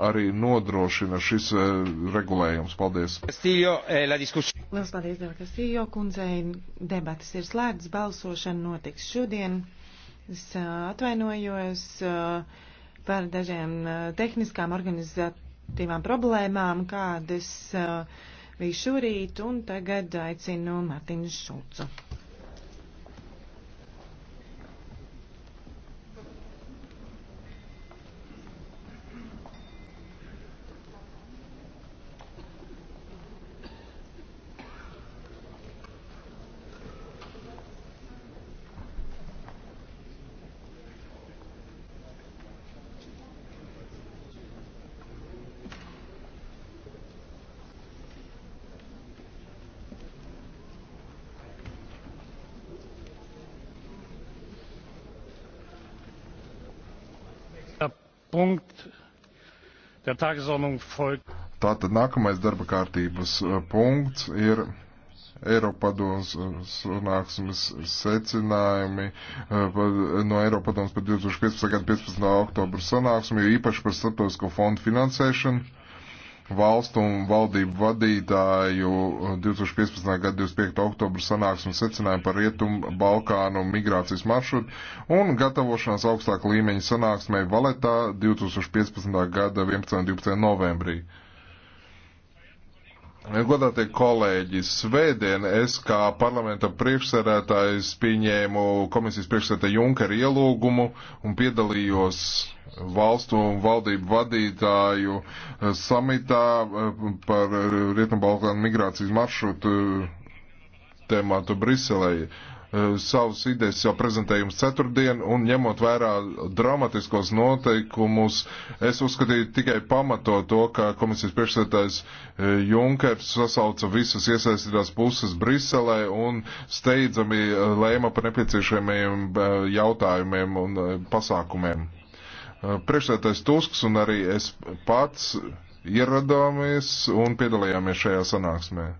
arī nodrošina šis eh, regulējums. Paldies! Eh, Lielas paldies, Dēlā Kastījo kundzei. Debatas ir slēgts, balsošana notiks šodien. Es eh, atvainojos par dažiem tehniskām organizatīvām problēmām, kādas bija šorīt, un tagad aicinu Mārtiņu Šulcu. punkt der Tagesordnung folgt. Tātad nākamais darba kārtības uh, punkts ir Eiropadoms uh, sanāksmes secinājumi uh, no Eiropadoms par 2015. gada 15. oktobra sanāksmi, jo īpaši par starptautisko fondu finansēšanu valstu un valdību vadītāju 2015. Uh, gada 25. oktobra sanāksmu secinājumu par Rietumu Balkānu migrācijas maršrutu un gatavošanās augstāka līmeņa sanāksmē Valetā 2015. gada 11. un 12. novembrī. Godātie kolēģi, svētdien es kā parlamenta priekšsēdētājs pieņēmu komisijas priekšsēdētāja Junkera ielūgumu un piedalījos valstu un valdību vadītāju eh, samitā eh, par Rietumbalkānu migrācijas maršrutu eh, tēmātu Briselei. Eh, savus idejas jau prezentējums ceturtdien, un ņemot vērā dramatiskos noteikumus, es uzskatīju tikai pamato to, ka komisijas priekšsētājs eh, Junkers sasauca visas iesaistītās puses Briselē un steidzami eh, lēma par nepieciešamajiem jautājumiem un pasākumiem. Priekšsētājs Tusks un arī es pats ieradāmies un piedalījāmies šajā sanāksmē.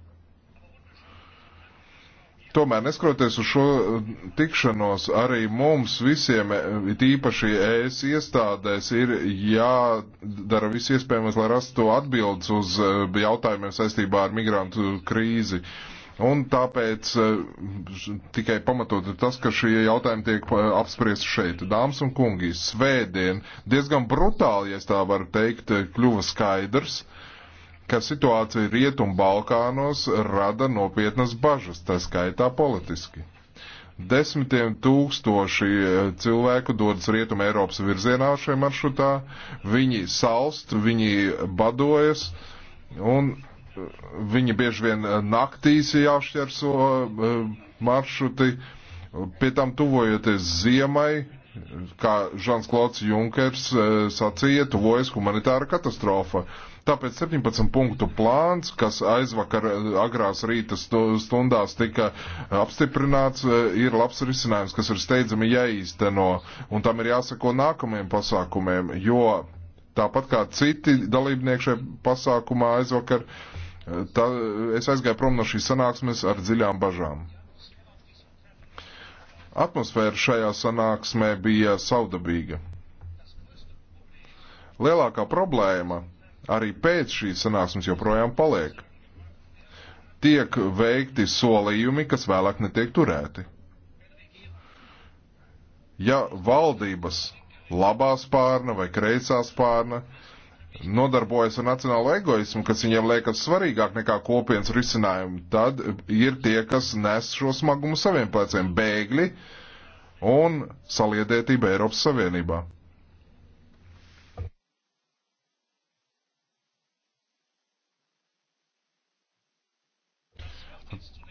Tomēr, neskroties uz šo eh, tikšanos, arī mums visiem, eh, it īpaši ES iestādēs, ir jādara viss iespējamais, lai rastu atbildes uz eh, jautājumiem saistībā ar migrantu krīzi. Un tāpēc tikai pamatot ir tas, ka šie jautājumi tiek apspriesti šeit. Dāmas un kungi, svētdien diezgan brutāli, ja tā var teikt, kļuva skaidrs, uh, ka situācija Rietumbalkānos rada nopietnas bažas, tā skaitā politiski. Desmitiem tūkstoši eh, cilvēku dodas Rietuma Eiropas virzienā šajā maršrutā, viņi salst, viņi badojas un eh, viņi bieži vien eh, naktīs jāšķerso maršruti, pie tam tuvojoties ziemai, kā Žans Klots Junkers sacīja, tuvojas humanitāra katastrofa. Uh, Tāpēc 17 punktu plāns, kas aizvakar eh, agrās rīta stundās tika eh, apstiprināts, eh, ir labs risinājums, kas ir steidzami jāīsteno, un tam ir jāsako nākamajiem pasākumiem, jo tāpat kā citi dalībnieki šajā pasākumā aizvakar, tā, es aizgāju prom no šīs sanāksmes ar dziļām bažām. Atmosfēra šajā sanāksmē bija saudabīga. Lielākā problēma arī pēc šīs sanāksmes joprojām paliek. Tiek veikti solījumi, kas vēlāk netiek turēti. Ja valdības labā spārna vai kreisā spārna nodarbojas ar nacionālo egoismu, kas viņiem liekas svarīgāk nekā kopienas risinājumu, tad ir tie, kas nes šo smagumu saviem pleciem - bēgļi un saliedētība Eiropas Savienībā.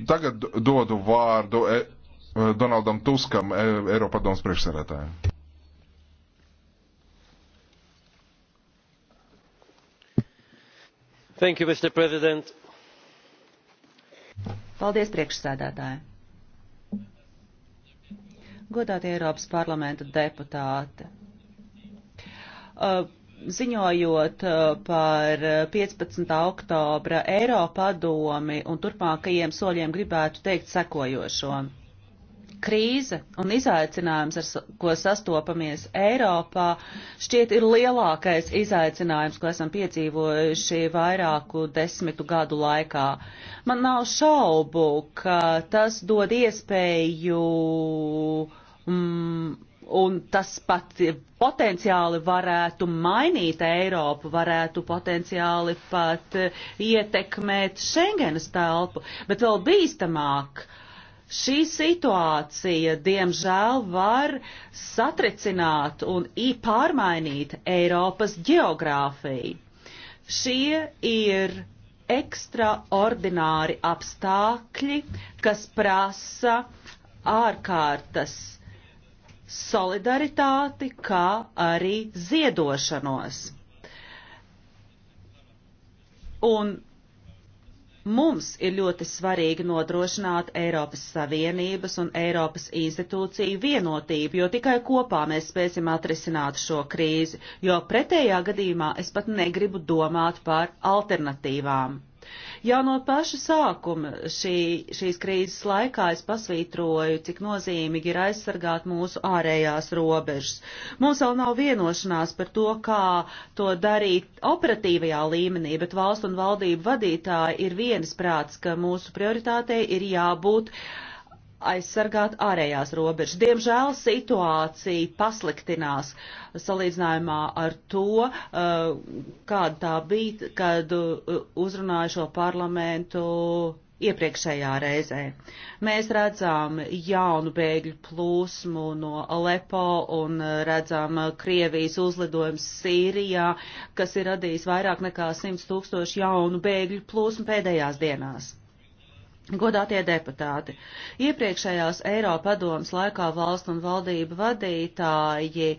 Tagad dodu vārdu e, e Donaldam Tuskam, e Eiropadoms priekšsēdētājiem. Thank you, Mr. President. Paldies, priekšsēdētāji. Godātie Eiropas parlamenta deputāti. Uh, ziņojot uh, par 15. Uh, oktobra Eiropadomi un turpmākajiem soļiem gribētu teikt sekojošo. Krīze un izaicinājums, ar ko sastopamies Eiropā, šķiet ir lielākais izaicinājums, ko esam piedzīvojuši vairāku desmitu gadu laikā. Man nav šaubu, ka tas dod iespēju mm, un tas pat potenciāli varētu mainīt Eiropu, varētu potenciāli pat eh, ietekmēt Schengenas telpu, bet vēl bīstamāk. Šī situācija, diemžēl, var satricināt un pārmainīt Eiropas geogrāfiju. Šie ir ekstraordināri apstākļi, kas prasa ārkārtas solidaritāti, kā arī ziedošanos. Un mums ir ļoti svarīgi nodrošināt Eiropas Savienības un Eiropas institūciju vienotību, jo tikai kopā mēs spēsim atrisināt šo krīzi, jo pretējā gadījumā es pat negribu domāt par alternatīvām. Jau no paša sākuma šī, šīs krīzes laikā es pasvītroju, cik nozīmīgi ir aizsargāt mūsu ārējās robežas. Mums vēl nav vienošanās par to, kā to darīt operatīvajā līmenī, bet valstu un valdību vadītāji ir vienas prāts, ka mūsu prioritātei ir jābūt uh, aizsargāt ārējās robežas. Diemžēl situācija pasliktinās salīdzinājumā ar to, uh, kāda tā bija, kad uh, uzrunāju šo parlamentu iepriekšējā reizē. Mēs redzam jaunu bēgļu plūsmu no Alepo un redzam Krievijas uzlidojums Sīrijā, kas ir radījis vairāk nekā 100 tūkstoši jaunu bēgļu plūsmu pēdējās dienās. Godātie deputāti, iepriekšējās Eiropadomas laikā valstu un valdību vadītāji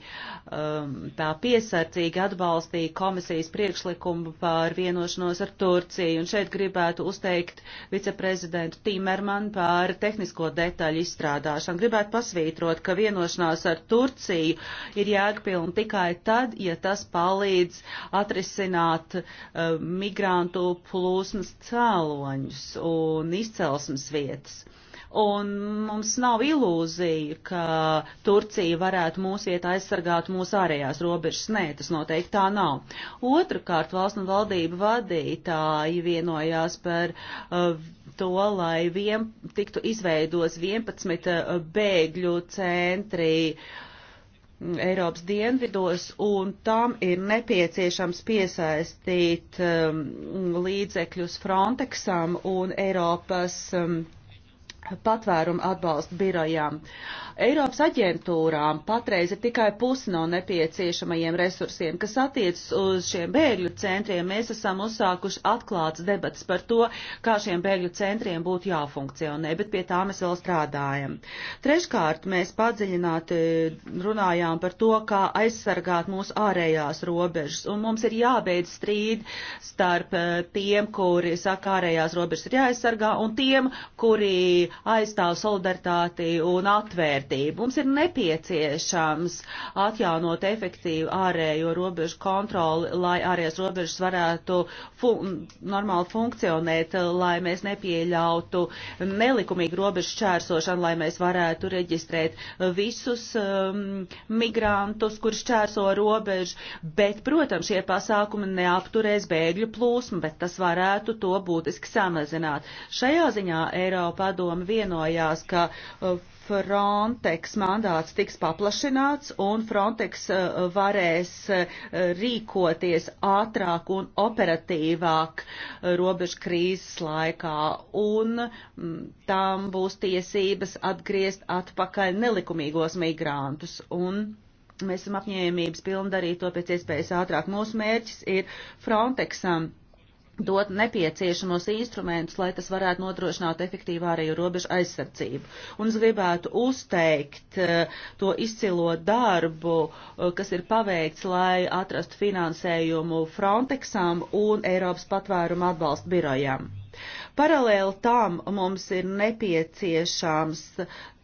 um, tā piesardzīgi atbalstīja komisijas priekšlikumu par vienošanos ar Turciju, un šeit gribētu uzteikt viceprezidentu Timermanu par tehnisko detaļu izstrādāšanu. Gribētu pasvītrot, ka vienošanās ar Turciju ir jēgpilna tikai tad, ja tas palīdz atrisināt um, migrantu plūsmas cēloņus un izcēloņus izcelsmes vietas. Un mums nav ilūzija, ka Turcija varētu mūs iet aizsargāt mūsu ārējās robežas. Nē, tas noteikti tā nav. Otrakārt, valsts un valdību vadītāji vienojās par uh, to, lai vien, tiktu izveidos 11 uh, bēgļu centri. Uh, Eiropas dienvidos, un tam ir nepieciešams piesaistīt um, līdzekļus Frontexam un Eiropas um, patvērumu atbalstu birojām. Uh, Eiropas aģentūrām patreiz ir tikai pusi no nepieciešamajiem resursiem, kas attiecas uz šiem bēgļu centriem. Mēs esam uzsākuši atklāts debats par to, kā šiem bēgļu centriem būtu jāfunkcionē, bet pie tā mēs vēl strādājam. Treškārt, mēs padziļināti runājām par to, kā aizsargāt mūsu ārējās robežas, un mums ir jābeidz strīd starp eh, tiem, kuri saka, ārējās robežas ir jāaizsargā, un tiem, kuri aizstāv solidaritāti un atvērt vērtību. Mums ir nepieciešams atjaunot efektīvu ārējo robežu kontroli, lai ārējās robežas varētu fun normāli funkcionēt, lai mēs nepieļautu nelikumīgu robežu šķērsošanu, lai mēs varētu reģistrēt visus um, migrantus, kur šķērso robežu, bet, protams, šie pasākumi neapturēs bēgļu plūsmu, bet tas varētu to būtiski samazināt. Šajā ziņā Eiropa doma vienojās, ka uh, Frontex mandāts tiks paplašināts un Frontex eh, varēs eh, rīkoties ātrāk un operatīvāk eh, robežu krīzes laikā un tām mm, būs tiesības atgriezt atpakaļ nelikumīgos migrantus. Un mēs esam apņēmības pilni darīt to pēc iespējas ātrāk. Mūsu mērķis ir Frontexam dot nepieciešamos instrumentus, lai tas varētu nodrošināt efektīvu ārēju robežu aizsardzību. Un es gribētu uzteikt eh, to izcilo darbu, eh, kas ir paveikts, lai atrastu finansējumu Frontexam un Eiropas patvērumu atbalstu birojam. Paralēli tam mums ir nepieciešams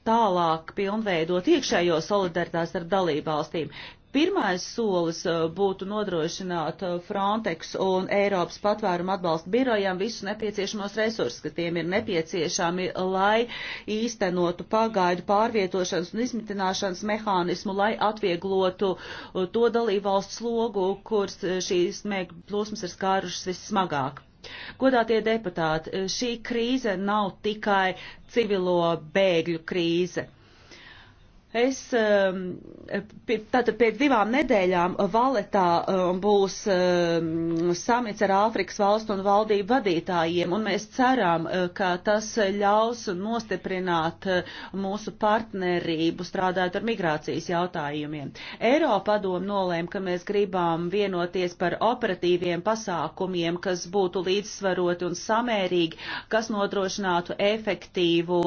tālāk pilnveidot iekšējo solidaritātes ar dalībvalstīm, Pirmais solis uh, būtu nodrošināt uh, Frontex un Eiropas patvērumu atbalstu birojam visus nepieciešamos resursus, kas tiem ir nepieciešami, lai īstenotu pagaidu pārvietošanas un izmitināšanas mehānismu, lai atvieglotu uh, to dalību valsts slogu, kuras šīs smēgu plūsmas ir skārušas vissmagāk. Godātie deputāti, šī krīze nav tikai civilo bēgļu krīze. Es um, tātad pēc divām nedēļām valetā um, būs um, samits ar Āfrikas valstu un valdību vadītājiem, un mēs ceram, uh, ka tas ļaus nostiprināt uh, mūsu partnerību strādājot ar migrācijas jautājumiem. Eiropadomu nolēma, ka mēs gribam vienoties par operatīviem pasākumiem, kas būtu līdzsvaroti un samērīgi, kas nodrošinātu efektīvu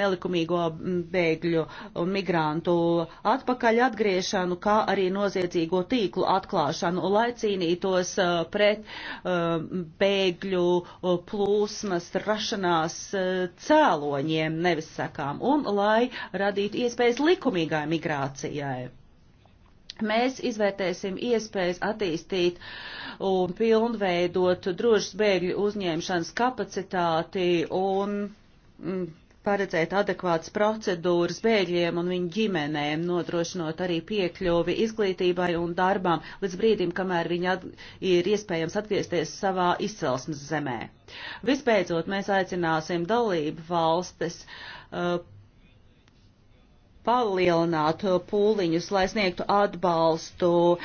nelikumīgo mm, bēgļu un migrāciju migrantu atpakaļ atgriešanu, kā arī noziedzīgo tīklu atklāšanu, lai cīnītos uh, pret uh, bēgļu uh, plūsmas rašanās cēloņiem, nevis sekām, un lai radītu iespējas likumīgai migrācijai. Mēs izvērtēsim iespējas attīstīt un pilnveidot drošas bēgļu uzņemšanas kapacitāti un mm, paredzēt adekvātas procedūras bēgļiem un viņu ģimenēm, nodrošinot arī piekļuvi izglītībai un darbām līdz brīdim, kamēr viņi at ir iespējams atgriezties savā izcelsmes zemē. Visbeidzot, mēs aicināsim dalību valstis uh, palielināt pūliņus, lai sniegtu atbalstu uh,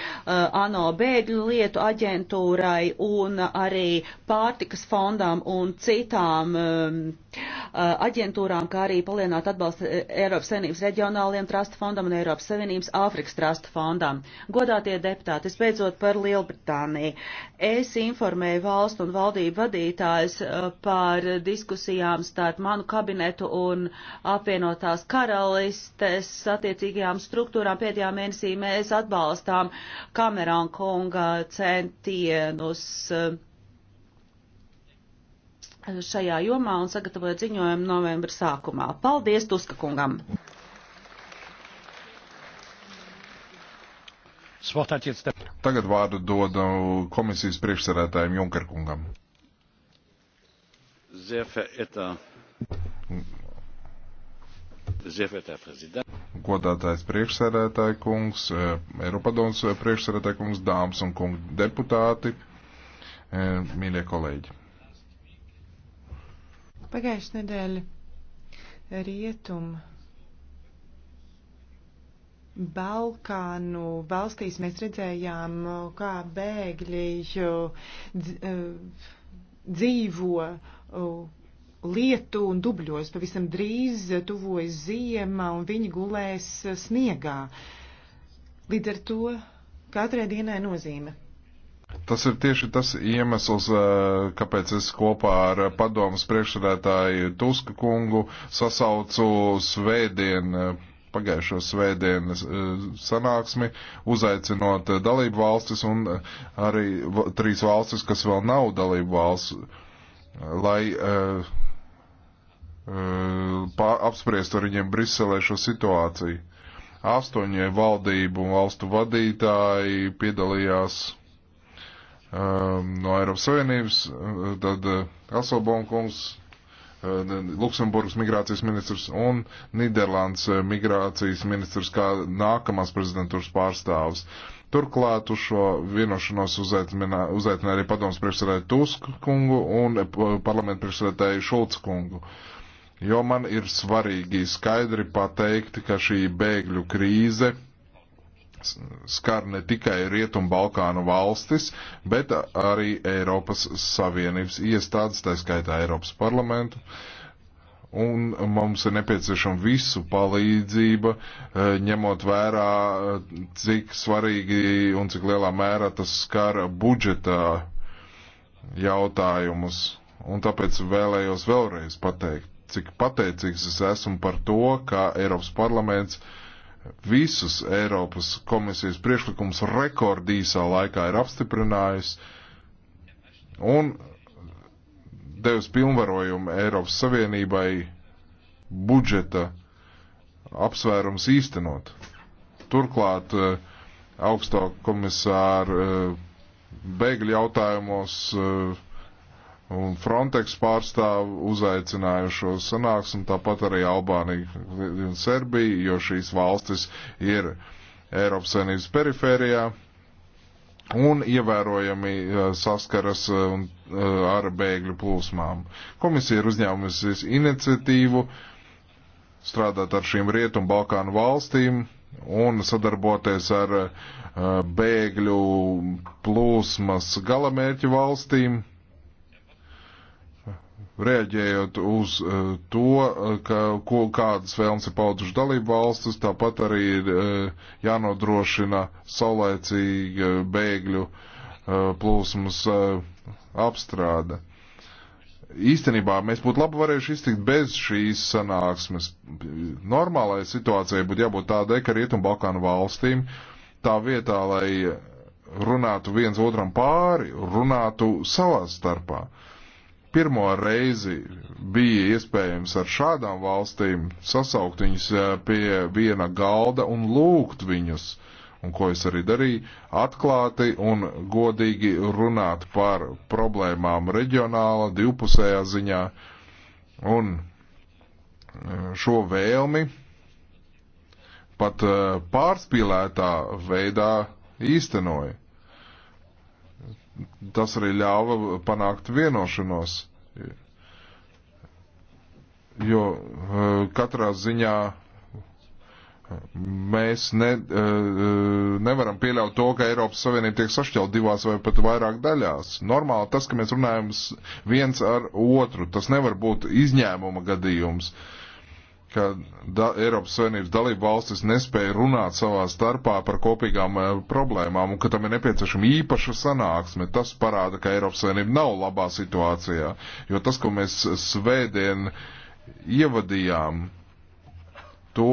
ANO bēgļu lietu aģentūrai un arī pārtikas fondām un citām um, Eh, aģentūrām, kā arī palielināt atbalstu Eiropas Savienības reģionāliem trust fondam un Eiropas Savienības Āfrikas trust fondam. Godātie deputāti, es beidzot par Lielbritāniju. Es informēju valstu un valdību vadītājs eh, par diskusijām starp manu kabinetu un apvienotās karalistes attiecīgajām struktūrām. Pēdējā mēnesī mēs atbalstām Kamerona kunga centienus. Uh, šajā jomā un sagatavojat ziņojumu novembra sākumā. Paldies Tuska kungam! Tagad vārdu dodu komisijas priekšsarētājiem Junkerkungam. Godātais priekšsēdētāja kungs, eh, Eiropadoms eh, priekšsēdētāja kungs, dāmas un kungi deputāti, eh, mīļie kolēģi. Pagājušajā nedēļā rietum Balkānu valstīs mēs redzējām, kā bēgļi e, dzīvo lietu un dubļos. Pavisam drīz tuvojas ziema un viņi gulēs sniegā. Līdz ar to katrai dienai nozīme. Tas ir tieši tas iemesls, eh, kāpēc es kopā ar padomus priekšsēdētāju Tuska kungu sasaucu svētdien, pagājušo svētdienu eh, sanāksmi, uzaicinot dalību valstis un eh, arī trīs valstis, kas vēl nav dalību valsts, lai uh, uh, apspriest ar viņiem Briselē šo situāciju. Astoņie valdību un valstu vadītāji piedalījās Ehm, no Eiropas Savienības, eh, tad eh, Aselbaunkungs, eh, Luksemburgas migrācijas ministrs un Nīderlandes migrācijas ministrs kā nākamās prezidentūras pārstāvs. Turklāt uz šo vienošanos uzaicināja arī padomus priekšsēdētāju Tusku kungu un parlamentu priekšsēdētāju Šulcu kungu. Jo man ir svarīgi skaidri pateikt, ka šī bēgļu krīze skar ne tikai Rietumu Balkānu valstis, bet arī Eiropas Savienības iestādes, tā skaitā Eiropas parlamentu. Un mums ir nepieciešama visu palīdzība, eh, ņemot vērā, eh, cik svarīgi un cik lielā mērā tas skar budžetā jautājumus. Un tāpēc vēlējos vēlreiz pateikt, cik pateicīgs es esmu par to, ka Eiropas parlaments uh, visus Eiropas komisijas priekšlikumus rekordīsā laikā ir apstiprinājusi un devis pilnvarojumu Eiropas Savienībai budžeta apsvērums īstenot. Turklāt eh, augsto komisāru eh, bēgļu jautājumos uh, un Frontex pārstāv uzaicinājušo sanāksmu, tāpat arī Albānija un Serbija, jo šīs valstis ir Eiropas Savienības perifērijā un ievērojami eh, saskaras eh, eh, ar bēgļu plūsmām. Komisija ir uzņēmusies iniciatīvu strādāt ar šīm Rietumu Balkānu valstīm un sadarboties ar bēgļu plūsmas galamērķu valstīm reaģējot uz eh, to, eh, ka, ko, kādas vēlmes ir pauduši dalību valstis, tāpat arī ir eh, jānodrošina saulēcīga bēgļu plūsmas apstrāde. Īstenībā mēs būtu labi varējuši iztikt bez šīs sanāksmes. Normālajai situācijai būtu jābūt tādai, ka Rietumbalkānu valstīm tā vietā, lai runātu viens otram pāri, runātu savā starpā. Uh, pirmo reizi bija iespējams ar šādām valstīm sasaukt viņus eh, pie viena galda un lūgt viņus, un ko es arī darīju, atklāti un godīgi runāt par problēmām reģionāla, divpusējā ziņā un eh, šo vēlmi pat eh, pārspīlētā veidā īstenoja tas arī ļāva panākt vienošanos. Jo e, katrā ziņā mēs ne, e, e, nevaram pieļaut to, ka Eiropas Savienība tiek sašķelt divās vai pat vairāk daļās. Normāli tas, ka mēs runājam viens ar otru, tas nevar būt izņēmuma gadījums. Uh, ka da, Eiropas Savienības dalību valstis nespēja runāt savā starpā par kopīgām e, problēmām un ka tam ir nepieciešama īpaša sanāksme. Tas parāda, ka Eiropas Savienība nav labā situācijā, jo tas, ko mēs svētdien ievadījām, to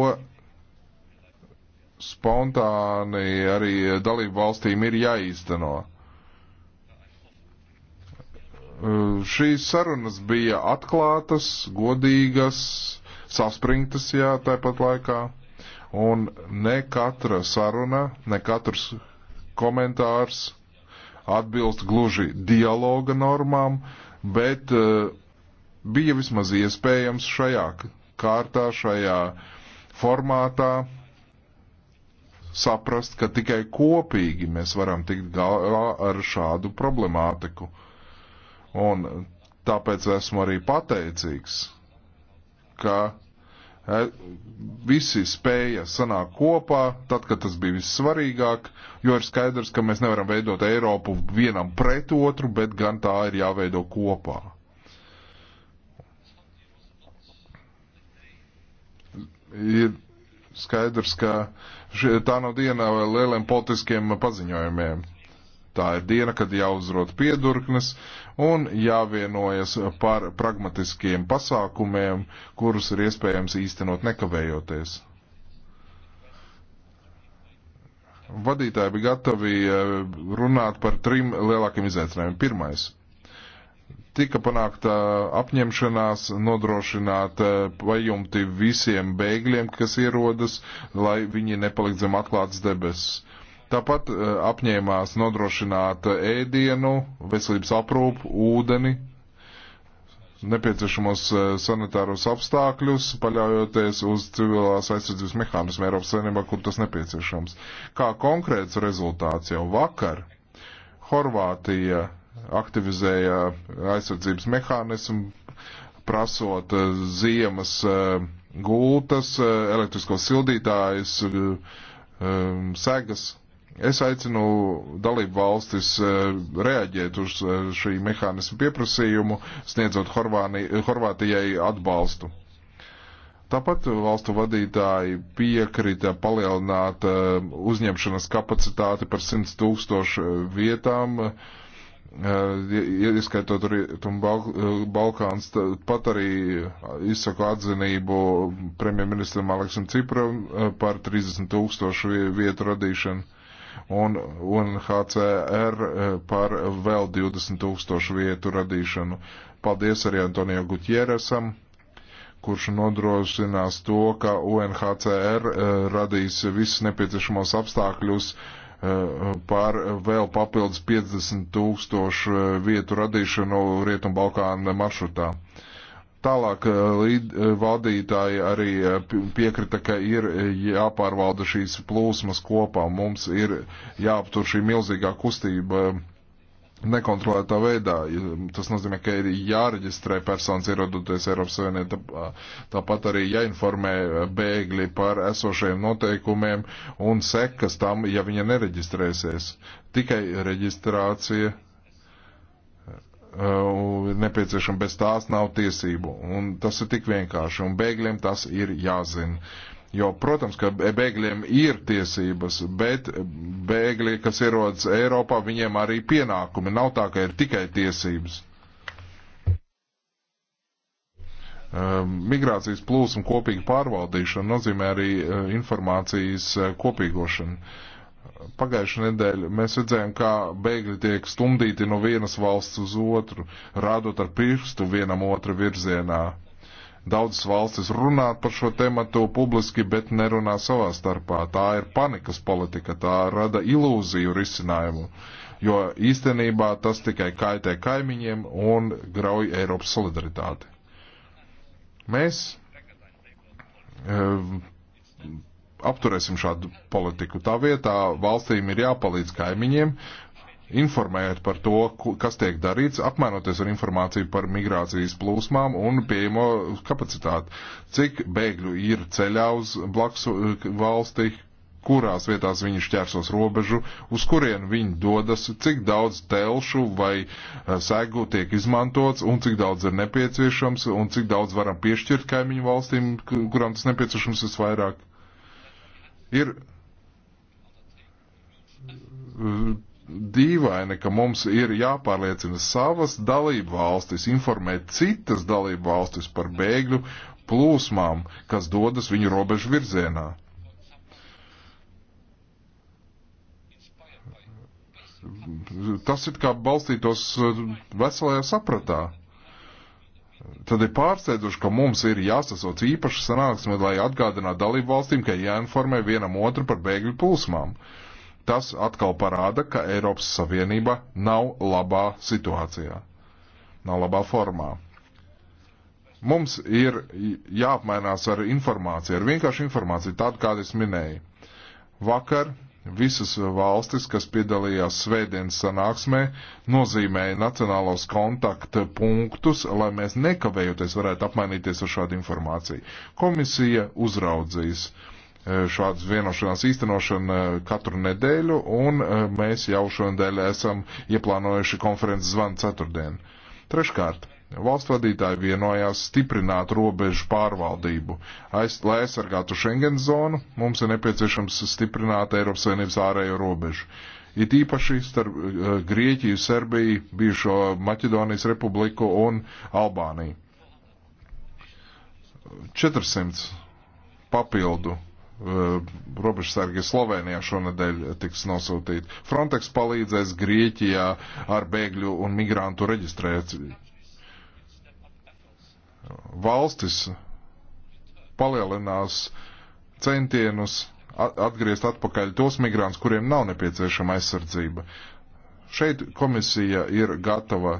spontāni arī dalību valstīm ir jāīsteno eh, šīs sarunas bija atklātas, godīgas, saspringtas, jā, tāpat laikā. Un ne katra saruna, ne katrs komentārs atbilst gluži dialoga normām, bet uh, bija vismaz iespējams šajā kārtā, šajā formātā saprast, ka tikai kopīgi mēs varam tikt galā ar šādu problemātiku. Un tāpēc esmu arī pateicīgs ka e, visi spēja sanākt kopā, tad, kad tas bija vissvarīgāk, jo ir skaidrs, ka mēs nevaram veidot Eiropu vienam pret otru, bet gan tā ir jāveido kopā. Ir skaidrs, ka šie, tā nav no diena lieliem politiskiem paziņojumiem. Tā ir diena, kad jāuzrot piedurknes un jāvienojas par pragmatiskiem pasākumiem, kurus ir iespējams īstenot nekavējoties. Vadītāji bija gatavi eh, runāt par trim lielākiem izaicinājumiem. Pirmais tika panākta apņemšanās nodrošināt vajumti eh, visiem bēgļiem, kas ierodas, lai viņi nepalikt zem atklāts debesis. Tāpat eh, apņēmās nodrošināt ēdienu, veselības aprūpu, ūdeni, nepieciešamos eh, sanitāros apstākļus, paļaujoties uz civilās aizsardzības mehānismu Eiropas Savienībā, kur tas nepieciešams. Kā konkrēts rezultāts jau vakar, Horvātija aktivizēja aizsardzības mehānismu, prasot eh, ziemas gultas, elektriskos sildītājus, segas Es aicinu dalību valstis eh, reaģēt uz eh, šī mehānismu pieprasījumu, sniedzot Horvāni, Horvātijai atbalstu. Tāpat valstu vadītāji piekrita palielināt eh, uzņemšanas kapacitāti par 100 tūkstošu vietām, ieskaitot arī Balkāns, pat arī izsaka atzinību premjerministram Aleksam Cipram par 30 tūkstošu vietu radīšanu un UNHCR eh, par vēl 20 tūkstošu vietu radīšanu. Paldies arī Antonio Gutieresam, kurš nodrošinās to, ka UNHCR eh, radīs visus nepieciešamos apstākļus eh, par vēl papildus 50 tūkstošu vietu radīšanu Rietumbalkāna maršrutā. Tālāk eh, eh, vadītāji arī eh, piekrita, ka ir jāpārvalda šīs plūsmas kopā. Mums ir jāaptur šī milzīgā kustība nekontrolētā veidā. Tas nozīmē, ka ir jāreģistrē personas ierodoties Eiropas Savienībā, tāpat arī jāinformē bēgļi par esošajiem noteikumiem un sekas tam, ja viņa nereģistrēsies. Tikai reģistrācija Uh, ir nepieciešama, bez tās nav tiesību. Un tas ir tik vienkārši, un bēgļiem tas ir jāzina. Jo, protams, ka bēgļiem ir tiesības, bet bēgļi, kas ierodas Eiropā, viņiem arī pienākumi. Nav tā, ka ir tikai tiesības. Um, migrācijas plūsmu kopīga pārvaldīšana nozīmē arī uh, informācijas uh, kopīgošanu Pagājušajā nedēļā mēs redzējām, kā bēgļi tiek stumdīti no vienas valsts uz otru, rādot ar pirkstu vienam otru virzienā. Daudzas valstis runā par šo tematu publiski, bet nerunā savā starpā. Tā ir panikas politika, tā rada ilūziju risinājumu, jo īstenībā tas tikai kaitē kaimiņiem un grauj Eiropas solidaritāti. Mēs eh, apturēsim šādu politiku. Tā vietā valstīm ir jāpalīdz kaimiņiem, informējot par to, kas tiek darīts, apmainoties ar informāciju par migrācijas plūsmām un pieejamo kapacitāti. Cik bēgļu ir ceļā uz blakus eh, valsti, kurās vietās viņi šķērsos robežu, uz kurien viņi dodas, cik daudz telšu vai eh, segu tiek izmantots un cik daudz ir nepieciešams un cik daudz varam piešķirt kaimiņu valstīm, kurām tas nepieciešams visvairāk. Ir mm, dīvaini, ka mums ir jāpārliecina savas dalību valstis, informēt citas dalību valstis par bēgļu plūsmām, kas dodas viņu robežu virzienā. Tas ir kā balstītos mm, veselajā sapratā tad ir pārsteidzoši, ka mums ir jāsasauc īpaša sanāksme, lai atgādinātu dalību valstīm, ka jāinformē vienam otru par bēgļu plūsmām. Tas atkal parāda, ka Eiropas Savienība nav labā situācijā, nav labā formā. Mums ir jāapmainās ar informāciju, ar vienkāršu informāciju, tādu, kādu es minēju. Vakar Visas valstis, kas piedalījās svētdienas sanāksmē, nozīmēja nacionālos kontaktu punktus, lai mēs nekavējoties varētu apmainīties ar šādu informāciju. Komisija uzraudzīs e, šādas vienošanās īstenošana e, katru nedēļu, un e, mēs jau šonadēļ esam ieplānojuši konferences zvanu ceturtdien. Treškārt. Valstu vadītāji vienojās stiprināt robežu pārvaldību. Aiz, lai aizsargātu Schengen zonu, mums ir nepieciešams stiprināt Eiropas Savienības ārējo robežu. It īpaši starp eh, Grieķiju, Serbiju, bijušo Maķedonijas republiku un Albāniju. 400 papildu eh, robežsargi Slovenijā šonadēļ tiks nosūtīti. Frontex palīdzēs Grieķijā ar bēgļu un migrantu reģistrēciju valstis palielinās centienus atgriezt atpakaļ tos migrants, kuriem nav nepieciešama aizsardzība. Šeit komisija ir gatava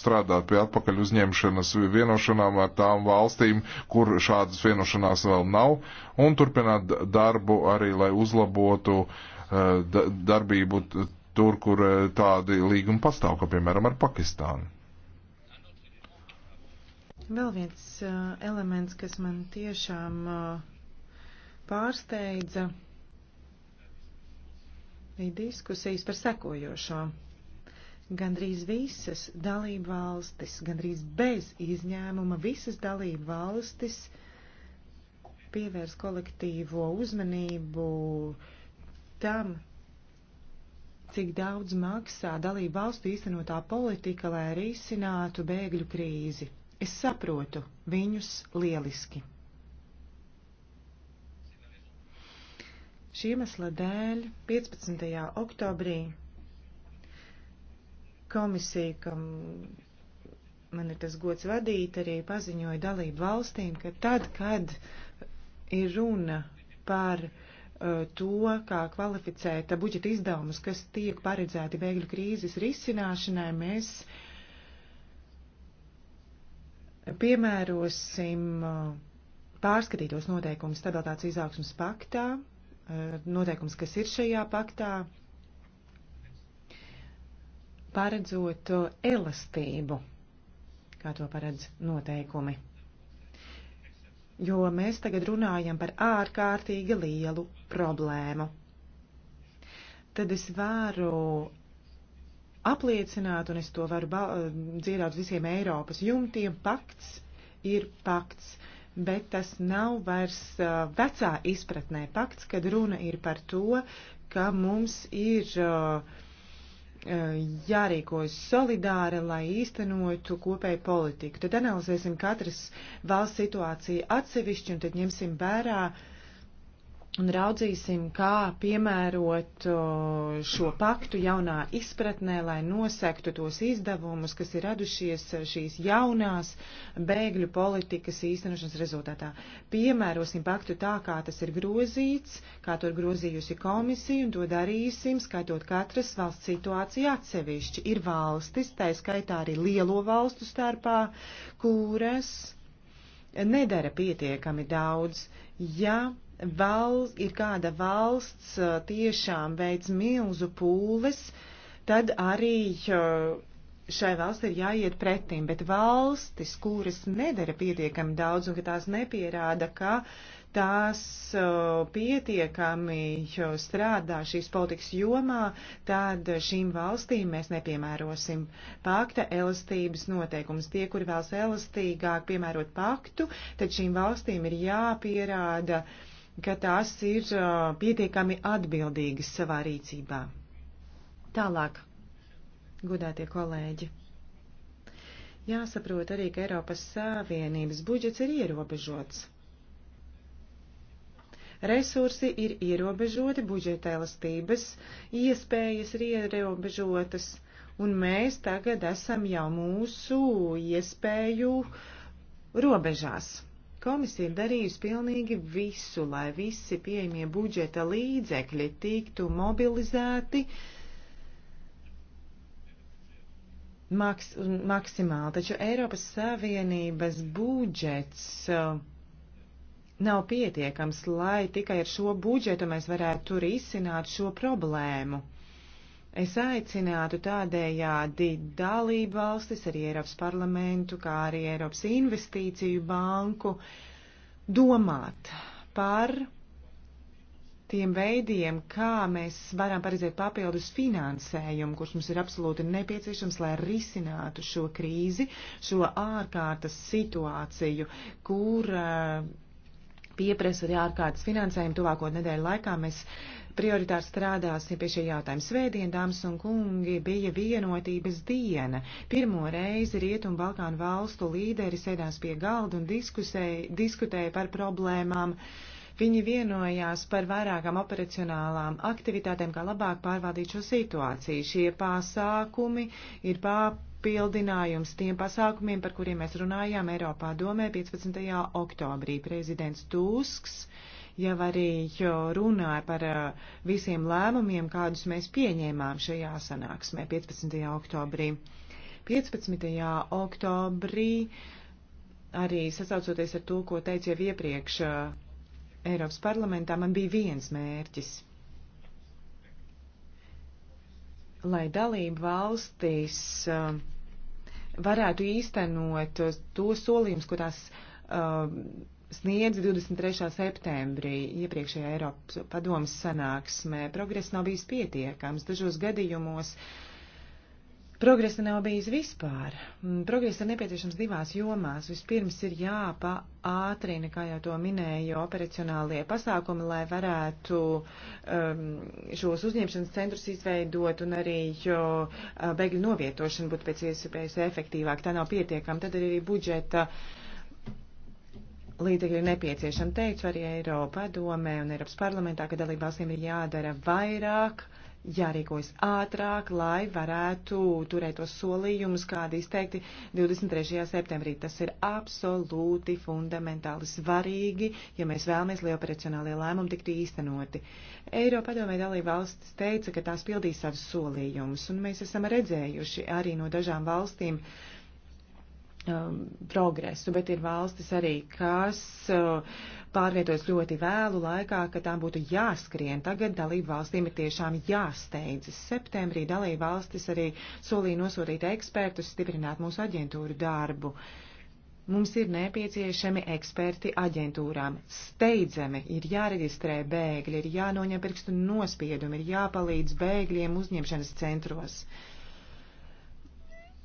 strādāt pie atpakaļ uzņemšanas vienošanām ar tām valstīm, kur šādas vienošanās vēl nav, un turpināt darbu arī, lai uzlabotu e, darbību tur, kur e, tādi līgumi pastāv, kā piemēram ar Pakistānu. Vēl viens uh, elements, kas man tiešām uh, pārsteidza, bija diskusijas par sekojošo. Gandrīz visas dalību valstis, gandrīz bez izņēmuma, visas dalību valstis pievērs kolektīvo uzmanību tam, cik daudz maksā dalību valstu īstenotā politika, lai risinātu bēgļu krīzi. Es saprotu viņus lieliski. Šī iemesla dēļ 15. oktobrī komisija, kam man ir tas gods vadīt, arī paziņoja dalību valstīm, ka tad, kad ir runa par uh, to, kā kvalificēt budžeta izdevumus, kas tiek paredzēti bēgļu krīzes risināšanai, mēs uh, piemērosim uh, pārskatītos noteikumus stabilitātes izaugsmas paktā, uh, noteikums, kas ir šajā paktā, paredzot uh, elastību, kā to paredz noteikumi. Jo mēs tagad runājam par ārkārtīgi lielu problēmu. Tad es varu apliecināt, un es to varu eh, dziedāt visiem Eiropas jumtiem, pakts ir pakts, bet tas nav vairs uh, vecā izpratnē pakts, kad runa ir par to, ka mums ir uh, jārīkojas solidāri, lai īstenotu kopēju politiku. Tad analizēsim katras valsts situāciju atsevišķi un tad ņemsim vērā uh, un raudzīsim, kā piemērot šo paktu jaunā izpratnē, lai nosektu tos izdevumus, kas ir radušies e, šīs jaunās bēgļu politikas īstenošanas rezultātā. Piemērosim paktu tā, kā tas ir grozīts, kā to ir grozījusi komisija, un to darīsim, skaitot katras valsts situāciju atsevišķi. Ir valstis, tā skaitā arī lielo valstu starpā, kuras nedara pietiekami daudz, ja valsts, ir kāda valsts tiešām veids milzu pūles, tad arī šai valsts ir jāiet pretim, bet valstis, kuras nedara pietiekami daudz un ka tās nepierāda, ka tās pietiekami strādā šīs politikas jomā, tad šīm valstīm mēs nepiemērosim pakta elastības noteikumus. Tie, kuri vēlas elastīgāk piemērot paktu, tad šīm valstīm ir jāpierāda uh, ka tās ir pietiekami atbildīgas savā rīcībā. Tālāk, gudētie kolēģi. Jāsaprot arī, ka Eiropas Savienības budžets ir ierobežots. Resursi ir ierobežoti, budžeta elastības iespējas ir ierobežotas, un mēs tagad esam jau mūsu iespēju robežās. Komisija ir darījusi pilnīgi visu, lai visi pieejamie budžeta līdzekļi tiktu mobilizēti maks maksimāli, taču Eiropas Savienības budžets uh, nav pietiekams, lai tikai ar šo budžetu mēs varētu risināt šo problēmu. Es aicinātu tādējādi dalību valstis, arī Eiropas parlamentu, kā arī Eiropas investīciju banku domāt par tiem veidiem, kā mēs varam paredzēt papildus finansējumu, kurš mums ir absolūti nepieciešams, lai risinātu šo krīzi, šo ārkārtas situāciju, kur eh, pieprasa arī ārkārtas finansējumu. Tuvāko nedēļu laikā mēs uh, prioritāri strādāsim pie šī jautājuma. Svētdien, dāmas un kungi, bija vienotības diena. Pirmo reizi Rietumu Balkānu valstu līderi sēdās pie galda un diskutēja par problēmām. Viņi vienojās par vairākām operacionālām aktivitātēm, kā labāk pārvaldīt šo situāciju. Šie pasākumi ir papildinājums tiem pasākumiem, par kuriem mēs runājām Eiropā domē 15. oktobrī. Prezidents Tusks uh, jau arī runāja par eh, visiem lēmumiem, kādus mēs pieņēmām šajā sanāksmē 15. oktobrī. 15. oktobrī arī sasaucoties ar to, ko teicu jau iepriekš eh, Eiropas parlamentā, man bija viens mērķis. Lai dalība valstis eh, varētu īstenot tos solījumus, ko tās sniedz 23. septembrī iepriekšējā Eiropas padomas sanāksmē. Progress nav bijis pietiekams. Dažos gadījumos progresa nav bijis vispār. Mm, progresa ir nepieciešams divās jomās. Vispirms ir jāpaātrina, kā jau to minēju, operacionālie pasākumi, lai varētu um, šos uzņemšanas centrus izveidot un arī jo, uh, bēgļu novietošana būtu pēc iespējas efektīvāk. Tā nav pietiekama. Tad arī budžeta. Uh, līdzekļi ir nepieciešami. Teicu arī Eiropa domē un Eiropas parlamentā, ka dalībvalstīm ir jādara vairāk, jārīkojas ātrāk, lai varētu turēt tos solījumus, kādi izteikti 23. septembrī. Tas ir absolūti fundamentāli svarīgi, ja mēs vēlamies, lai operacionālie lēmumi tiktu īstenoti. Eiropa padomē dalība valstis teica, ka tās pildīs savus solījumus, un mēs esam redzējuši arī no dažām valstīm, uh, Um, progresu, bet ir valstis arī, kas uh, pārvietojas ļoti vēlu laikā, ka tām būtu jāskrien. Tagad dalību valstīm ir tiešām jāsteidzas. Septembrī dalību valstis arī solīja nosūtīt ekspertus, stiprināt mūsu aģentūru darbu. Mums ir nepieciešami eksperti aģentūrām. Steidzami ir jāreģistrē bēgļi, ir jānoņem pirkstu nospiedumi, ir jāpalīdz bēgļiem uzņemšanas centros. Uh,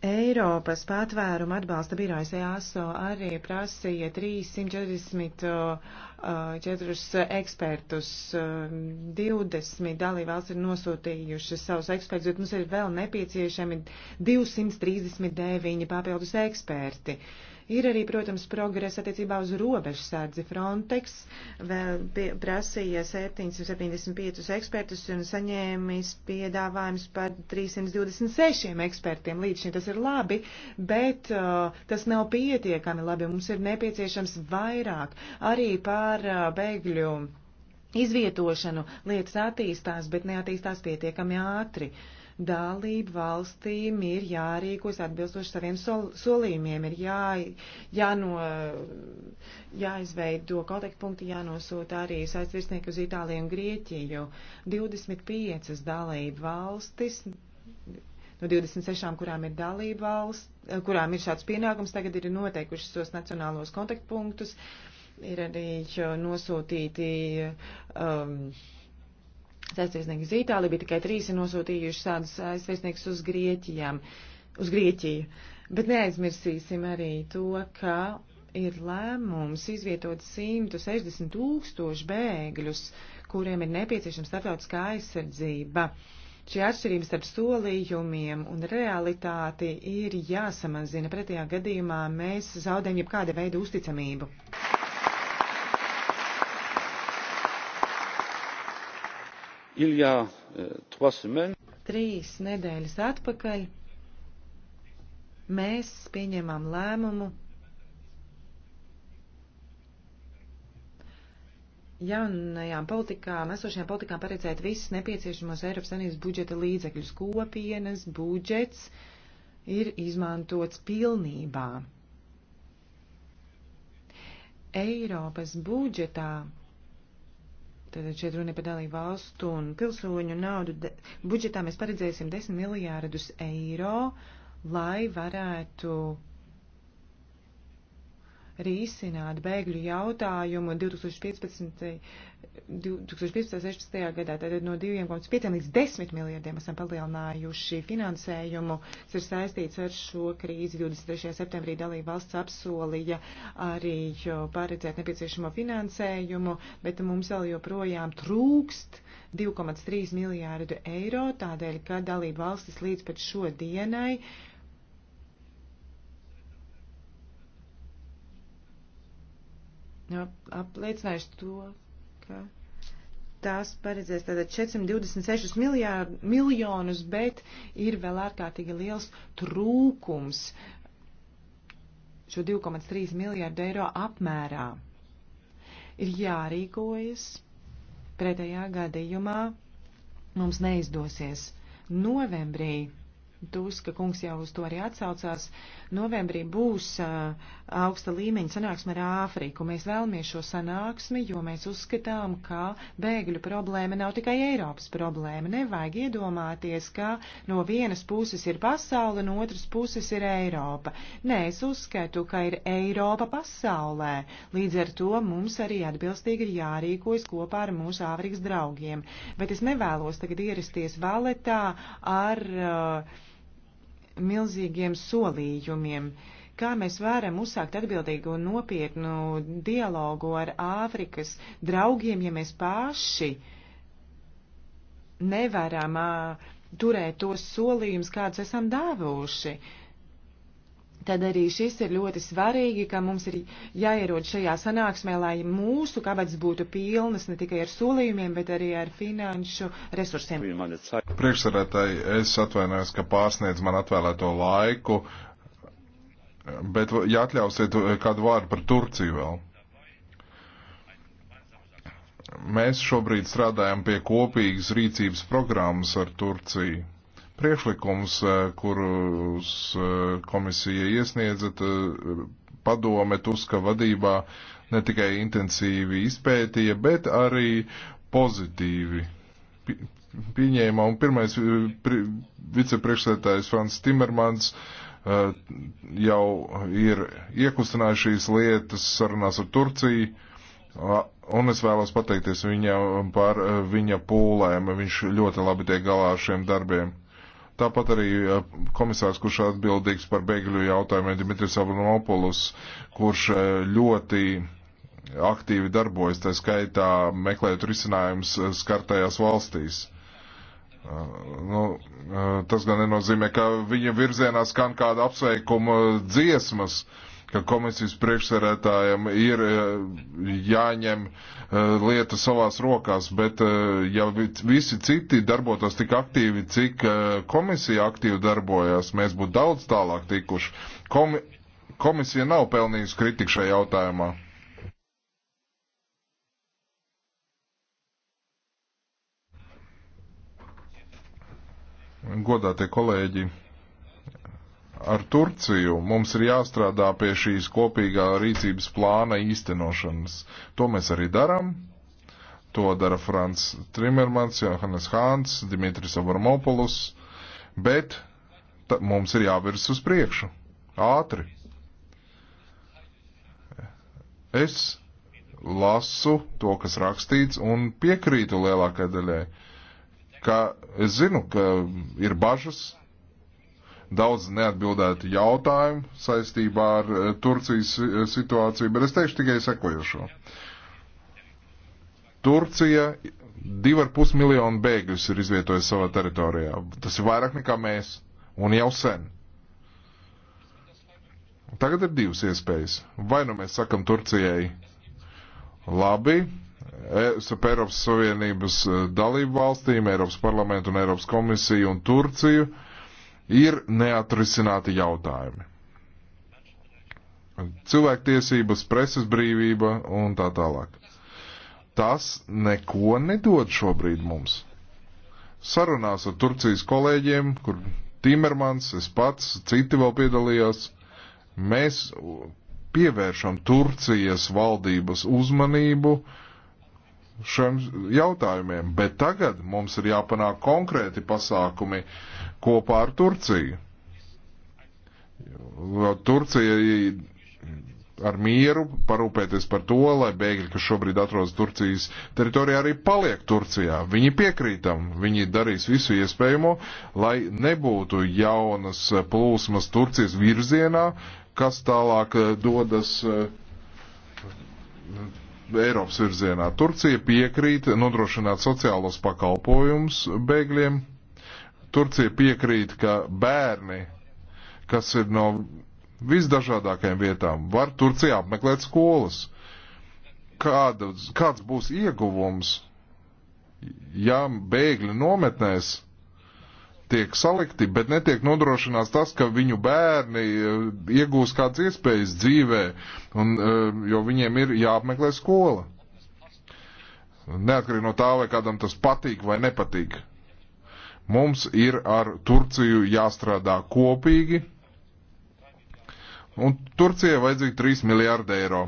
Eiropas patvēruma atbalsta birojas EASO arī prasīja 344 uh, uh, ekspertus. 20 um, dalībvalsts ir nosūtījuši savus ekspertus, bet mums ir vēl nepieciešami 239 papildus eksperti. Uh, Ir arī, protams, progress attiecībā uz robežsardzi. Frontex vēl pie, prasīja 775 ekspertus un saņēmis piedāvājums par 326 ekspertiem. Līdz šim tas ir labi, bet uh, tas nav pietiekami labi. Mums ir nepieciešams vairāk arī par uh, bēgļu izvietošanu lietas attīstās, bet neattīstās pietiekami ātri. Uh, dalību valstīm ir jārīkojas atbilstoši saviem sol, solījumiem, ir jā, jāno, jāizveido kontaktpunkti, jānosūta arī saistvirsnieki uz Itāliju un Grieķiju. 25 dalību valstis no 26, kurām ir dalība valsts, kurām ir šāds pienākums, tagad ir noteikušas tos nacionālos kontaktpunktus, ir arī nosūtīti um, Saistviesnieks uz Itāliju bija tikai trīs nosūtījuši šādus aizviesnieks uz Grieķijām, uz Grieķiju. Bet neaizmirsīsim arī to, ka ir lēmums izvietot 160 tūkstošu bēgļus, kuriem ir nepieciešama starptautiskā aizsardzība. Šī atšķirība starp solījumiem un realitāti ir jāsamazina, pretējā gadījumā mēs zaudējam jebkāda veida uzticamību. il y a euh, trois semaines. Trīs nedēļas atpakaļ mēs pieņemam lēmumu jaunajām politikām, esošajām politikām paredzēt visus nepieciešamos Eiropas Savienības budžeta līdzekļus. Kopienas budžets ir izmantots pilnībā. Eiropas budžetā Tad šeit runa par dalību valstu un pilsoņu naudu. De, budžetā mēs paredzēsim 10 miljārdus eiro, lai varētu risināt bēgļu jautājumu 2015. 2015. gadā, tātad no 2,5 līdz 10 miljardiem esam palielinājuši finansējumu, kas ir saistīts ar šo krīzi. 23. septembrī dalība valsts apsolīja arī paredzēt nepieciešamo finansējumu, bet mums vēl joprojām trūkst 2,3 miljārdu eiro, tādēļ, ka dalība valstis līdz pat šodienai uh, apliecinājuši to, ka tās paredzēs tātad 426 miljāru, miljonus, bet ir vēl ārkārtīgi liels trūkums šo 2,3 miljārdu eiro apmērā. Ir jārīkojas, pretējā gadījumā mums neizdosies. Novembrī Tuska kungs jau uz to arī atsaucās, Novembrī būs augsta līmeņa sanāksme ar Āfriku. Mēs vēlamies šo sanāksmi, jo mēs uzskatām, ka bēgļu problēma nav tikai Eiropas problēma. Nevajag iedomāties, ka no vienas puses ir pasaule, no otras puses ir Eiropa. Nē, es uzskatu, ka ir Eiropa pasaulē. Līdz ar to mums arī atbilstīgi ir jārīkojas kopā ar mūsu Āfrikas draugiem. Bet es nevēlos tagad ierasties valetā ar uh, milzīgiem solījumiem. Kā mēs varam uzsākt atbildīgu un nopietnu dialogu ar Āfrikas draugiem, ja mēs paši nevaram uh, turēt tos solījumus, kādus esam dāvuši? Uh, Tad arī šis ir ļoti svarīgi, ka mums ir jāierod šajā sanāksmē, lai mūsu kabats būtu pilnas ne tikai ar solījumiem, bet arī ar finanšu resursiem. Priekšsarētāji, es atvainojos, ka pārsniedz man atvēlēto laiku, bet ja atļausiet kādu vārdu par Turciju vēl. Mēs šobrīd strādājam pie kopīgas rīcības programmas ar Turciju Priekšlikums, eh, kurus eh, komisija iesniedzat, eh, padome Tuska vadībā ne tikai intensīvi izpētīja, bet arī pozitīvi pieņēma. Un pirmais pri, vicepriekšsētājs Frans Timermans uh, jau ir iekustinājuši šīs lietas sarunās ar Turciju. Uh, un es vēlos pateikties viņam par uh, viņa pūlēm. Viņš ļoti labi tiek galā ar šiem darbiem. Tāpat arī komisārs, kurš atbildīgs par bēgļu jautājumiem, Dimitris Avramopoulos, kurš eh, ļoti aktīvi darbojas, tā skaitā meklējot risinājumus eh, skartajās valstīs. Eh, nu, tas gan nenozīmē, ka viņa virzienā skan kāda apsveikuma dziesmas. Uh, ka komisijas priekšsarētājiem ir e, jāņem e, lieta savās rokās, bet e, ja visi citi darbotos tik aktīvi, cik komisija aktīvi darbojās, mēs būtu daudz tālāk tikuši. Komi komisija nav pelnījusi kritiku šajā jautājumā. Godātie kolēģi! ar Turciju. Mums ir jāstrādā pie šīs kopīgā rīcības plāna īstenošanas. To mēs arī darām. To dara Frants Trimermans, Johannes Hāns, Dimitris Avramopoulos. Bet ta, mums ir jāvirs uz priekšu. Ātri. Es lasu to, kas rakstīts, un piekrītu lielākai daļai, ka es zinu, ka ir bažas, daudz neatbildētu jautājumu saistībā ar eh, Turcijas eh, situāciju, bet es teikšu tikai sekojošo. Turcija 2,5 miljonu bēgļus ir izvietojusi savā teritorijā. Tas ir vairāk nekā mēs, un jau sen. Tagad ir divas iespējas. Vai nu mēs sakam Turcijai, labi, starp Eiropas Savienības eh, dalību valstīm, Eiropas parlamentu un Eiropas komisiju un Turciju, uh, ir neatrisināti jautājumi. Cilvēktiesības, preses brīvība un tā tālāk. Tas neko nedod šobrīd mums. Sarunās ar Turcijas kolēģiem, kur Timermans, es pats, citi vēl piedalījās, mēs pievēršam Turcijas valdības uzmanību uh, šiem jautājumiem, bet tagad mums ir jāpanāk konkrēti pasākumi kopā ar Turciju. Turcija ar mieru parūpēties par to, lai bēgļi, kas šobrīd atrodas Turcijas teritorijā, arī paliek Turcijā. Viņi piekrītam, viņi darīs visu iespējamo, lai nebūtu jaunas plūsmas Turcijas virzienā, kas tālāk eh, dodas eh, Eiropas virzienā. Turcija piekrīt nodrošināt sociālos pakalpojumus bēgļiem. Turcija piekrīt, ka bērni, kas ir no visdažādākajām vietām, var Turcijā apmeklēt skolas. Kāda, kāds būs ieguvums, ja bēgļi nometnēs tiek salikti, bet netiek nodrošināts tas, ka viņu bērni eh, iegūs kādas iespējas dzīvē, un, eh, jo viņiem ir jāapmeklē skola. Neatkarīgi no tā, vai kādam tas patīk vai nepatīk. Mums ir ar Turciju jāstrādā kopīgi, un Turcijai vajadzīgi 3 miljārdi eiro,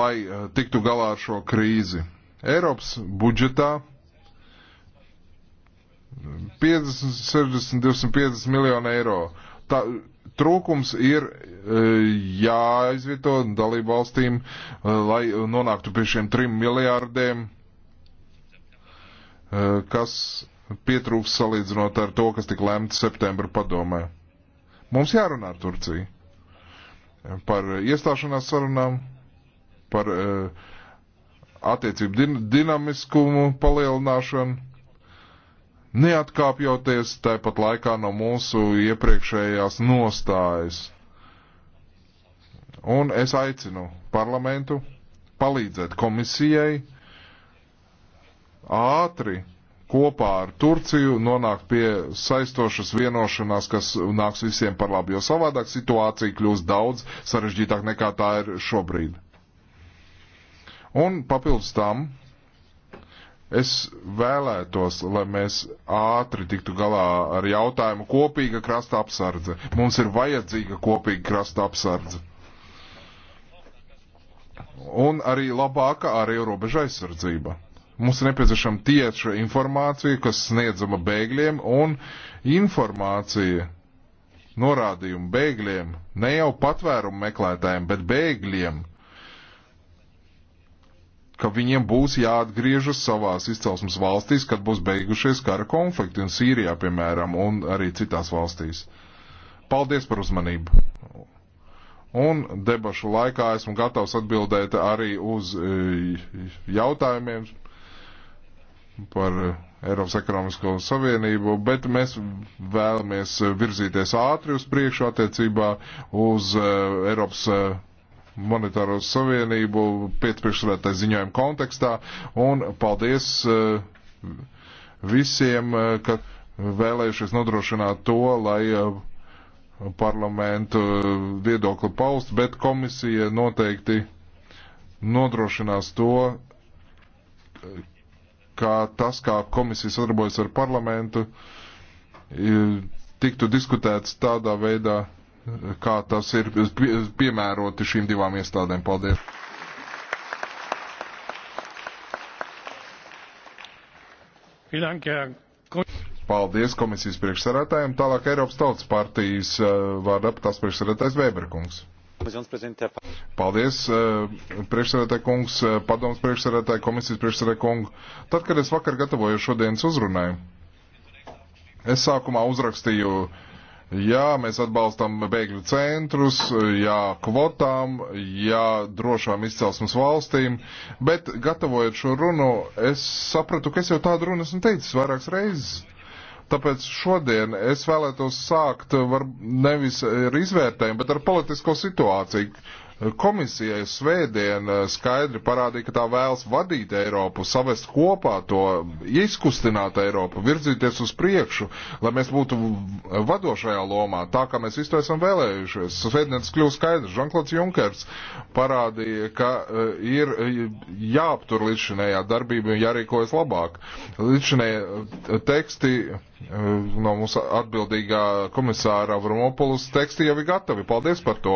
lai eh, tiktu galā ar šo krīzi. Eiropas budžetā 50, 60, 250 miljonu eiro. Tā, trūkums ir e, jāizvieto dalību valstīm, e, lai nonāktu pie šiem trim miljārdiem, e, kas pietrūks salīdzinot ar to, kas tika lemts septembra padomē. Mums jārunā ar Turciju par iestāšanās sarunām, par attiecību dinamiskumu palielināšanu neatkāpjoties tāpat laikā no mūsu iepriekšējās nostājas. Un es aicinu parlamentu palīdzēt komisijai ātri kopā ar Turciju nonākt pie saistošas vienošanās, kas nāks visiem par labu, jo savādāk situācija kļūs daudz sarežģītāk nekā tā ir šobrīd. Un papildus tam Es vēlētos, lai mēs ātri tiktu galā ar jautājumu kopīga krasta apsardze. Mums ir vajadzīga kopīga krasta apsardze. Un arī labāka ārējo robežu aizsardzība. Mums ir nepieciešama tieša informācija, kas sniedzama bēgļiem, un informācija norādījumu bēgļiem, ne jau patvērumu meklētājiem, bet bēgļiem, ka viņiem būs jāatgriežas savās izcelsmes valstīs, kad būs beigušies kara konflikti, un Sīrijā, piemēram, un arī citās valstīs. Paldies par uzmanību! Un debašu laikā esmu gatavs atbildēt arī uz eh, jautājumiem par eh, Eiropas ekonomisko savienību, bet mēs vēlamies eh, virzīties ātri uz priekšu attiecībā uz Eiropas monetāro savienību piepriekšsēdētāju ziņojumu kontekstā. Un paldies eh, visiem, eh, ka vēlējušies nodrošināt to, lai eh, parlamentu viedokli paust, bet komisija noteikti nodrošinās to, kā tas, kā komisija sadarbojas ar parlamentu, tiktu diskutēts tādā veidā, kā tas ir piemēroti šīm divām iestādēm. Paldies! Paldies komisijas priekšsarētājiem. Tālāk Eiropas Tautas partijas uh, vārdā tās priekšsarētājs Vēberkungs. Paldies, uh, priekšsēdētāji kungs, uh, padoms priekšsēdētāji, komisijas priekšsēdētāji kungu. Tad, kad es vakar gatavoju šodienas uzrunai, es sākumā uzrakstīju uh, Jā, mēs atbalstam bēgļu centrus, jā, kvotām, jā, drošām izcelsmes valstīm, bet gatavojot šo runu, es sapratu, ka es jau tādu runu esmu teicis vairākas reizes. Tāpēc šodien es vēlētos sākt var nevis ar izvērtējumu, bet ar politisko situāciju Komisijai svētdien eh, skaidri parādīja, ka tā vēlas vadīt Eiropu, savest kopā to, izkustināt Eiropu, virzīties uz priekšu, lai mēs būtu vadošajā lomā, tā kā mēs visu to esam vēlējušies. Svētdien tas kļūst skaidrs. Žanklots Junkers parādīja, ka eh, ir jāaptur līdzinējā darbība un jārīkojas labāk. Līdzinējā eh, teksti Mm, no mūsu atbildīgā komisāra Avramopulus teksti jau ir gatavi. Paldies par to.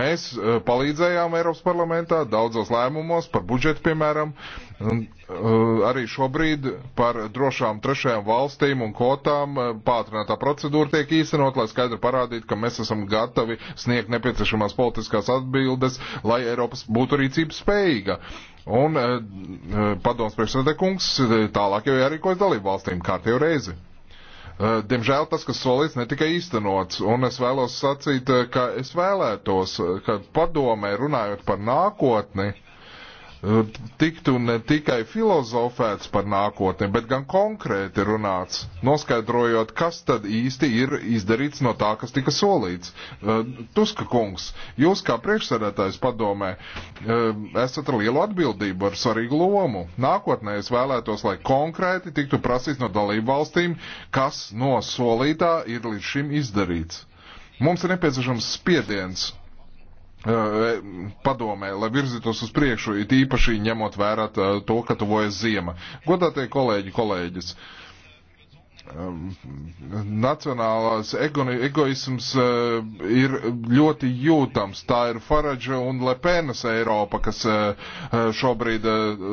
Mēs eh, palīdzējām Eiropas parlamentā daudzos lēmumos par budžetu, piemēram, un eh, arī šobrīd par drošām trešajām valstīm un kvotām eh, pātrinātā procedūra tiek īstenot, lai skaidri parādītu, ka mēs esam gatavi sniegt nepieciešamās politiskās atbildes, lai Eiropas būtu rīcības spējīga. Un padoms priekšsēdē kungs tālāk jau ir arī ko dalību valstīm kārtējo reizi. Eh, diemžēl tas, kas solīts, netika īstenots, un es vēlos sacīt, eh, ka es vēlētos, eh, ka padomē runājot par nākotni, uh, tiktu ne tikai filozofēts par nākotni, bet gan konkrēti runāts, noskaidrojot, kas tad īsti ir izdarīts no tā, kas tika solīts. Eh, Tuska kungs, jūs kā priekšsēdētājs padomē eh, esat ar lielu atbildību, ar svarīgu lomu. Nākotnē es vēlētos, lai konkrēti tiktu prasīts no dalību valstīm, kas no solītā ir līdz šim izdarīts. Mums ir nepieciešams spiediens Eh, padomē, lai virzītos uz priekšu, it īpaši ņemot vērā eh, to, ka tuvojas ziema. Godātie kolēģi, kolēģis! Uh, Um, nacionālās ego, egoisms uh, ir ļoti jūtams. Tā ir Faradža un Lepenas Eiropa, kas uh, uh šobrīd uh,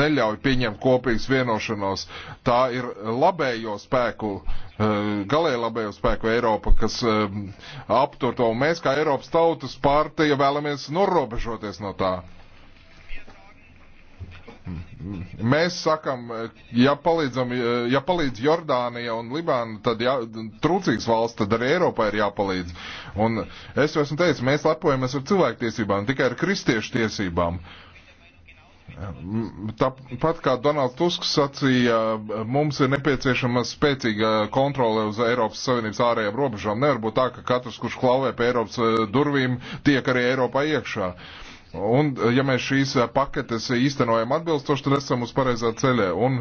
neļauj pieņemt kopīgas vienošanos. Tā ir labējo spēku, uh, galēji labējo spēku Eiropa, kas um, aptur to. Mēs kā Eiropas tautas partija vēlamies norobežoties no tā. Mēs sakam, ja, palīdzam, ja palīdz Jordānija un Libāna, tad jā, trūcīgs valsts, tad arī Eiropā ir jāpalīdz. Un es jau esmu teicis, mēs lepojamies ar cilvēktiesībām, tikai ar kristiešu tiesībām. Tāpat kā Donalds Tusks sacīja, mums ir nepieciešama spēcīga kontrole uz Eiropas Savienības ārējām robežām. Nevar būt tā, ka katrs, kurš klauvē pie Eiropas eh, durvīm, tiek arī Eiropā iekšā. Uh, Un, eh, ja mēs šīs eh, paketes eh, īstenojam atbilstoši, tad esam uz pareizā ceļa. Un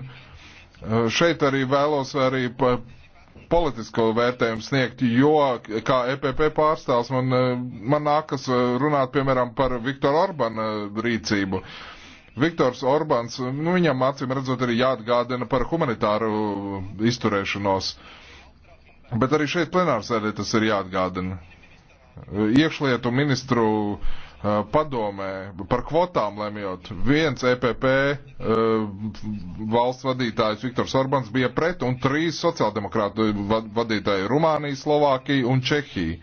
šeit arī vēlos arī politisko vērtējumu sniegt, jo kā EPP pārstāvs man, man nākas runāt, piemēram, par Viktoru Orbanu rīcību. Viktors Orbāns, nu, viņam acīm redzot, arī jāatgādina par humanitāru izturēšanos. Bet arī šeit plenārsēdē tas ir jāatgādina. Iekšlietu ministru uh, Eh, padomē par kvotām lemjot. Viens EPP eh, valsts vadītājs Viktors Orbans bija pret un trīs sociāldemokrātu vadītāji Rumānija, Slovākija un Čehija.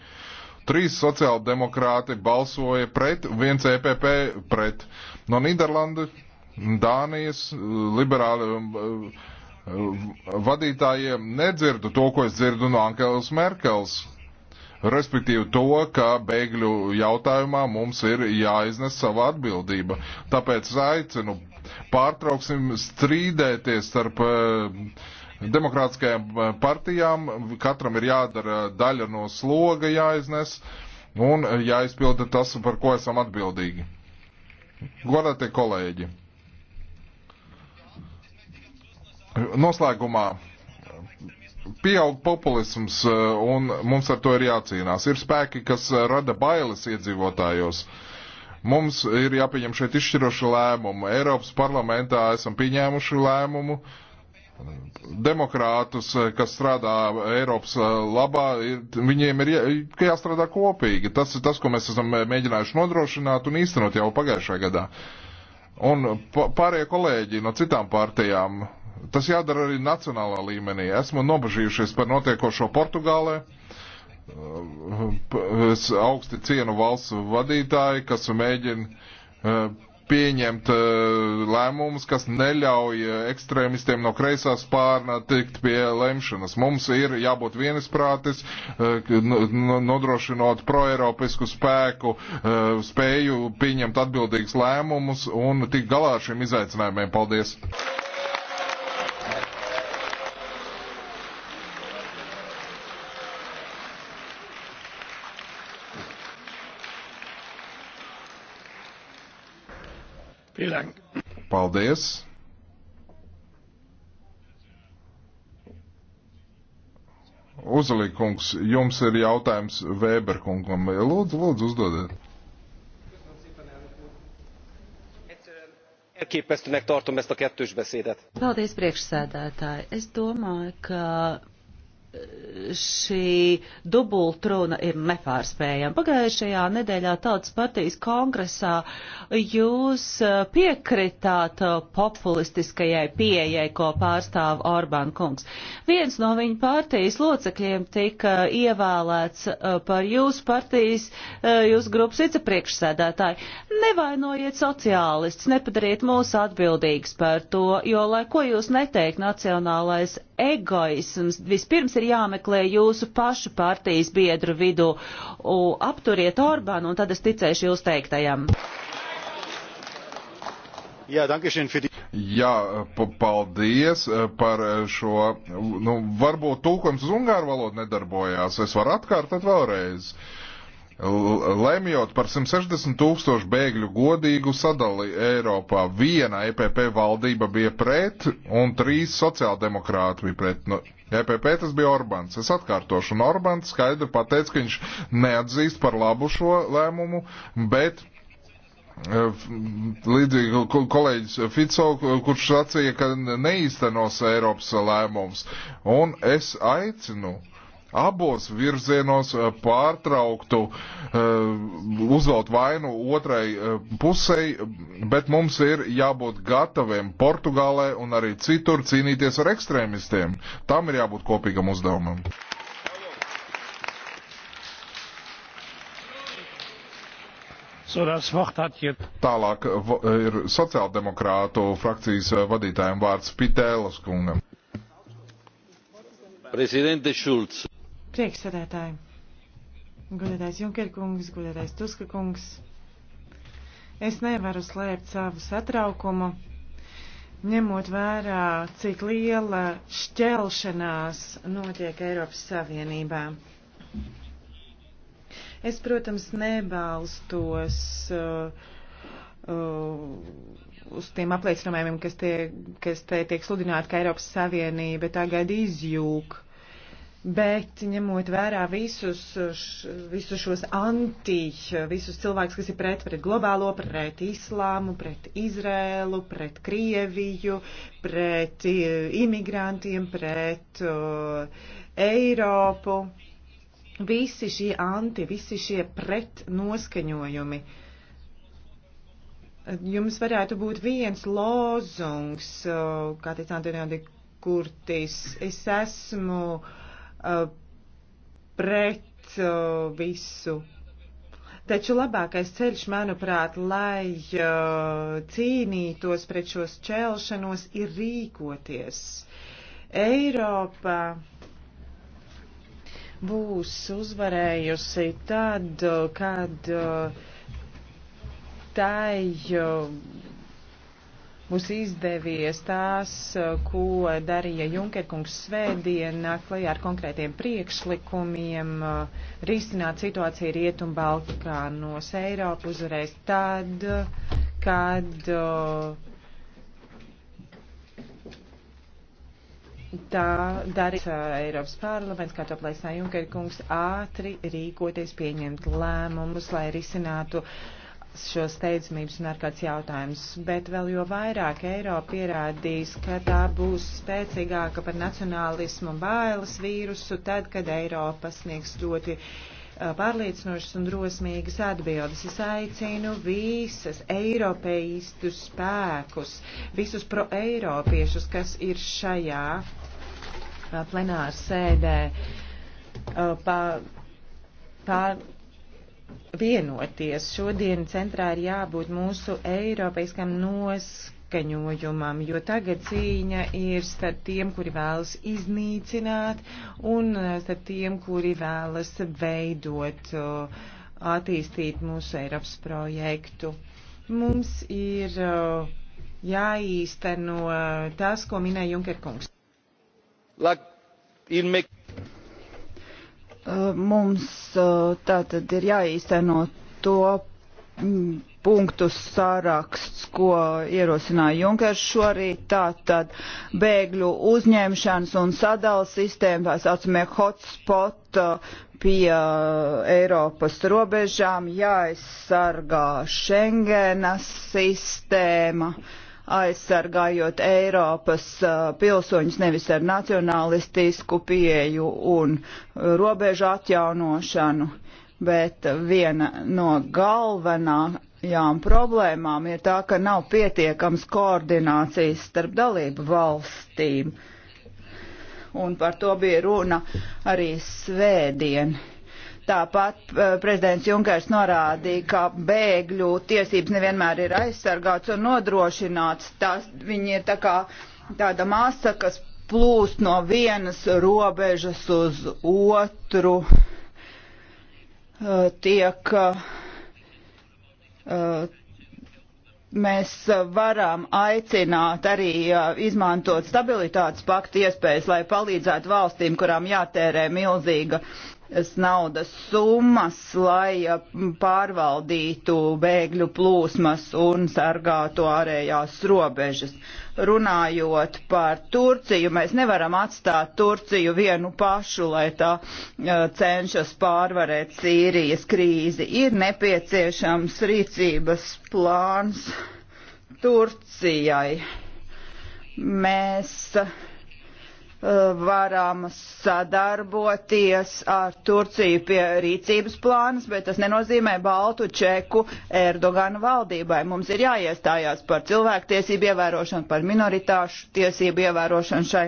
Trīs sociāldemokrāti balsoja pret, viens EPP pret. No Nīderlanda, Dānijas, eh, liberāli vadītājiem nedzirdu to, ko es dzirdu no Ankelas Merkels Respektīvi to, ka bēgļu jautājumā mums ir jāiznes sava atbildība. Tāpēc aicinu pārtrauksim strīdēties starp eh, demokrātiskajām eh, partijām. Katram ir jādara daļa no sloga jāiznes un jāizpilda tas, par ko esam atbildīgi. Godātie kolēģi! Noslēgumā Pieaug populisms, eh, un mums ar to ir jācīnās. Ir spēki, kas eh, rada bailes iedzīvotājos. Mums ir jāpieņem šeit izšķiroši lēmumu. Eiropas parlamentā esam pieņēmuši lēmumu. Demokrātus, eh, kas strādā Eiropas labā, viņiem ir jā, jāstrādā kopīgi. Tas ir tas, ko mēs esam mēģinājuši nodrošināt un īstenot jau pagājušajā gadā. Un pārējie kolēģi no citām partijām Tas jādara arī nacionālā līmenī. Esmu nobažījušies par notiekošo Portugālē. Es augsti cienu valsts vadītāji, kas mēģina eh, pieņemt eh, lēmumus, kas neļauj eh, ekstrēmistiem no kreisā spārna tikt pie lemšanas. Mums ir jābūt vienisprātis, nodrošinot proeiropisku spēku, spēju pieņemt atbildīgus lēmumus un tik galā ar šiem izaicinājumiem. Paldies! Paldies! Uzlīkungs, jums ir jautājums Vēberkungam. Lūdzu, lūdzu, uzdodiet. elképesztőnek tartom ezt a kettős beszédet. Paldies, priekšsēdētāji. Es domāju, ka šī dubultruna ir nepārspējama. Pagājušajā nedēļā Tautas partijas kongresā jūs eh, piekritāt eh, populistiskajai pieejai, ko pārstāv Orbán kungs. Viens no viņa partijas locekļiem tika ievēlēts eh, par jūsu partijas, jūsu grupas vicepriekšsēdētāju. Nevainojiet sociālistus, nepadariet mūs atbildīgus par to, jo, lai ko jūs neteikt, nacionālais egoisms vispirms ir ir jāmeklē jūsu pašu partijas biedru vidu. U, apturiet Orbānu, un tad es ticēšu jūs teiktajam. Jā, dankeschön für die. Jā, paldies eh, par eh, šo. Nu, varbūt tūkojums uz ungāru valodu nedarbojās. Es varu atkārtot vēlreiz. Uh, Lemjot par 160 tūkstošu bēgļu godīgu sadali Eiropā, viena EPP valdība bija pret un trīs sociāldemokrāti bija pret. Nu, EPP tas bija Orbāns. Es atkārtošu, un Orbāns skaidri pateica, ka viņš neatzīst par labu šo lēmumu, bet e, līdzīgi kolēģis Fico, kurš sacīja, ka neīstenos Eiropas lēmums. Un es aicinu uh, abos virzienos eh, pārtrauktu eh, uzvelt vainu otrai eh, pusei, bet mums ir jābūt gataviem Portugālē un arī citur cīnīties ar ekstrēmistiem. Tam ir jābūt kopīgam uzdevumam. So, Tālāk ir sociāldemokrātu frakcijas vadītājiem vārds Pitēlas kungam. Prezidente Šulc. Priekšsēdētāji, godētais Junkerkungs, godētais Tuskakungs, es nevaru slēpt savu satraukumu, ņemot vērā, cik liela šķelšanās notiek Eiropas Savienībā. Es, protams, nebalstos uh, uh, uz tiem apliecinājumiem, kas, tie, kas te tiek sludināti, ka Eiropas Savienība tagad izjūg. Bet ņemot vērā visus, š, visus šos anti, visus cilvēkus, kas ir pret, pret globālo, pret islāmu, pret Izrēlu, pret Krieviju, pret imigrantiem, pret uh, Eiropu, visi šie anti, visi šie pret noskaņojumi. Jums varētu būt viens lozungs, uh, kā teica Antonija Kurtis, es esmu. Uh, Uh, pret uh, visu. Taču labākais ceļš, manuprāt, lai uh, cīnītos pret šos čelšanos, ir rīkoties. Eiropa būs uzvarējusi tad, kad tai būs izdevies tās, ko darīja Junkerkungs svētdien, klajā ar konkrētiem priekšlikumiem, risināt situāciju Rietumbalkānos Eiropu uzreiz tad, kad tā darīs uh, Eiropas parlaments, kā to plēsā Junkerkungs, ātri rīkoties, pieņemt lēmumus, lai risinātu uh, šo steidzamības un ārkārtas jautājumus, bet vēl jo vairāk Eiropa pierādīs, ka tā būs spēcīgāka par nacionālismu un bailes vīrusu, tad, kad Eiropa sniegs ļoti pārliecinošas un drosmīgas atbildes. Es aicinu visas eiropeistu spēkus, visus proeiropiešus, kas ir šajā plenārsēdē, pār, pār vienoties. Šodien centrā ir jābūt mūsu eiropeiskam noskaņojumam, jo tagad cīņa ir starp tiem, kuri vēlas iznīcināt un eh, starp tiem, kuri vēlas veidot, attīstīt mūsu Eiropas projektu. Mums ir jāīsteno tas, ko minēja Junker kungs. La, Eh, mums eh, tā tad ir jāīsteno to mm, punktu sāraksts, ko ierosināja Junkers šorīt, tā tad bēgļu uzņemšanas un sadalas sistēma, tā saucamie hotspot eh, pie Eiropas robežām, jāaizsargā Schengenas sistēma. Uh, aizsargājot Eiropas pilsoņus nevis ar nacionalistisku pieju un robežu atjaunošanu, bet viena no galvenajām problēmām ir tā, ka nav pietiekams koordinācijas starp dalību valstīm. Un par to bija runa arī svētdien Tāpat eh, prezidents Junkers norādīja, ka bēgļu tiesības nevienmēr ir aizsargāts un nodrošināts. Tas, viņi ir tā kā tāda masa, kas plūst no vienas robežas uz otru, eh, tiek eh, mēs varam aicināt arī izmantot stabilitātes paktu iespējas, lai palīdzētu valstīm, kurām jātērē milzīga naudas summas, lai pārvaldītu bēgļu plūsmas un sargātu ārējās robežas. Runājot par Turciju, mēs nevaram atstāt Turciju vienu pašu, lai tā cenšas pārvarēt Sīrijas krīzi. Ir nepieciešams rīcības plāns Turcijai. Mēs uh, Eh, varam sadarboties ar Turciju pie rīcības plānas, bet tas nenozīmē baltu čeku Erdogana valdībai. Mums ir jāiestājās par cilvēktiesību ievērošanu, par minoritāšu tiesību ievērošanu šai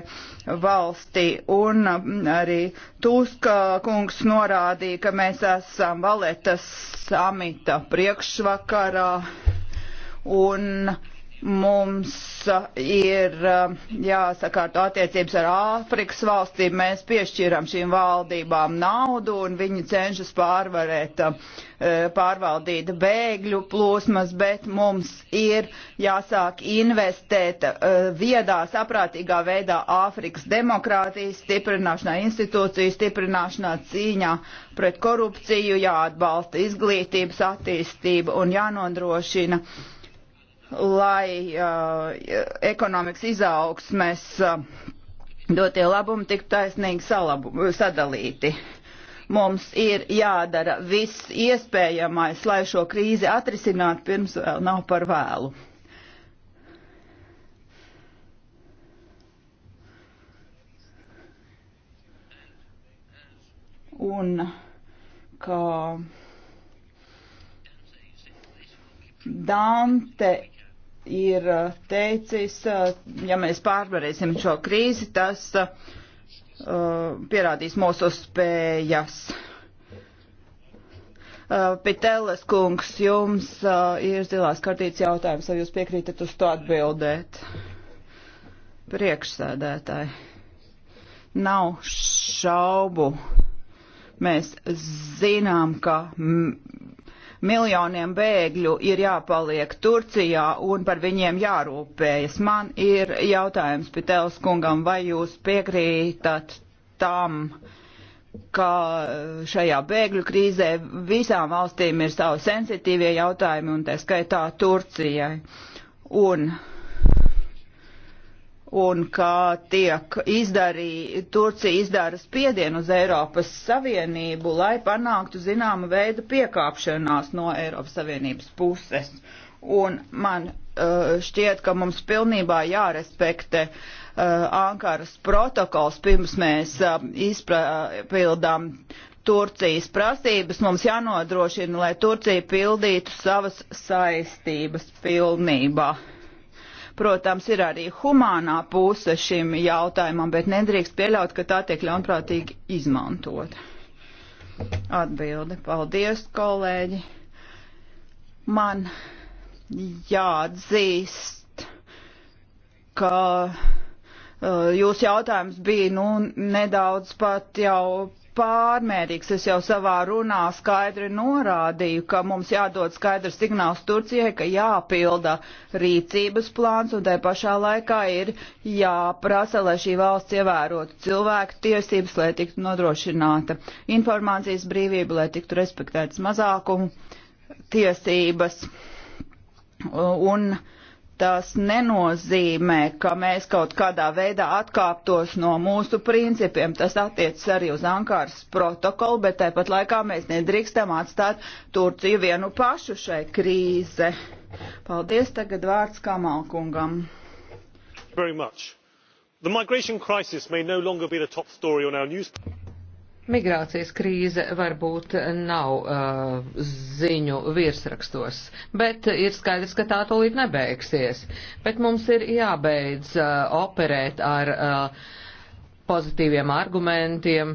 valstī. Un mm, arī Tuska kungs norādīja, ka mēs esam valetas samita priekšvakarā. Un Mums ir jāsakārto attiecības ar Āfrikas valstīm, mēs piešķiram šīm valdībām naudu un viņi cenšas pārvarēt, e, pārvaldīt bēgļu plūsmas, bet mums ir jāsāk investēt e, viedā, saprātīgā veidā Āfrikas demokrātijas stiprināšanā, institūciju stiprināšanā, cīņā pret korupciju, jāatbalsta izglītības attīstība un jānodrošina lai uh, ekonomikas izaugsmes uh, dotie labumi tiktu taisnīgi salabu, sadalīti. Mums ir jādara viss iespējamais, lai šo krīzi atrisinātu pirms vēl nav par vēlu. Un kā Dante ir eh, teicis, eh, ja mēs pārvarēsim šo krīzi, tas uh, pierādīs mūsu spējas. Uh, Pitēles kungs, jums uh, ir zilās kartītes jautājums, vai jūs piekrītat uz to atbildēt? Priekšsēdētāji. Nav šaubu. Mēs zinām, ka miljoniem bēgļu ir jāpaliek Turcijā un par viņiem jārūpējas. Man ir jautājums Pitēls kungam, vai jūs piekrītat tam, ka šajā bēgļu krīzē visām valstīm ir savi sensitīvie jautājumi un tā skaitā Turcijai. Un un kā tiek izdarī, Turcija izdara spiedienu uz Eiropas Savienību, lai panāktu zināmu veidu piekāpšanās no Eiropas Savienības puses. Un man uh, šķiet, ka mums pilnībā jārespekte uh, Ankaras protokols, pirms mēs uh, izpildām Turcijas prasības. Mums jānodrošina, lai Turcija pildītu savas saistības pilnībā. Uh, Protams, ir arī humānā puse šim jautājumam, bet nedrīkst pieļaut, ka tā tiek ļaunprātīgi izmantot. Atbilde. Paldies, kolēģi. Man jāatzīst, ka uh, jūsu jautājums bija nu, nedaudz pat jau pārmērīgs. Es jau savā runā skaidri norādīju, ka mums jādod skaidrs signāls Turcijai, ka jāpilda rīcības plāns un tai pašā laikā ir jāprasa, lai šī valsts ievērotu cilvēku tiesības, lai tiktu nodrošināta informācijas brīvība, lai tiktu respektētas mazākumu tiesības. Un, uh, tas nenozīmē, ka mēs kaut kādā veidā atkāptos no mūsu principiem. Tas attiecas arī uz Ankāras protokolu, bet tāpat laikā mēs nedrīkstam atstāt Turciju vienu pašu šai krīze. Paldies, tagad vārds Kamalkungam. Very much. The migration crisis may no longer be the top story on our newspaper Migrācijas krīze varbūt nav uh, ziņu virsrakstos, bet ir skaidrs, ka tā tolīt nebeigsies. Bet mums ir jābeidz uh, operēt ar uh, pozitīviem argumentiem.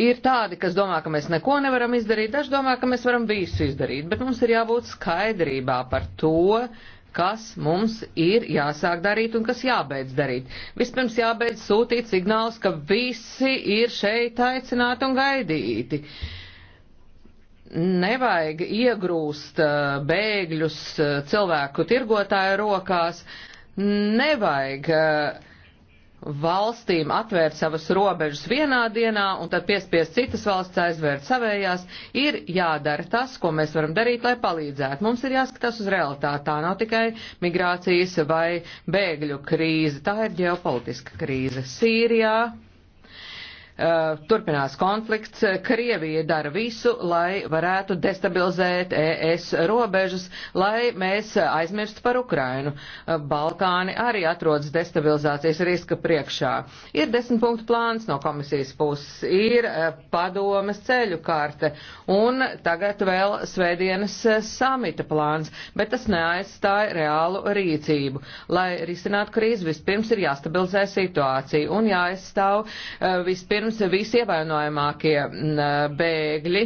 Ir tādi, kas domā, ka mēs neko nevaram izdarīt, daži domā, ka mēs varam visu izdarīt, bet mums ir jābūt skaidrībā par to, uh, kas mums ir jāsāk darīt un kas jābeidz darīt. Vispirms jābeidz sūtīt signāls, ka visi ir šeit aicināti un gaidīti. Nevajag iegrūst uh, bēgļus uh, cilvēku tirgotāju rokās, nevajag uh, valstīm atvērt savas robežas vienā dienā un tad piespiest citas valsts aizvērt savējās, ir jādara tas, ko mēs varam darīt, lai palīdzētu. Mums ir jāskatās uz realitāti. Tā nav tikai migrācijas vai bēgļu krīze, tā ir ģeopolitiska krīze. Sīrijā Eh, turpinās konflikts, Krievija dara visu, lai varētu destabilizēt ES robežas, lai mēs aizmirst par Ukrainu. Eh, Balkāni arī atrodas destabilizācijas riska priekšā. Ir desmit punktu plāns no komisijas puses, ir eh, padomes ceļu karte un tagad vēl svētdienas samita plāns, bet tas neaizstāja reālu rīcību. Lai risinātu krīzi, vispirms ir jāstabilizē situācija un jāaizstāv vispirms Vispirms visievainojamākie bēgļi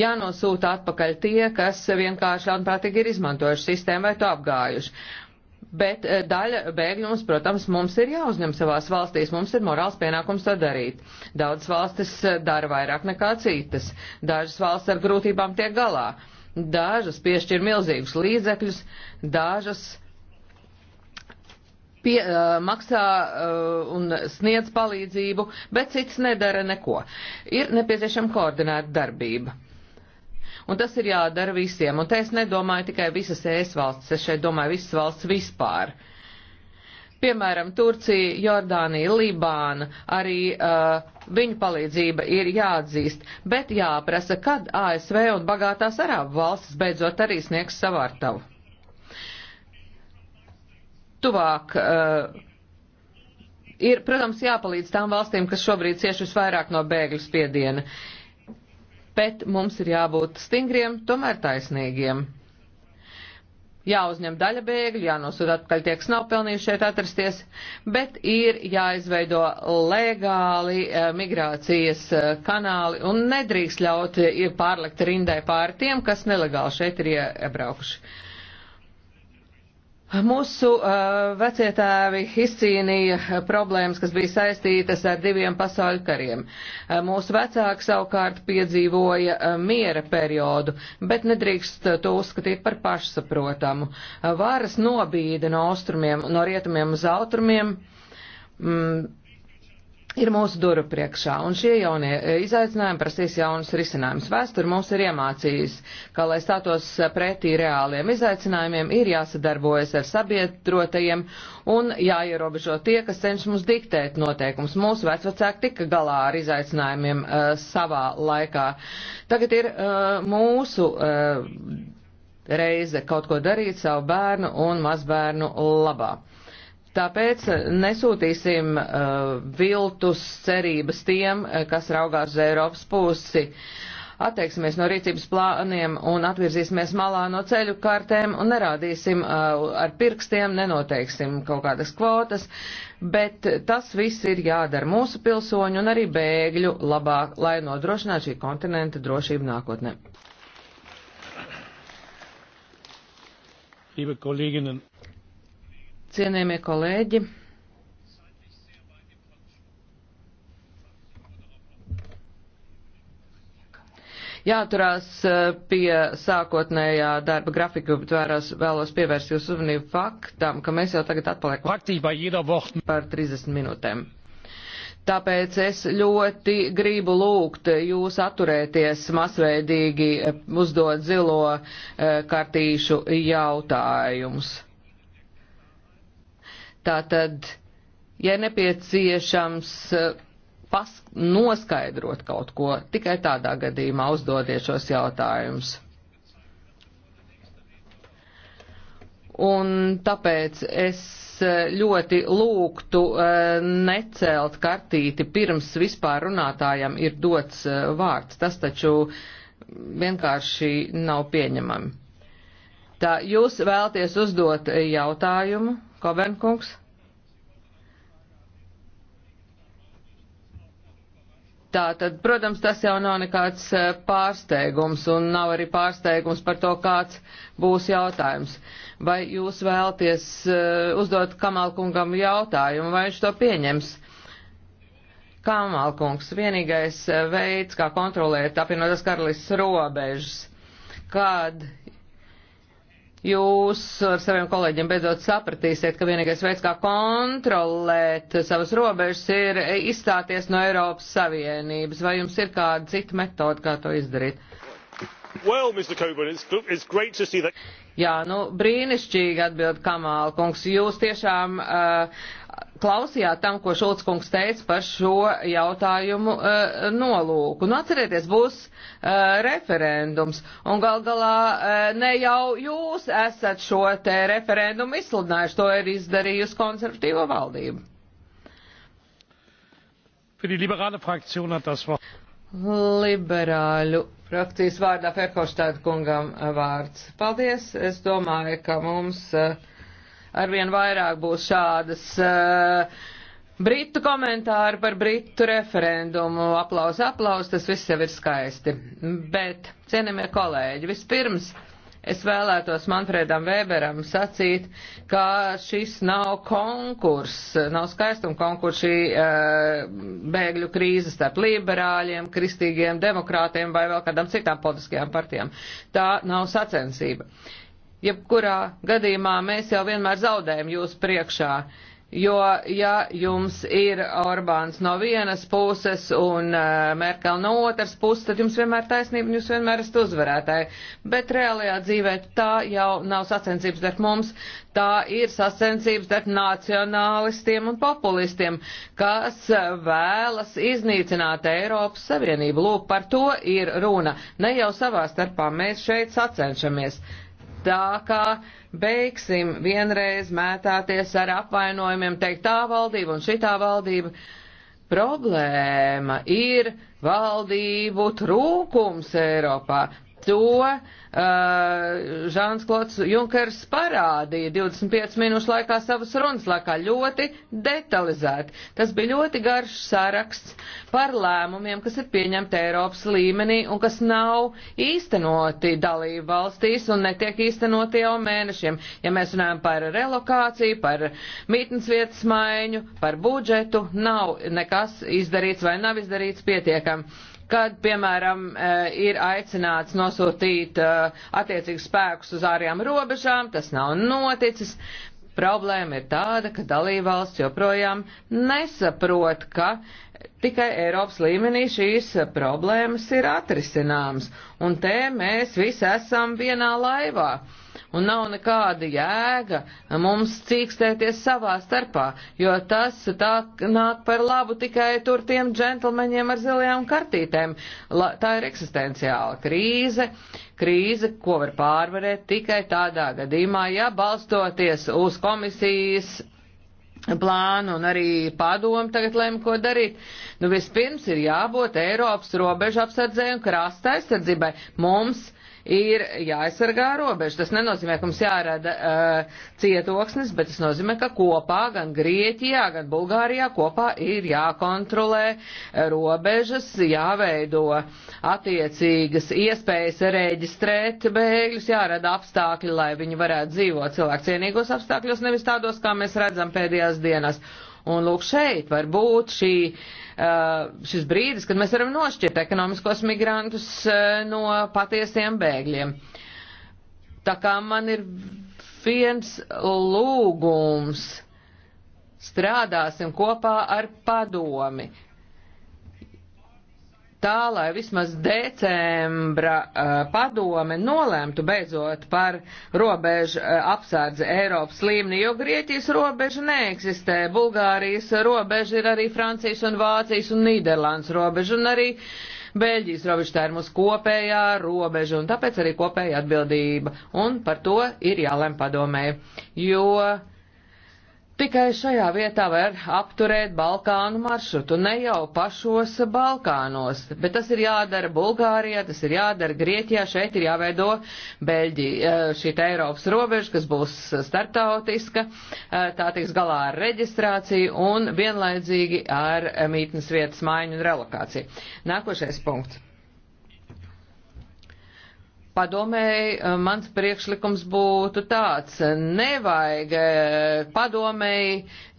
jānosūta atpakaļ tie, kas vienkārši ļaunprātīgi ir izmantojuši sistēmu vai to apgājuši. Bet e, daļa bēgļu mums, protams, mums ir jāuzņem savās valstīs, mums ir morāls pienākums to darīt. Daudz valstis e, dara vairāk nekā citas, dažas valsts ar grūtībām tiek galā, dažas piešķir milzīgus līdzekļus, dažas uh, pie, uh, maksā uh, un sniedz palīdzību, bet cits nedara neko. Ir nepieciešama koordinēta darbība. Un tas ir jādara visiem. Un te es nedomāju tikai visas ES valsts, es šeit domāju visas valsts vispār. Piemēram, Turcija, Jordānija, Libāna, arī uh, viņu palīdzība ir jāatzīst, bet jāprasa, kad ASV un bagātās Arābu valstis beidzot arī sniegs savu artavu tuvāk. Uh, ir, protams, jāpalīdz tām valstīm, kas šobrīd cieš visvairāk no bēgļu spiediena, bet mums ir jābūt stingriem, tomēr taisnīgiem. Jāuzņem daļa bēgļu, jānosūta atpakaļ tie, kas nav pelnījuši šeit atrasties, bet ir jāizveido legāli eh, migrācijas eh, kanāli un nedrīkst ļaut pārlekt rindai pār tiem, kas nelegāli šeit ir iebraukuši. Mūsu uh, vecie tēvi izcīnīja problēmas, kas bija saistītas ar diviem pasauļu kariem. Uh, mūsu vecāki savukārt piedzīvoja uh, miera periodu, bet nedrīkst to uzskatīt par pašsaprotamu. Uh, varas nobīda no austrumiem, no rietumiem uz autrumiem. Mm, ir mūsu duru priekšā, un šie jaunie e, izaicinājumi prasīs jaunus risinājumus. Vēsture mums ir iemācījusi, ka, lai stātos pretī reāliem izaicinājumiem, ir jāsadarbojas ar sabiedrotajiem un jāierobežo tie, kas cenš mums diktēt noteikums. Mūsu vecvecāki tika galā ar izaicinājumiem uh, savā laikā. Tagad ir uh, mūsu. Uh, reize kaut ko darīt savu bērnu un mazbērnu labā. Tāpēc nesūtīsim uh, viltus cerības tiem, uh, kas raugās uz Eiropas pusi. Atteiksimies no rīcības plāniem un atvirzīsimies malā no ceļu kartēm un nerādīsim uh, ar pirkstiem, nenoteiksim kaut kādas kvotas, bet tas viss ir jādara mūsu pilsoņu un arī bēgļu labāk, lai nodrošinātu šī kontinenta drošību nākotnē. Liebe Kolleginnen Cienījamie kolēģi, jāturās eh, pie sākotnējā darba grafika, bet vērās, vēlos pievērst jūsu uzmanību faktam, ka mēs jau tagad atpaliekam par 30 minūtēm. Tāpēc es ļoti gribu lūgt jūs atturēties masveidīgi eh, uzdot zilo eh, kartīšu jautājumus. Tātad, ja nepieciešams eh, pas, noskaidrot kaut ko, tikai tādā gadījumā uzdodiet šos jautājumus. Un tāpēc es eh, ļoti lūgtu eh, necelt kartīti pirms vispār runātājam ir dots vārds. Tas taču vienkārši nav pieņemami. Tā jūs vēlties uzdot jautājumu? Kobenkungs. Tā tad, protams, tas jau nav nekāds eh, pārsteigums un nav arī pārsteigums par to, kāds būs jautājums. Vai jūs vēlties eh, uzdot Kamalkungam jautājumu, vai viņš to pieņems? Kamalkungs, vienīgais eh, veids, kā kontrolēt apvienotās karalistas robežas, kad Jūs ar saviem kolēģiem beidzot sapratīsiet, ka vienīgais veids, kā kontrolēt savas robežas, ir izstāties no Eiropas Savienības. Vai jums ir kāda cita metode, kā to izdarīt? Well, Coburn, it's, it's that... Jā, nu brīnišķīgi atbild Kamāla kungs. Jūs tiešām uh, klausījāt tam, ko Šulc kungs teica par šo jautājumu uh, nolūku. Nu, atcerieties, būs uh, referendums, un gal galā uh, ne jau jūs esat šo te referendumu izsludinājuši, to ir izdarījusi konservatīva valdība. Liberāļu frakcijas vārdā Ferkoštāda kungam vārds. Paldies, es domāju, ka mums uh, arvien vairāk būs šādas uh, Britu komentāri par Britu referendumu, aplaus, aplaus, tas viss jau ir skaisti. Bet, cienījamie kolēģi, vispirms es vēlētos Manfredam Weberam sacīt, ka šis nav konkurs, nav skaistuma konkurs šī uh, bēgļu krīze starp liberāļiem, kristīgiem demokrātiem vai vēl kādām citām politiskajām partijām. Tā nav sacensība. Uh, Jebkurā gadījumā mēs jau vienmēr zaudējam jūs priekšā, jo ja jums ir Orbāns no vienas puses un uh, Merkel no otras puses, tad jums vienmēr taisnība un jūs vienmēr esat uzvarētāji. Bet reālajā dzīvē tā jau nav sacensības starp mums, tā ir sacensības starp nacionālistiem un populistiem, kas eh, vēlas iznīcināt Eiropas Savienību. Lūk, par to ir runa. Ne jau savā starpā mēs šeit sacenšamies tā kā beigsim vienreiz mētāties ar apvainojumiem, teikt tā valdība un šitā valdība. Problēma ir valdību trūkums Eiropā. To uh, Žāns Klots Junkers parādīja 25 minūšu laikā savas runas laikā ļoti detalizēti. Tas bija ļoti garš saraksts par lēmumiem, kas ir pieņemti Eiropas līmenī un kas nav īstenoti dalību valstīs un netiek īstenoti jau mēnešiem. Ja mēs runājam par relokāciju, par mītnes vietas maiņu, par budžetu, nav nekas izdarīts vai nav izdarīts pietiekami kad, piemēram, e, ir aicināts nosūtīt e, attiecīgus spēkus uz ārējām robežām, tas nav noticis. Problēma ir tāda, ka dalībvalsts joprojām nesaprot, ka tikai Eiropas līmenī šīs problēmas ir atrisināmas, un te mēs visi esam vienā laivā un nav nekāda jēga mums cīkstēties savā starpā, jo tas tā nāk par labu tikai tur tiem džentlmeņiem ar zilajām kartītēm. La, tā ir eksistenciāla krīze, krīze, ko var pārvarēt tikai tādā gadījumā, ja balstoties uz komisijas plānu un arī padomu tagad lēma, ko darīt. Nu, vispirms ir jābūt Eiropas robežu apsardzēju un krasta aizsardzībai. Mums ir jāaizsargā robeža. Tas nenozīmē, ka mums jārada uh, cietoksnis, bet tas nozīmē, ka kopā gan Grieķijā, gan Bulgārijā kopā ir jākontrolē robežas, jāveido attiecīgas iespējas reģistrēt bēgļus, jārada apstākļi, lai viņi varētu dzīvot cilvēku cienīgos apstākļos, nevis tādos, kā mēs redzam pēdējās dienās. Un lūk, šeit var būt šī, uh, šis brīdis, kad mēs varam nošķirt ekonomiskos migrantus uh, no patiesiem bēgļiem. Tā kā man ir viens lūgums. Strādāsim kopā ar padomi, tā, lai vismaz decembra uh, padome nolēmtu beidzot par robežu uh, apsardzi Eiropas līmenī, jo Grieķijas robeža neeksistē. Bulgārijas robeža ir arī Francijas un Vācijas un Nīderlandes robeža un arī Beļģijas robeža. Tā ir mūsu kopējā robeža un tāpēc arī kopēja atbildība. Un par to ir jālem padomē, jo tikai šajā vietā var apturēt Balkānu maršrutu, ne jau pašos Balkānos, bet tas ir jādara Bulgārijā, tas ir jādara Grieķijā, šeit ir jāveido Beļģija, eh, šī Eiropas robeža, kas būs startautiska, eh, tā tiks galā ar reģistrāciju un vienlaicīgi ar eh, mītnes vietas maiņu un relokāciju. Nākošais punkts padomēji, eh, mans priekšlikums būtu tāds, nevajag eh, padomēji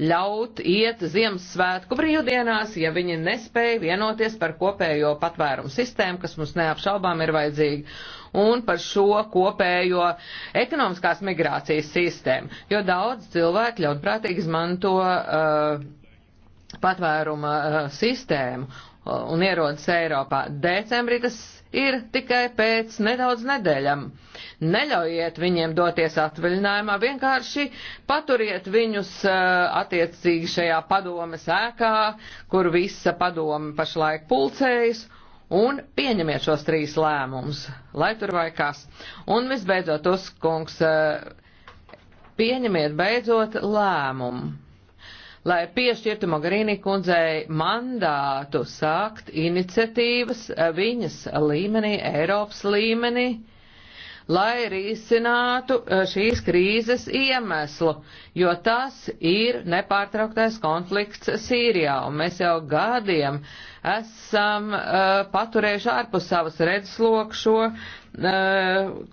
ļaut iet Ziemassvētku brīvdienās, ja viņi nespēja vienoties par kopējo patvērumu sistēmu, kas mums neapšaubām ir vajadzīga, un par šo kopējo ekonomiskās migrācijas sistēmu, jo daudz cilvēku ļaunprātīgi izmanto uh, patvēruma uh, sistēmu un ierodas Eiropā. Decembrī tas ir tikai pēc nedaudz nedēļam. Neļaujiet viņiem doties atvaļinājumā, vienkārši paturiet viņus attiecīgi šajā padomes ēkā, kur visa padome pašlaik pulcējas, un pieņemiet šos trīs lēmumus, lai tur vai kas. Un visbeidzot, Uskungs, pieņemiet beidzot lēmumu lai piešķirtu Mogherini kundzei mandātu sākt iniciatīvas eh, viņas līmenī, Eiropas līmenī, lai risinātu eh, šīs krīzes iemeslu, jo tas ir nepārtrauktais konflikts Sīrijā, un mēs jau gadiem esam uh, paturējuši ārpus savas redzesloku šo uh,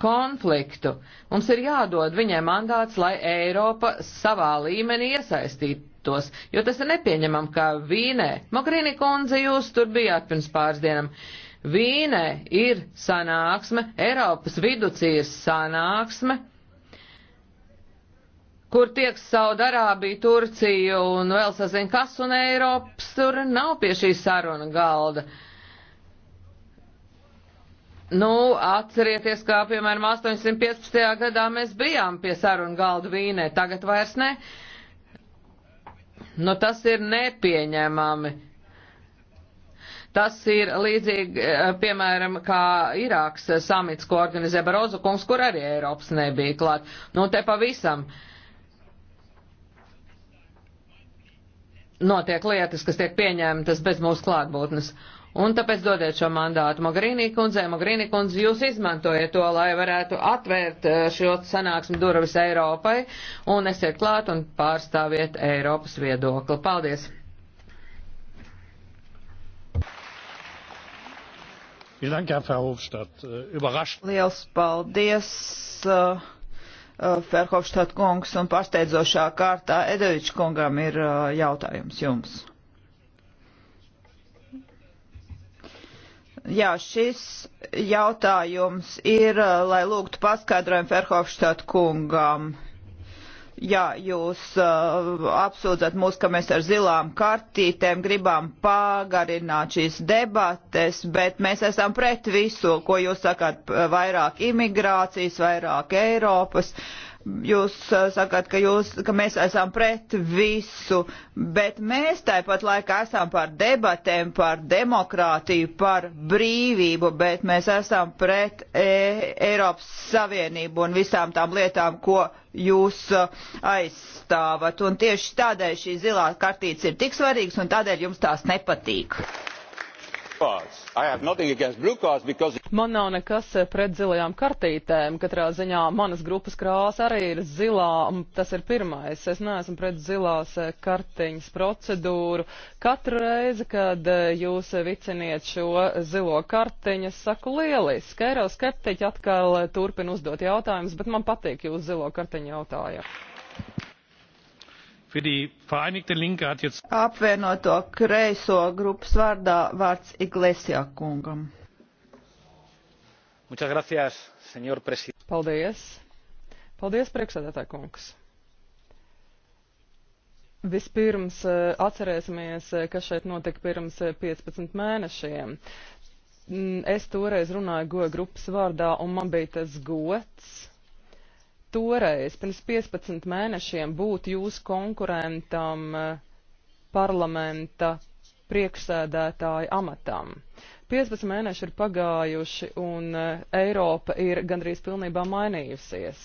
konfliktu. Mums ir jādod viņai mandāts, lai Eiropa savā līmenī iesaistītu tos, jo tas ir nepieņemam, ka Vīnē, Mokrīni kundze, jūs tur bijāt pirms pāris dienam, Vīnē ir sanāksme, Eiropas viducīrs sanāksme, kur tiek Saudarābija, Turcija un vēl sazin kas, un Eiropas tur nav pie šī saruna galda. Nu, atcerieties, kā piemēram 815. gadā mēs bijām pie saruna galda Vīnē, tagad vairs ne. Uh, Nu, tas ir nepieņemami. Tas ir līdzīgi, eh, piemēram, kā Irāks samits, ko organizē Barozu kungs, kur arī Eiropas nebija klāt. Nu, te pavisam notiek lietas, kas tiek pieņemtas bez mūsu klātbūtnes. Uh, Un tāpēc dodiet šo mandātu Mogherini kundzei. Mogherini kundze, jūs izmantojiet to, lai varētu atvērt eh, šo sanāksmi durvis Eiropai un esiet klāt un pārstāviet Eiropas viedokli. Paldies! Äh, Liels paldies, uh, äh, Ferhofstadt äh, kungs, un pārsteidzošā kārtā Edovičs kungam ir uh, jautājums jums. Jā, šis jautājums ir, eh, lai lūgtu paskaidrojumu Ferhofštāt kungam. Jā, jūs uh, apsūdzat mūs, ka mēs ar zilām kartītēm gribam pāgarināt šīs debates, bet mēs esam pret visu, ko jūs sakāt, eh, vairāk imigrācijas, vairāk Eiropas. Uh, jūs eh, sakat, ka, jūs, ka mēs esam pret visu, bet mēs tāpat laikā esam par debatēm, par demokrātiju, par brīvību, bet mēs esam pret e Eiropas Savienību un visām tām lietām, ko jūs eh, aizstāvat. Un tieši tādēļ šī zilā kartītes ir tik svarīgas un tādēļ jums tās nepatīk. Because... Man nav nekas eh, pret zilajām kartītēm. Katrā ziņā manas grupas krāsa arī ir zilā, un tas ir pirmais. Es neesmu pret zilās eh, kartiņas procedūru. Katru reizi, kad eh, jūs viciniet šo zilo kartiņu, es saku lieliski. Eiroskeptiķi atkal turpin uzdot jautājumus, bet man patīk jūs zilo kartiņu jautājumu. Jetzt... Apvienoto kreiso grupas vārdā vārds Iglesijā kungam. Gracias, Paldies. Paldies, priekšsēdētāj kungs. Vispirms eh, atcerēsimies, eh, kas šeit notika pirms 15 eh, mēnešiem mm, es toreiz runāju goja grupas vārdā, un man bija tas gods toreiz, pirms 15 mēnešiem, būt jūsu konkurentam eh, parlamenta priekšsēdētāja amatam. 15 mēneši ir pagājuši un eh, Eiropa ir gandrīz pilnībā mainījusies.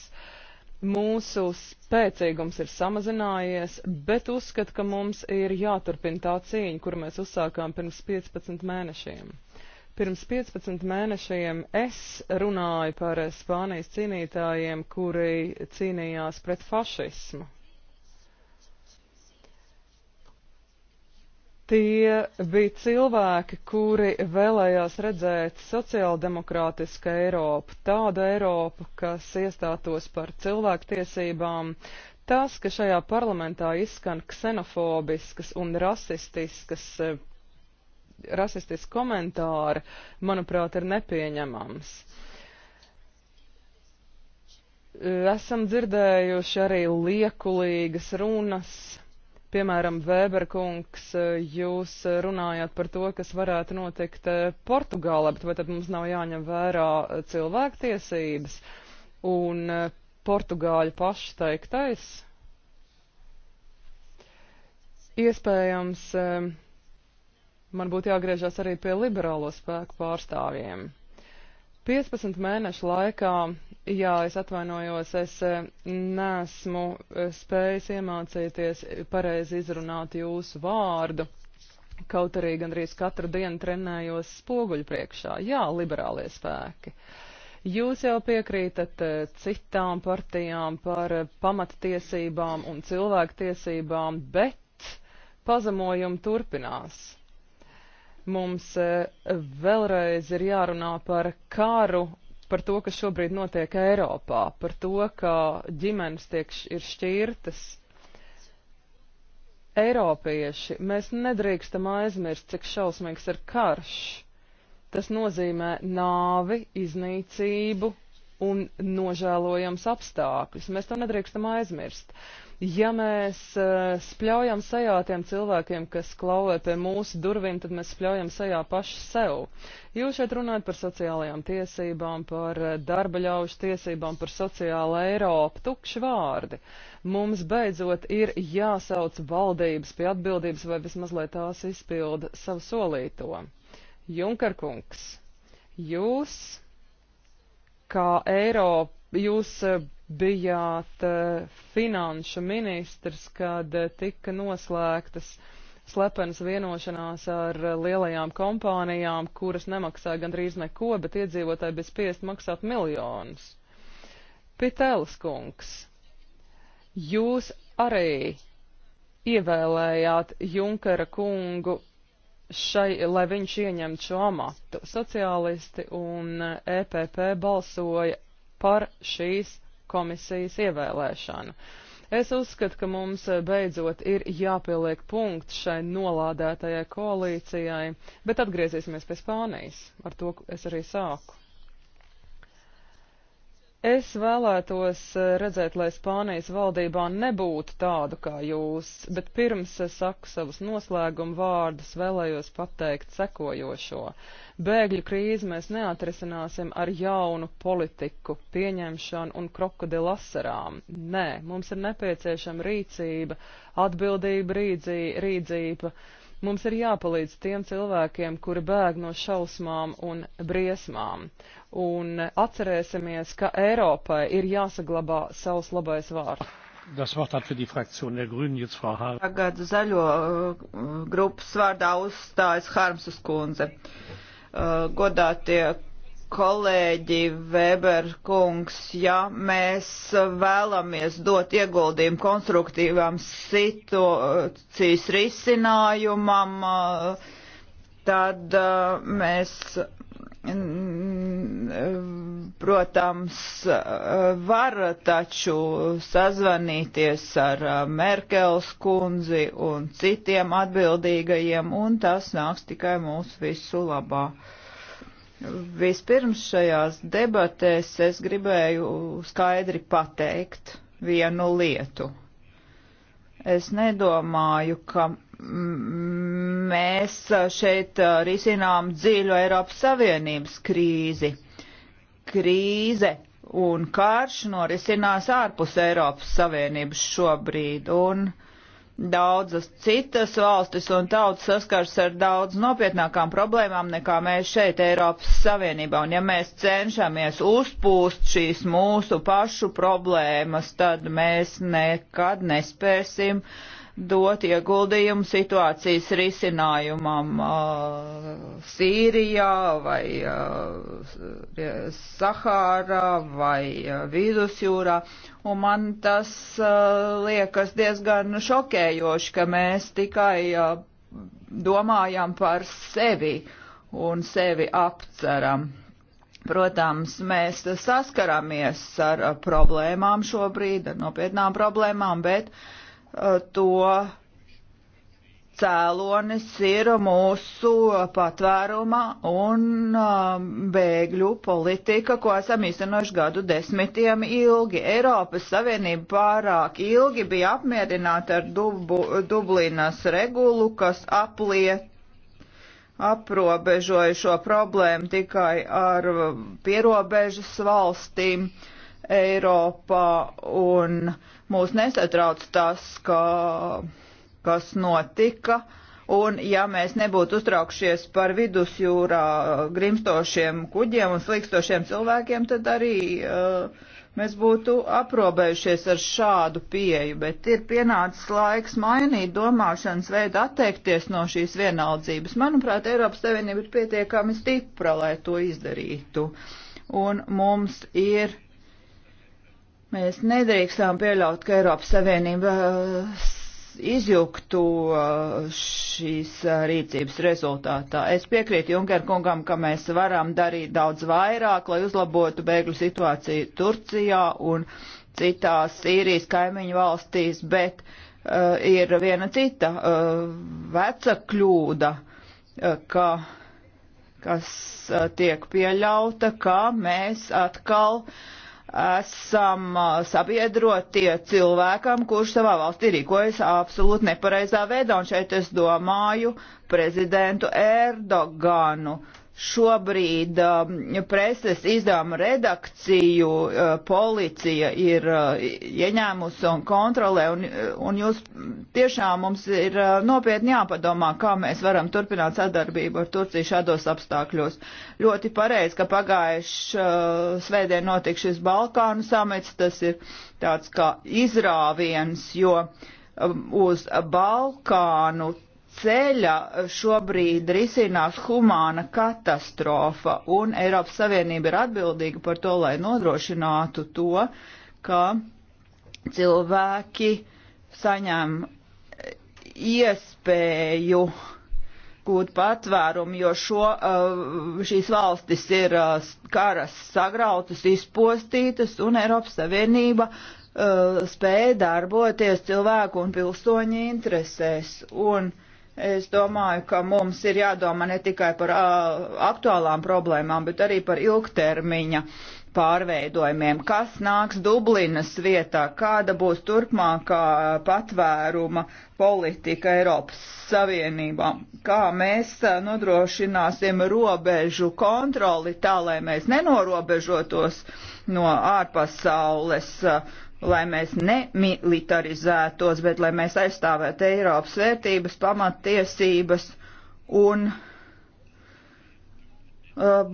Mūsu spēcīgums ir samazinājies, bet uzskatu, ka mums ir jāturpina tā cīņa, kuru mēs uzsākām pirms 15 mēnešiem. Pirms 15 mēnešiem es runāju par Spānijas cīnītājiem, kuri cīnījās pret fašismu. Tie bija cilvēki, kuri vēlējās redzēt sociāldemokrātisku Eiropu, tādu Eiropu, kas iestātos par cilvēktiesībām. Tas, ka šajā parlamentā izskan ksenofobiskas un rasistiskas eh, rasistisks komentāri, manuprāt, ir nepieņemams. Esam dzirdējuši arī liekulīgas runas. Piemēram, Vēberkungs, jūs runājāt par to, kas varētu notikt eh, Portugālē, bet vai tad mums nav jāņem vērā eh, cilvēktiesības un eh, Portugāļu paši teiktais? Iespējams, Man būtu jāgriežas arī pie liberālo spēku pārstāvjiem. 15 mēnešu laikā, jā, es atvainojos, es eh, nesmu eh, spējis iemācīties pareizi izrunāt jūsu vārdu, kaut arī gandrīz katru dienu trenējos spoguļu priekšā. Jā, liberālie spēki. Jūs jau piekrītat eh, citām partijām par pamatiesībām un cilvēktiesībām, bet pazemojumi turpinās Mums e, vēlreiz ir jārunā par karu, par to, kas šobrīd notiek Eiropā, par to, ka ģimenes tiek ir šķirtas. Eiropieši, mēs nedrīkstam aizmirst, cik šausmīgs ir karš. Tas nozīmē nāvi, iznīcību un nožēlojams apstākļus. Mēs to nedrīkstam aizmirst. Ja mēs eh, spļaujam sajā tiem cilvēkiem, kas klauvē pie mūsu durvīm, tad mēs spļaujam sajā paši sev. Jūs šeit runājat par sociālajām tiesībām, par eh, darba ļaužu tiesībām, par sociālu Eiropu. Tukši vārdi. Mums beidzot ir jāsauc valdības pie atbildības vai vismaz, lai tās izpilda savu solīto. Junkarkungs, jūs kā Eiropa, jūs eh, bijāt eh, finanšu ministrs, kad eh, tika noslēgtas slepenas vienošanās ar eh, lielajām kompānijām, kuras nemaksā gandrīz neko, bet iedzīvotāji bija spiest maksāt miljonus. Pitēlis kungs, jūs arī ievēlējāt Junkara kungu, šai, lai viņš ieņemtu šo amatu. Sociālisti un EPP e balsoja par šīs komisijas ievēlēšanu. Es uzskatu, ka mums beidzot ir jāpieliek punkts šai nolādētajai koalīcijai, bet atgriezīsimies pie Spānijas. Ar to es arī sāku. Es vēlētos eh, redzēt, lai Spānijas valdībā nebūtu tādu kā jūs, bet pirms es saku savus noslēgumu vārdus, vēlējos pateikt sekojošo. Bēgļu krīzi mēs neatrisināsim ar jaunu politiku, pieņemšanu un krokodilasarām. Nē, mums ir nepieciešama rīcība, atbildība, rīdzība. rīdzība Mums ir jāpalīdz tiem cilvēkiem, kuri bēg no šausmām un briesmām. Un atcerēsimies, ka Eiropai ir jāsaglabā savs labais vārds. Das Wort hat für die Fraktion der Grünen jetzt Frau Harms. Tagad zaļo uh, grupas vārdā uzstājas Harmsas kundze. Uh, godātie kolēģi Weber kungs, ja mēs vēlamies dot ieguldījumu konstruktīvām situācijas risinājumam, tad uh, mēs, mm, protams, uh, var taču sazvanīties ar uh, Merkels kundzi un citiem atbildīgajiem, un tas nāks tikai mūsu visu labā. Vispirms šajās debatēs es gribēju skaidri pateikt vienu lietu. Es nedomāju, ka mēs šeit risinām dziļu Eiropas Savienības krīzi. Krīze un karš norisinās ārpus Eiropas Savienības šobrīd. Un, uh, Daudzas citas valstis un tautas saskars ar daudz nopietnākām problēmām nekā mēs šeit Eiropas Savienībā. Un ja mēs cenšamies uzpūst šīs mūsu pašu problēmas, tad mēs nekad nespēsim uh, dot ieguldījumu situācijas risinājumam uh, Sīrijā vai uh, Sahārā vai uh, Vidusjūrā. Un man tas uh, liekas diezgan šokējoši, ka mēs tikai uh, domājam par sevi un sevi apceram. Protams, mēs saskaramies ar uh, problēmām šobrīd, ar nopietnām problēmām, bet uh, to cēlonis ir mūsu patvēruma un um, bēgļu politika, ko esam īstenojuši gadu desmitiem ilgi. Eiropas Savienība pārāk ilgi bija apmierināta ar Dubu, Dublinas regulu, kas apliet aprobežoja šo problēmu tikai ar pierobežas valstīm. Uh, Eiropā, un mūs nesatrauc tas, ka, kas notika. Un ja mēs nebūtu uztraukšies par vidusjūrā grimstošiem kuģiem un slikstošiem cilvēkiem, tad arī uh, mēs būtu aprobežušies ar šādu pieju, bet ir pienācis laiks mainīt domāšanas veidu, atteikties no šīs vienaldzības. Manuprāt, Eiropas Savienība ir pietiekami stipra, lai to izdarītu. Un mums ir Mēs nedrīkstām pieļaut, ka Eiropas Savienība uh, izjuktu uh, šīs uh, rīcības rezultātā. Es piekrītu Junker kungam, ka mēs varam darīt daudz vairāk, lai uzlabotu bēgļu situāciju Turcijā un citās Sīrijas kaimiņu valstīs, bet uh, ir viena cita uh, veca kļūda, uh, ka, kas uh, tiek pieļauta, ka mēs atkal uh, esam uh, sabiedrotie cilvēkam, kurš savā valstī rīkojas absolūti nepareizā veidā. Un šeit es domāju prezidentu Erdoganu. Uh, Šobrīd um, preses izdevuma redakciju uh, policija ir uh, ieņēmusi un kontrolē, un, uh, un jūs tiešām mums ir uh, nopietni jāpadomā, kā mēs varam turpināt sadarbību ar Turciju šādos apstākļos. Ļoti pareizi, ka pagājuši uh, svētdien notika šis Balkānu samets, tas ir tāds kā izrāviens, jo um, uz Balkānu ceļa šobrīd risinās humāna katastrofa, un Eiropas Savienība ir atbildīga par to, lai nodrošinātu to, ka cilvēki saņem iespēju gūt patvērumu, jo šo, uh, šīs valstis ir uh, karas sagrautas, izpostītas, un Eiropas Savienība uh, spēja darboties cilvēku un pilsoņu interesēs. Un, uh, Es domāju, ka mums ir jādomā ne tikai par uh, aktuālām problēmām, bet arī par ilgtermiņa pārveidojumiem. Kas nāks Dublinas vietā? Kāda būs turpmākā patvēruma politika Eiropas Savienībā? Kā mēs nodrošināsim robežu kontroli tā, lai mēs nenorobežotos no ārpasaules? Uh, lai mēs nemilitarizētos, bet lai mēs aizstāvētu Eiropas vērtības, pamattiesības un uh,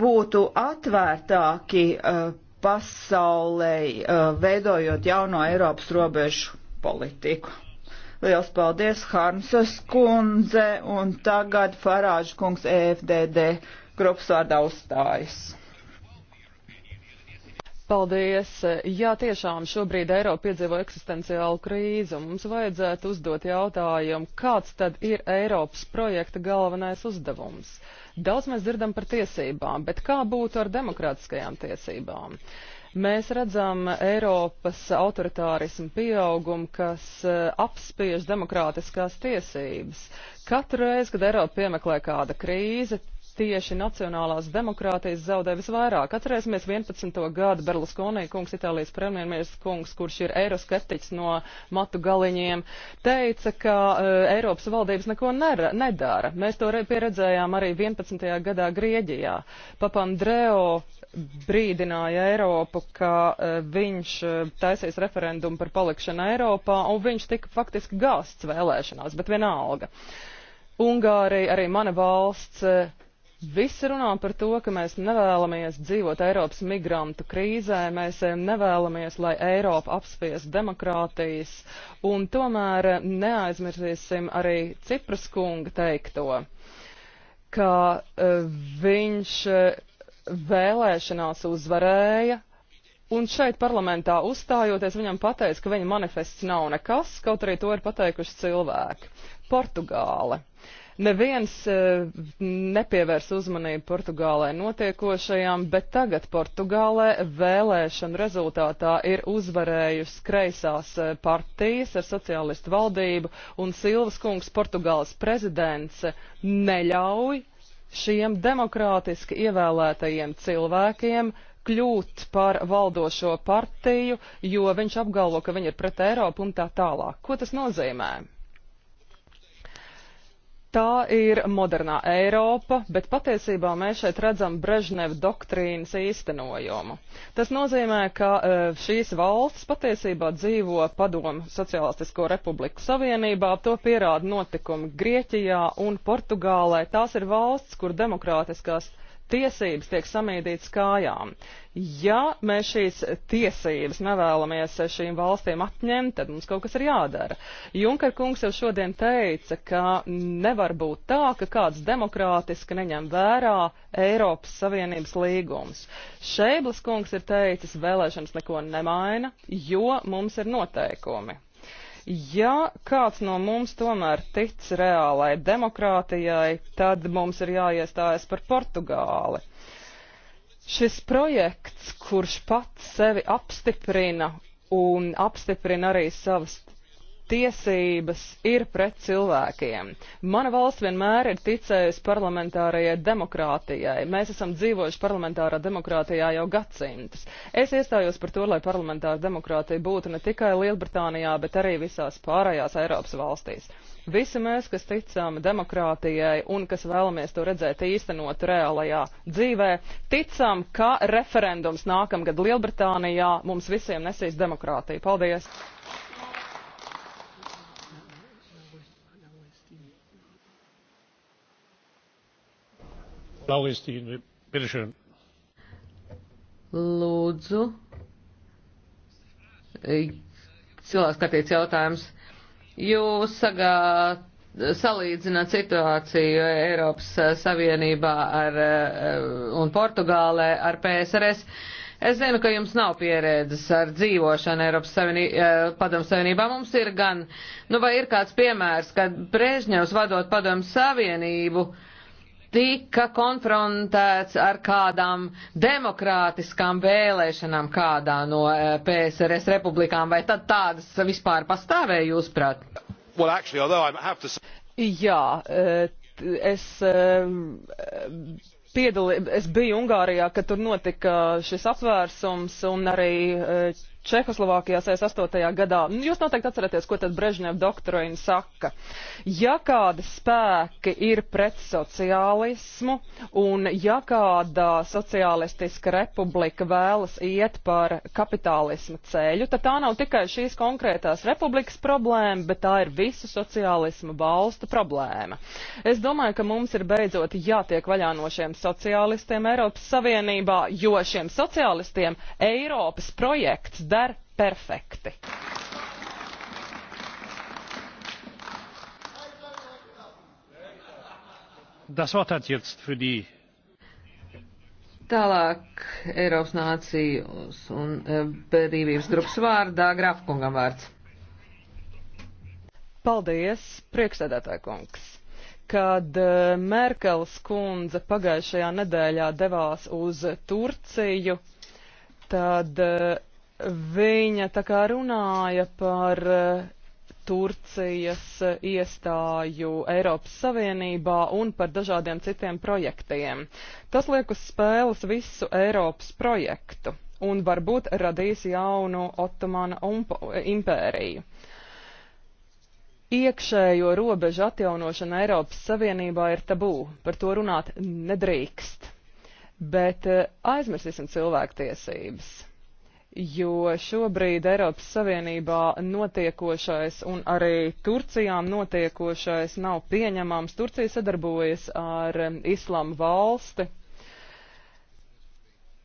būtu atvērtāki uh, pasaulē, uh, veidojot jauno Eiropas robežu politiku. Liels paldies, Harmsas kundze, un tagad Farāžu kungs EFDD grupas vārdā uzstājas. Paldies! Jā, tiešām šobrīd Eiropa piedzīvo eksistenciālu krīzi, un mums vajadzētu uzdot jautājumu, kāds tad ir Eiropas projekta galvenais uzdevums? Daudz mēs dzirdam par tiesībām, bet kā būtu ar demokrātiskajām tiesībām? Mēs redzam Eiropas autoritārismu pieaugumu, kas e, apspiež demokrātiskās tiesības. Katru reizi, kad Eiropa piemeklē kāda krīze, tieši nacionālās demokrātijas zaudē visvairāk. Atcerēsimies 11. gadu Berluskonī kungs, Itālijas premjerministrs kungs, kurš ir eiroskeptiķis no matu galiņiem, teica, ka uh, Eiropas valdības neko nera, nedara. Mēs to pieredzējām arī 11. gadā Grieģijā. Papandreo brīdināja Eiropu, ka uh, viņš uh, taisīs referendumu par palikšanu Eiropā, un viņš tika faktiski gāsts vēlēšanās, bet vienalga. Ungārija, arī mana valsts, Visi runā par to, ka mēs nevēlamies dzīvot Eiropas migrantu krīzē, mēs eh, nevēlamies, lai Eiropa apspies demokrātijas, un tomēr neaizmirsīsim arī Cipras kunga teikto, ka eh, viņš eh, vēlēšanās uzvarēja, Un šeit parlamentā uzstājoties viņam pateica, ka viņa manifests nav nekas, kaut arī to ir pateikuši cilvēki. Portugāle. Uh, Neviens eh, nepievērs uzmanību Portugālē notiekošajām, bet tagad Portugālē vēlēšana rezultātā ir uzvarējusi kreisās eh, partijas ar sociālistu valdību un Silvas kungs Portugāles prezidents neļauj šiem demokrātiski ievēlētajiem cilvēkiem kļūt par valdošo partiju, jo viņš apgalvo, ka viņi ir pret Eiropu un tā tālāk. Ko tas nozīmē? Tā ir modernā Eiropa, bet patiesībā mēs šeit redzam Brežneva doktrīnas īstenojumu. Tas nozīmē, ka e, šīs valsts patiesībā dzīvo padomu Socialistisko republiku savienībā, to pierāda notikumi Grieķijā un Portugālē. Tās ir valsts, kur demokrātiskās uh, tiesības tiek samīdītas kājām. Ja mēs šīs tiesības nevēlamies šīm valstīm atņemt, tad mums kaut kas ir jādara. Junker kungs jau šodien teica, ka nevar būt tā, ka kāds demokrātiski neņem vērā Eiropas Savienības līgumus. Šeiblis kungs ir teicis, vēlēšanas neko nemaina, jo mums ir noteikumi. Ja kāds no mums tomēr tic reālai demokrātijai, tad mums ir jāiestājas par Portugāli. Šis projekts, kurš pats sevi apstiprina un apstiprina arī savas tiesības ir pret cilvēkiem. Mana valsts vienmēr ir ticējusi parlamentārajai demokrātijai. Mēs esam dzīvojuši parlamentārā demokrātijā jau gadsimtus. Es iestājos par to, lai parlamentāra demokrātija būtu ne tikai Lielbritānijā, bet arī visās pārējās Eiropas valstīs. Visi mēs, kas ticam demokrātijai un kas vēlamies to redzēt īstenot reālajā dzīvē, ticam, ka referendums nākamgad Lielbritānijā mums visiem nesīs demokrātiju. Paldies! Lauristīna, piršana. Lūdzu. Cilvēks skatīts jautājums. Jūs sagāt, salīdzināt situāciju Eiropas Savienībā ar, un Portugālē ar PSRS. Es zinu, ka jums nav pieredzes ar dzīvošanu Eiropas Savienī, eh, Padomu Savienībā. Mums ir gan, nu vai ir kāds piemērs, kad Brežņevs vadot Padomu Savienību uh, tika konfrontēts ar kādām demokrātiskām vēlēšanām kādā no eh, PSRS republikām, vai tad tādas vispār pastāvēja jūsuprāt? Well, actually, to... Jā, eh, es eh, piedalī, es biju Ungārijā, kad tur notika šis apvērsums un arī Čehoslovākijā 68. gadā. Nu, jūs noteikti atceraties, ko tad Brežņev doktrīna saka. Ja kāda spēki ir pret sociālismu un ja kāda sociālistiska republika vēlas iet par kapitālismu ceļu, tad tā nav tikai šīs konkrētās republikas problēma, bet tā ir visu sociālismu valstu problēma. Es domāju, ka mums ir beidzot jātiek vaļā no šiem sociālistiem Eiropas Savienībā, jo šiem sociālistiem Eiropas projekts dara der perfekti. Das Wort hat jetzt für die Tālāk Eiropas nācijas un e, brīvības grupas vārdā Grafkungam vārds. Paldies, priekšsēdētāja kungs. Kad e, Merkels kundze pagājušajā nedēļā devās uz Turciju, tad e, Viņa tā kā runāja par eh, Turcijas eh, iestāju Eiropas Savienībā un par dažādiem citiem projektiem. Tas liek uz spēles visu Eiropas projektu un varbūt radīs jaunu Otomana impēriju. Iekšējo robežu atjaunošana Eiropas Savienībā ir tabū, par to runāt nedrīkst. Bet eh, aizmirsīsim cilvēktiesības jo šobrīd Eiropas Savienībā notiekošais un arī Turcijām notiekošais nav pieņemams. Turcija sadarbojas ar um, Islāma valsti.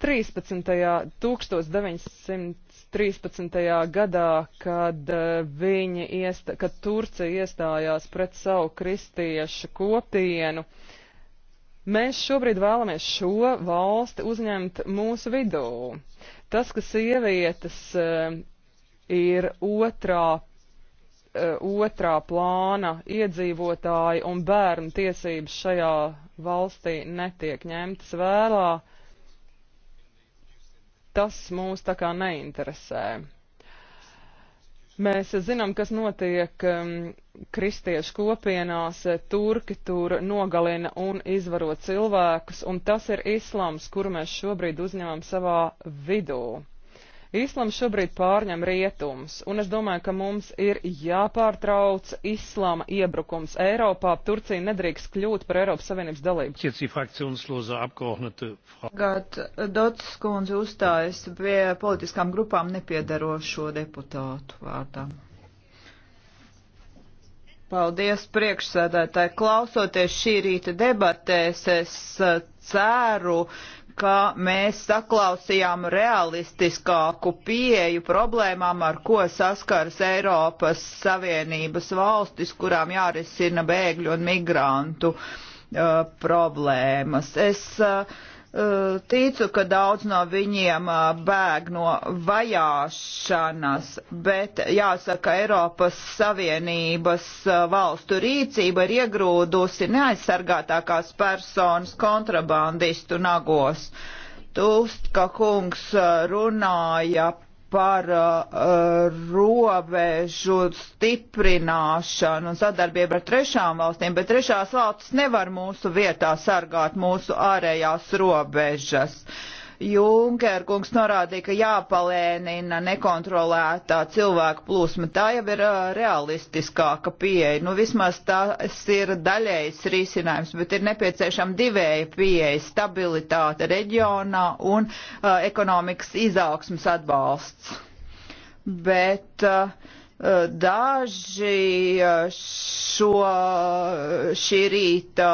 13. 1913. gadā, kad, uh, viņi iesta, kad Turcija iestājās pret savu kristiešu kopienu, mēs šobrīd vēlamies šo valsti uzņemt mūsu vidū. Tas, ka sievietes eh, ir otrā eh, otrā plāna iedzīvotāji un bērnu tiesības šajā valstī netiek ņemtas vērā, tas mūs tā kā neinteresē. Mēs zinām, kas notiek um, kristiešu kopienās. Turki tur nogalina un izvaro cilvēkus, un tas ir islams, kuru mēs šobrīd uzņemam savā vidū. Islams šobrīd pārņem rietums, un es domāju, ka mums ir jāpārtrauc islāma iebrukums Eiropā. Turcija nedrīkst kļūt par Eiropas Savienības dalību. Tagad Dots kundze uzstājas pie politiskām grupām nepiedarošo deputātu vārdā. Paldies priekšsēdētāji. Klausoties šī rīta debatēs, es eh, ceru, ka mēs saklausījām realistiskāku pieeju problēmām, ar ko saskars Eiropas Savienības valstis, kurām jārisina bēgļu un migrantu uh, problēmas. Es uh, Eh, ticu, ka daudz no viņiem eh, bēg no vajāšanas, bet jāsaka, Eiropas Savienības eh, valstu rīcība ir iegrūdusi neaizsargātākās personas kontrabandistu nagos. Tūstka kungs runāja par uh, uh, robežu stiprināšanu un sadarbību ar trešām valstīm, bet trešās valstis nevar mūsu vietā sargāt mūsu ārējās robežas. Uh, Junkerkungs norādīja, ka jāpalēnina nekontrolētā cilvēku plūsma. Tā jau ir uh, realistiskāka pieeja. Nu, vismaz tas ir daļējs risinājums, bet ir nepieciešama divēja pieeja - stabilitāte reģionā un uh, ekonomikas izaugsmas atbalsts. Bet uh, daži eh, šo šī rīta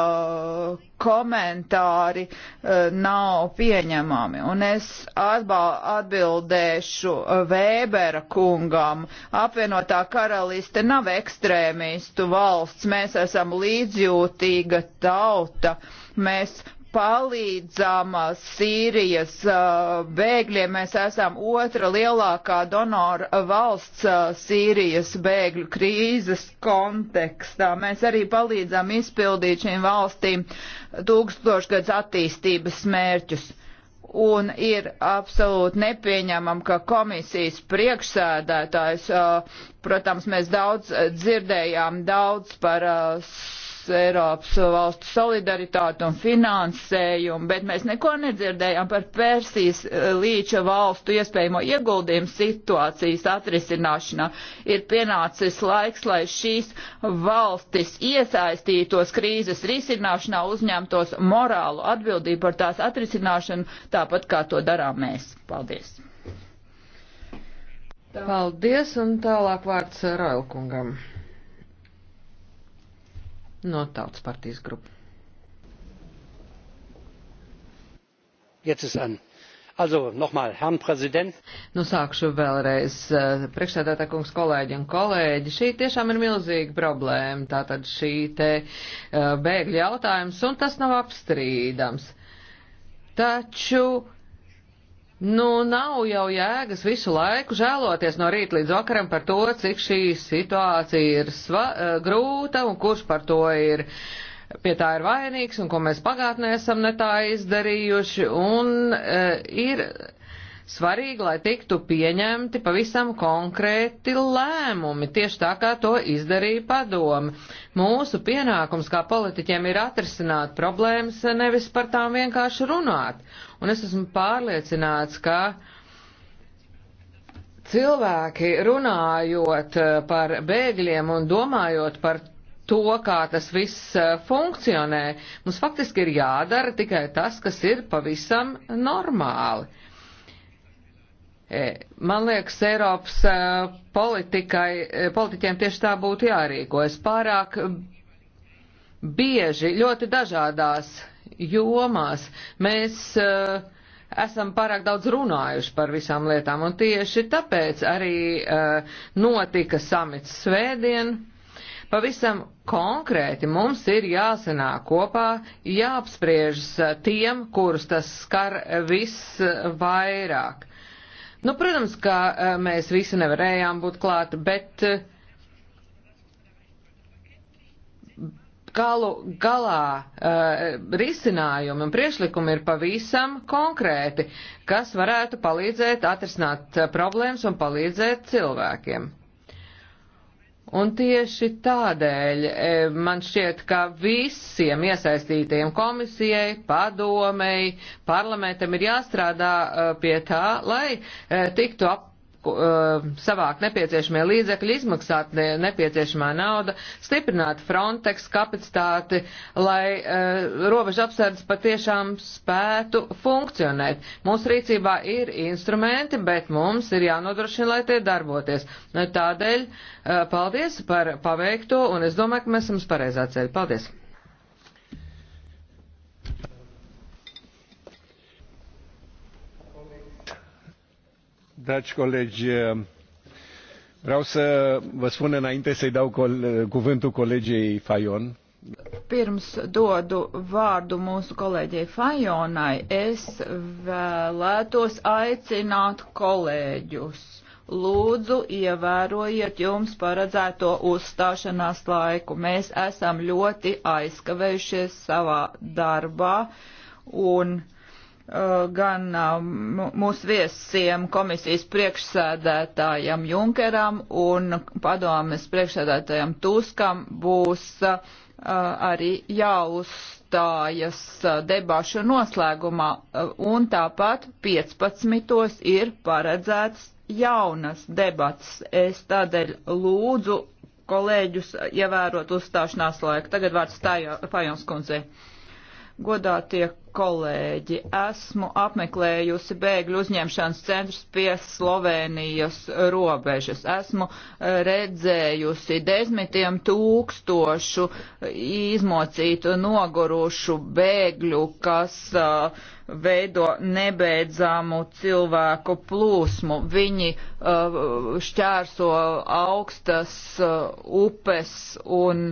eh, komentāri eh, nav pieņemami. Un es atbildēšu Vēbera kungam. Apvienotā karaliste nav ekstrēmistu valsts, mēs esam līdzjūtīga tauta. Mēs palīdzam Sīrijas uh, bēgļiem. Mēs esam otra lielākā donora valsts uh, Sīrijas bēgļu krīzes kontekstā. Mēs arī palīdzam izpildīt šīm valstīm tūkstošgads attīstības mērķus. Un ir absolūti nepieņemam, ka komisijas priekšsēdētājs, uh, protams, mēs daudz dzirdējām daudz par Eiropas valstu solidaritāti un finansējumu, bet mēs neko nedzirdējām par Persijas eh, līča valstu iespējamo ieguldījumu situācijas atrisināšanā. Ir pienācis laiks, lai šīs valstis iesaistītos krīzes risināšanā, uzņemtos morālu atbildību par tās atrisināšanu, tāpat kā to darām mēs. Paldies! Paldies, un tālāk vārds Railkungam no Tautas partijas grupu. Jetzt ist an. Also, nochmal, Herrn Präsident. Nu, sākšu vēlreiz. Eh, Priekšsēdētā kungs, kolēģi un kolēģi, šī tiešām ir milzīga problēma. Tātad šī te eh, bēgļa jautājums, un tas nav apstrīdams. Taču Nu, nav jau jēgas visu laiku žēloties no rīta līdz vakaram par to, cik šī situācija ir sva, eh, grūta un kurš par to ir pie tā ir vainīgs un ko mēs pagātnē esam ne tā izdarījuši. Un, uh, ir, Svarīgi, lai tiktu pieņemti pavisam konkrēti lēmumi, tieši tā kā to izdarīja padomi. Mūsu pienākums kā politiķiem ir atrisināt problēmas, nevis par tām vienkārši runāt. Un es esmu pārliecināts, ka cilvēki runājot eh, par bēgļiem un domājot par to, kā tas viss eh, funkcionē, mums faktiski ir jādara tikai tas, kas ir pavisam normāli. E, man liekas, Eiropas e, politikai, e, politiķiem tieši tā būtu jārīkojas. Pārāk bieži, ļoti dažādās jomās mēs esam pārāk daudz runājuši par visām lietām, un tieši tāpēc arī notika samits svētdien. Pavisam konkrēti mums ir jāsanāk kopā, jāapspriežas tiem, kurus tas skar visvairāk Nu, protams, ka e, mēs visi nevarējām būt klāt, bet e, galu galā uh, risinājumi un priešlikumi ir pavisam konkrēti, kas varētu palīdzēt atrisināt problēmas un palīdzēt cilvēkiem. Un tieši tādēļ e, man šķiet, ka visiem iesaistītajiem komisijai, padomei, parlamentam ir jāstrādā e, pie tā, lai e, tiktu ap Eh, savākt nepieciešamie līdzekļi, izmaksāt ne, nepieciešamā nauda, stiprināt Frontex kapacitāti, lai uh, robežu apsardzes patiešām spētu funkcionēt. Mūsu rīcībā ir instrumenti, bet mums ir jānodrošina, lai tie darboties. Nu, tādēļ uh, paldies par paveikto, un es domāju, ka mēs esam uz pareizā ceļa. Paldies! dragi colegi, vreau să vă spun înainte să-i dau cuvântul colegei Fajon. Pirms dodu vārdu mūsu kolēģei Fajonai, es vēlētos aicināt kolēģus. Lūdzu, ievērojiet jums paredzēto uzstāšanās laiku. Mēs esam ļoti aizkavējušies savā darbā un Uh, gan uh, mūsu viesiem, komisijas priekšsēdētājam Junkeram un padomes priekšsēdētājam Tuskam būs uh, arī jāuzstājas debašu noslēgumā, un tāpat 15. ir paredzēts jaunas debats. Es tādēļ lūdzu kolēģus ievērot uzstāšanās laiku. Tagad vārds Fajons kundzei. Godātie kolēģi, esmu apmeklējusi bēgļu uzņemšanas centrus pie Slovenijas robežas. Esmu eh, redzējusi desmitiem tūkstošu izmocītu nogurušu bēgļu, kas uh, veido nebeidzamu cilvēku plūsmu. Viņi uh, šķērso augstas uh, upes un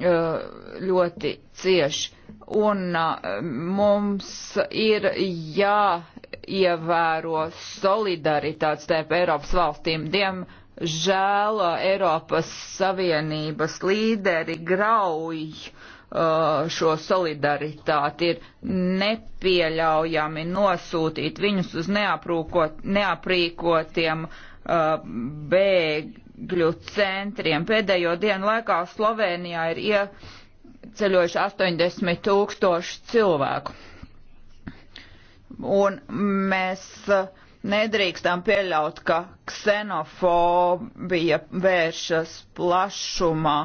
Eh, ļoti cieši. Un eh, mums ir jāievēro solidaritātes starp Eiropas valstīm. Diemžēl eh, Eiropas Savienības līderi grauj šo solidaritāti. Ir nepieļaujami nosūtīt viņus uz neaprīkotiem uh, bēgļu centriem. Pēdējo dienu laikā Slovenijā ir ieceļojuši 80 tūkstoši cilvēku. Un mēs uh, nedrīkstam pieļaut, ka ksenofobija vēršas plašumā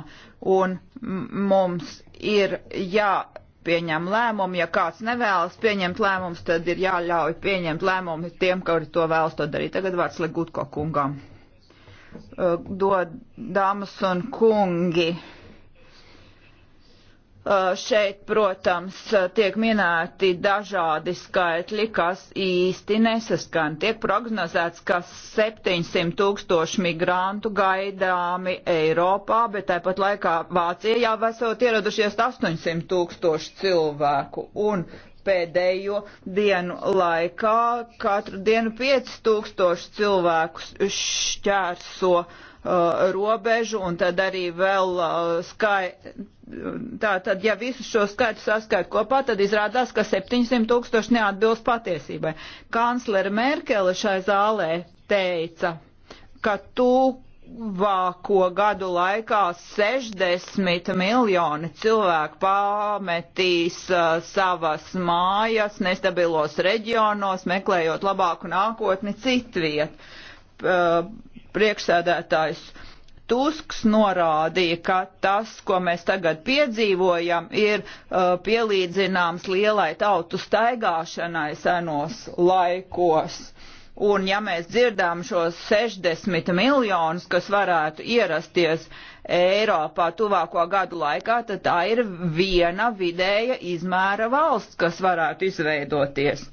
un mums ir jā. Ja jāpieņem lēmumi. Ja kāds nevēlas pieņemt lēmumus, tad ir jāļauj pieņemt lēmumi tiem, kuri to vēlas to darīt. Tagad vārds Legutko kungam. Uh, dod, dāmas un kungi. Eh, šeit, protams, eh, tiek minēti dažādi skaitļi, kas īsti nesaskan. Tiek prognozēts, ka 700 tūkstoši migrantu gaidāmi Eiropā, bet tāpat laikā Vācijā jau esot ieradušies 800 tūkstoši cilvēku. Un pēdējo dienu laikā katru dienu 5000 cilvēkus šķērso Uh, robežu, un tad arī vēl uh, skai, tā tad, ja visus šo skaitu saskait kopā, tad izrādās, ka 700 tūkstoši neatbilst patiesībai. Kanclere Merkele šai zālē teica, ka tuvāko gadu laikā 60 miljoni cilvēku pametīs uh, savas mājas nestabilos reģionos, meklējot labāku nākotni citviet. Uh, Priekšsēdētājs Tusks norādīja, ka tas, ko mēs tagad piedzīvojam, ir uh, pielīdzināms lielai tautu staigāšanai senos laikos. Un ja mēs dzirdām šos 60 miljonus, kas varētu ierasties Eiropā tuvāko gadu laikā, tad tā ir viena vidēja izmēra valsts, kas varētu izveidoties.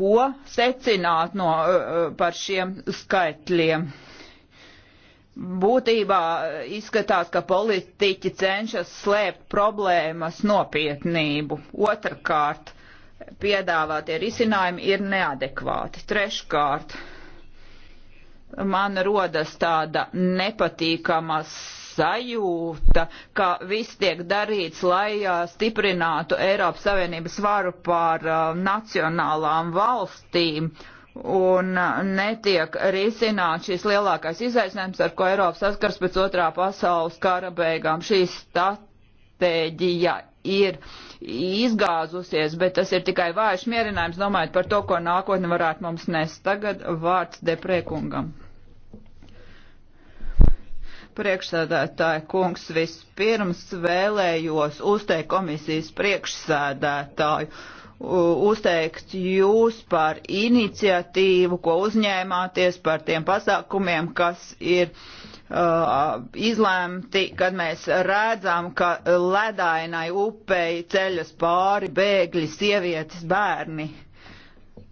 Ko secināt no, uh, uh, par šiem skaitļiem? būtībā izskatās, ka politiķi cenšas slēpt problēmas nopietnību. Otrakārt, piedāvātie risinājumi ir neadekvāti. Treškārt, man rodas tāda nepatīkama sajūta, ka viss tiek darīts, lai uh, stiprinātu Eiropas Savienības varu pār uh, nacionālām valstīm. Uh, un netiek risināt šis lielākais izaicinājums, ar ko Eiropa saskars pēc otrā pasaules kara beigām. Šī stratēģija ir izgāzusies, bet tas ir tikai vājš mierinājums, domājot par to, ko nākotne varētu mums nest. Tagad vārds deprēkungam. Priekšsēdētāja kungs vispirms vēlējos uzteikt komisijas priekšsēdētāju uzteikt jūs par iniciatīvu, ko uzņēmāties, par tiem pasākumiem, kas ir uh, izlēmti, kad mēs redzam, ka ledainai upei ceļas pāri bēgļi, sievietes, bērni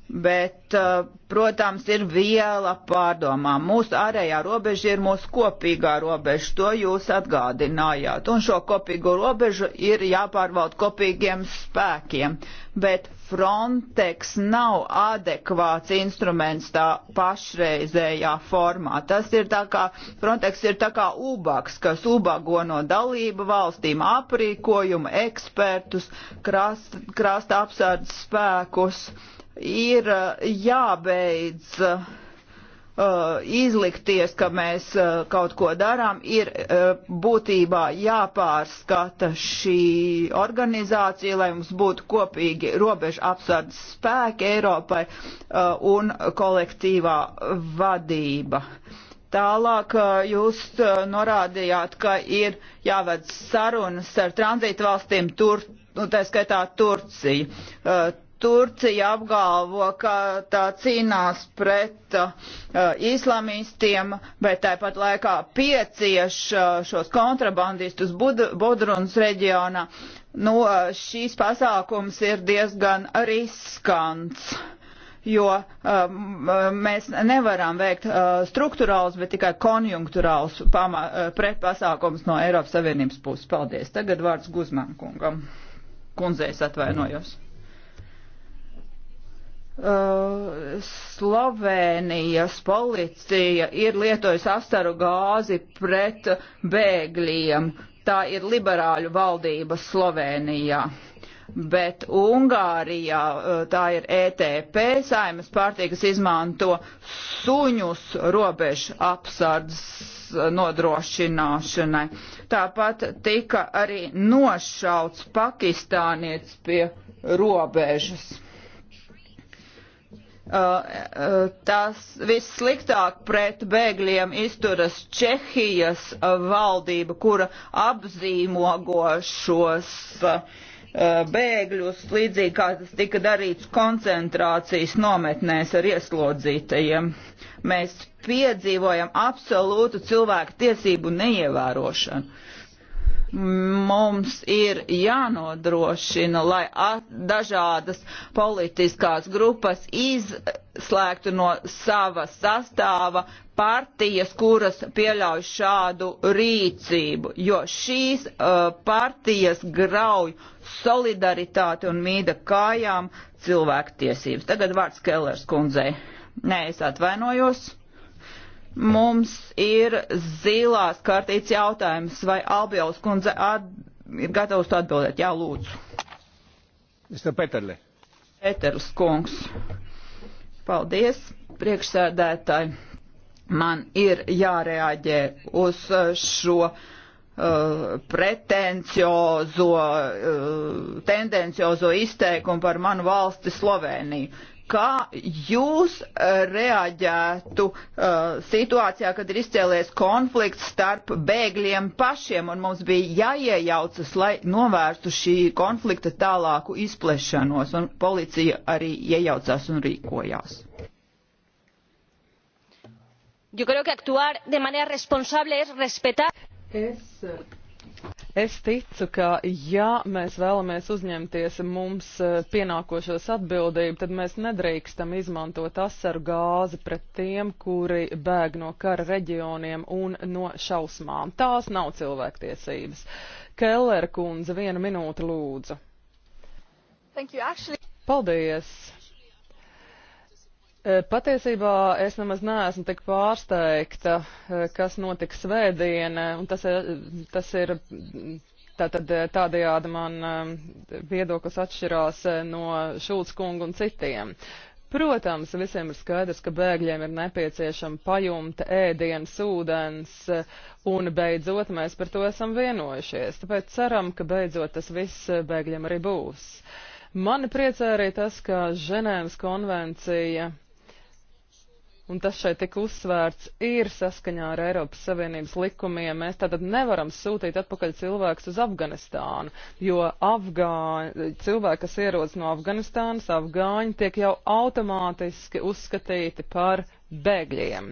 bet, uh, protams, ir viela pārdomām. Mūsu ārējā robeža ir mūsu kopīgā robeža, to jūs atgādinājāt, un šo kopīgo robežu ir jāpārvald kopīgiem spēkiem, bet Frontex nav adekvāts instruments tā pašreizējā formā. Tas ir tā kā, Frontex ir tā kā ubaks, kas ubago no dalību valstīm aprīkojumu, ekspertus, krasta, krasta apsardzes spēkus. Uh, ir eh, jābeidz eh, izlikties, ka mēs eh, kaut ko darām, ir būtībā jāpārskata šī organizācija, lai mums būtu kopīgi robežu apsardzes spēki Eiropai un kolektīvā vadība. Tālāk jūs norādījāt, ka ir jāved sarunas ar tranzītu valstīm, tur, nu, tā skaitā Turciju Turcija apgalvo, ka tā cīnās pret uh, islamistiem, bet tāpat laikā piecieš uh, šos kontrabandistus Bud Budrunas reģionā. Nu, uh, šīs pasākums ir diezgan riskants, jo um, mēs nevaram veikt uh, struktūrāls, bet tikai konjunkturāls pama, uh, pretpasākums no Eiropas Savienības puses. Paldies. Tagad vārds Guzman kungam. Kundzēs atvainojos. Mm. Uh, Slovenijas policija ir lietojusi astaru gāzi pret bēgļiem. Tā ir liberāļu valdība Slovenijā. Bet Ungārijā uh, tā ir ETP saimas partija, kas izmanto suņus robežu apsardzes uh, nodrošināšanai. Tāpat tika arī nošauts pakistānietis pie robežas Uh, uh, tas vissliktāk pret bēgļiem izturas Čehijas valdība, kura apzīmogo šos uh, bēgļus, līdzīgi kā tas tika darīts koncentrācijas nometnēs ar ieslodzītajiem. Mēs piedzīvojam absolūtu cilvēku tiesību neievērošanu mums ir jānodrošina, lai dažādas politiskās grupas izslēgtu no sava sastāva partijas, kuras pieļauj šādu rīcību, jo šīs uh, partijas grauj solidaritāti un mīda kājām cilvēktiesības. Tagad vārds Kellers kundzei. Nē, es atvainojos. Mums ir zilās kartīts jautājums, vai Albielas kundze at, ir gatavs to atbildēt. Jā, lūdzu. Mr. Peterle. Peters kungs. Paldies, priekšsēdētāji. Man ir jārēģē uz uh, šo uh, pretenciozo, uh, tendenciozo izteikumu par manu valsti Sloveniju kā jūs eh, reaģētu uh, situācijā, kad ir izcēlies konflikts starp bēgļiem pašiem un mums bija jāiejaucas, lai novērstu šī konflikta tālāku izplešanos, un policija arī iejaucās un rīkojās. Yo creo que actuar de manera responsable es respetar. Es eh, Es ticu, ka ja mēs vēlamies uzņemties mums eh, pienākošos atbildību, tad mēs nedrīkstam izmantot asaru gāzi pret tiem, kuri bēg no kara reģioniem un no šausmām. Tās nav cilvēktiesības. Keller kundze, viena minūte lūdzu. Paldies! E, patiesībā es nemaz neesmu tik pārsteigta, e, kas notiks svētdien, un tas ir, e, tas ir tātad tādajādi man viedoklis atšķirās no Šulc kunga un citiem. Protams, visiem ir skaidrs, ka bēgļiem ir nepieciešama pajumta, ēdienas, ūdens, un beidzot mēs par to esam vienojušies. Tāpēc ceram, ka beidzot tas viss bēgļiem arī būs. Mani priecē arī tas, ka Ženēvas konvencija un tas šeit tika uzsvērts, ir saskaņā ar Eiropas Savienības likumiem. Mēs tātad nevaram sūtīt atpakaļ cilvēkus uz Afganistānu, jo Afgāņi, cilvēki, kas ierodas no Afganistānas, Afgāņi tiek jau automātiski uzskatīti par bēgļiem.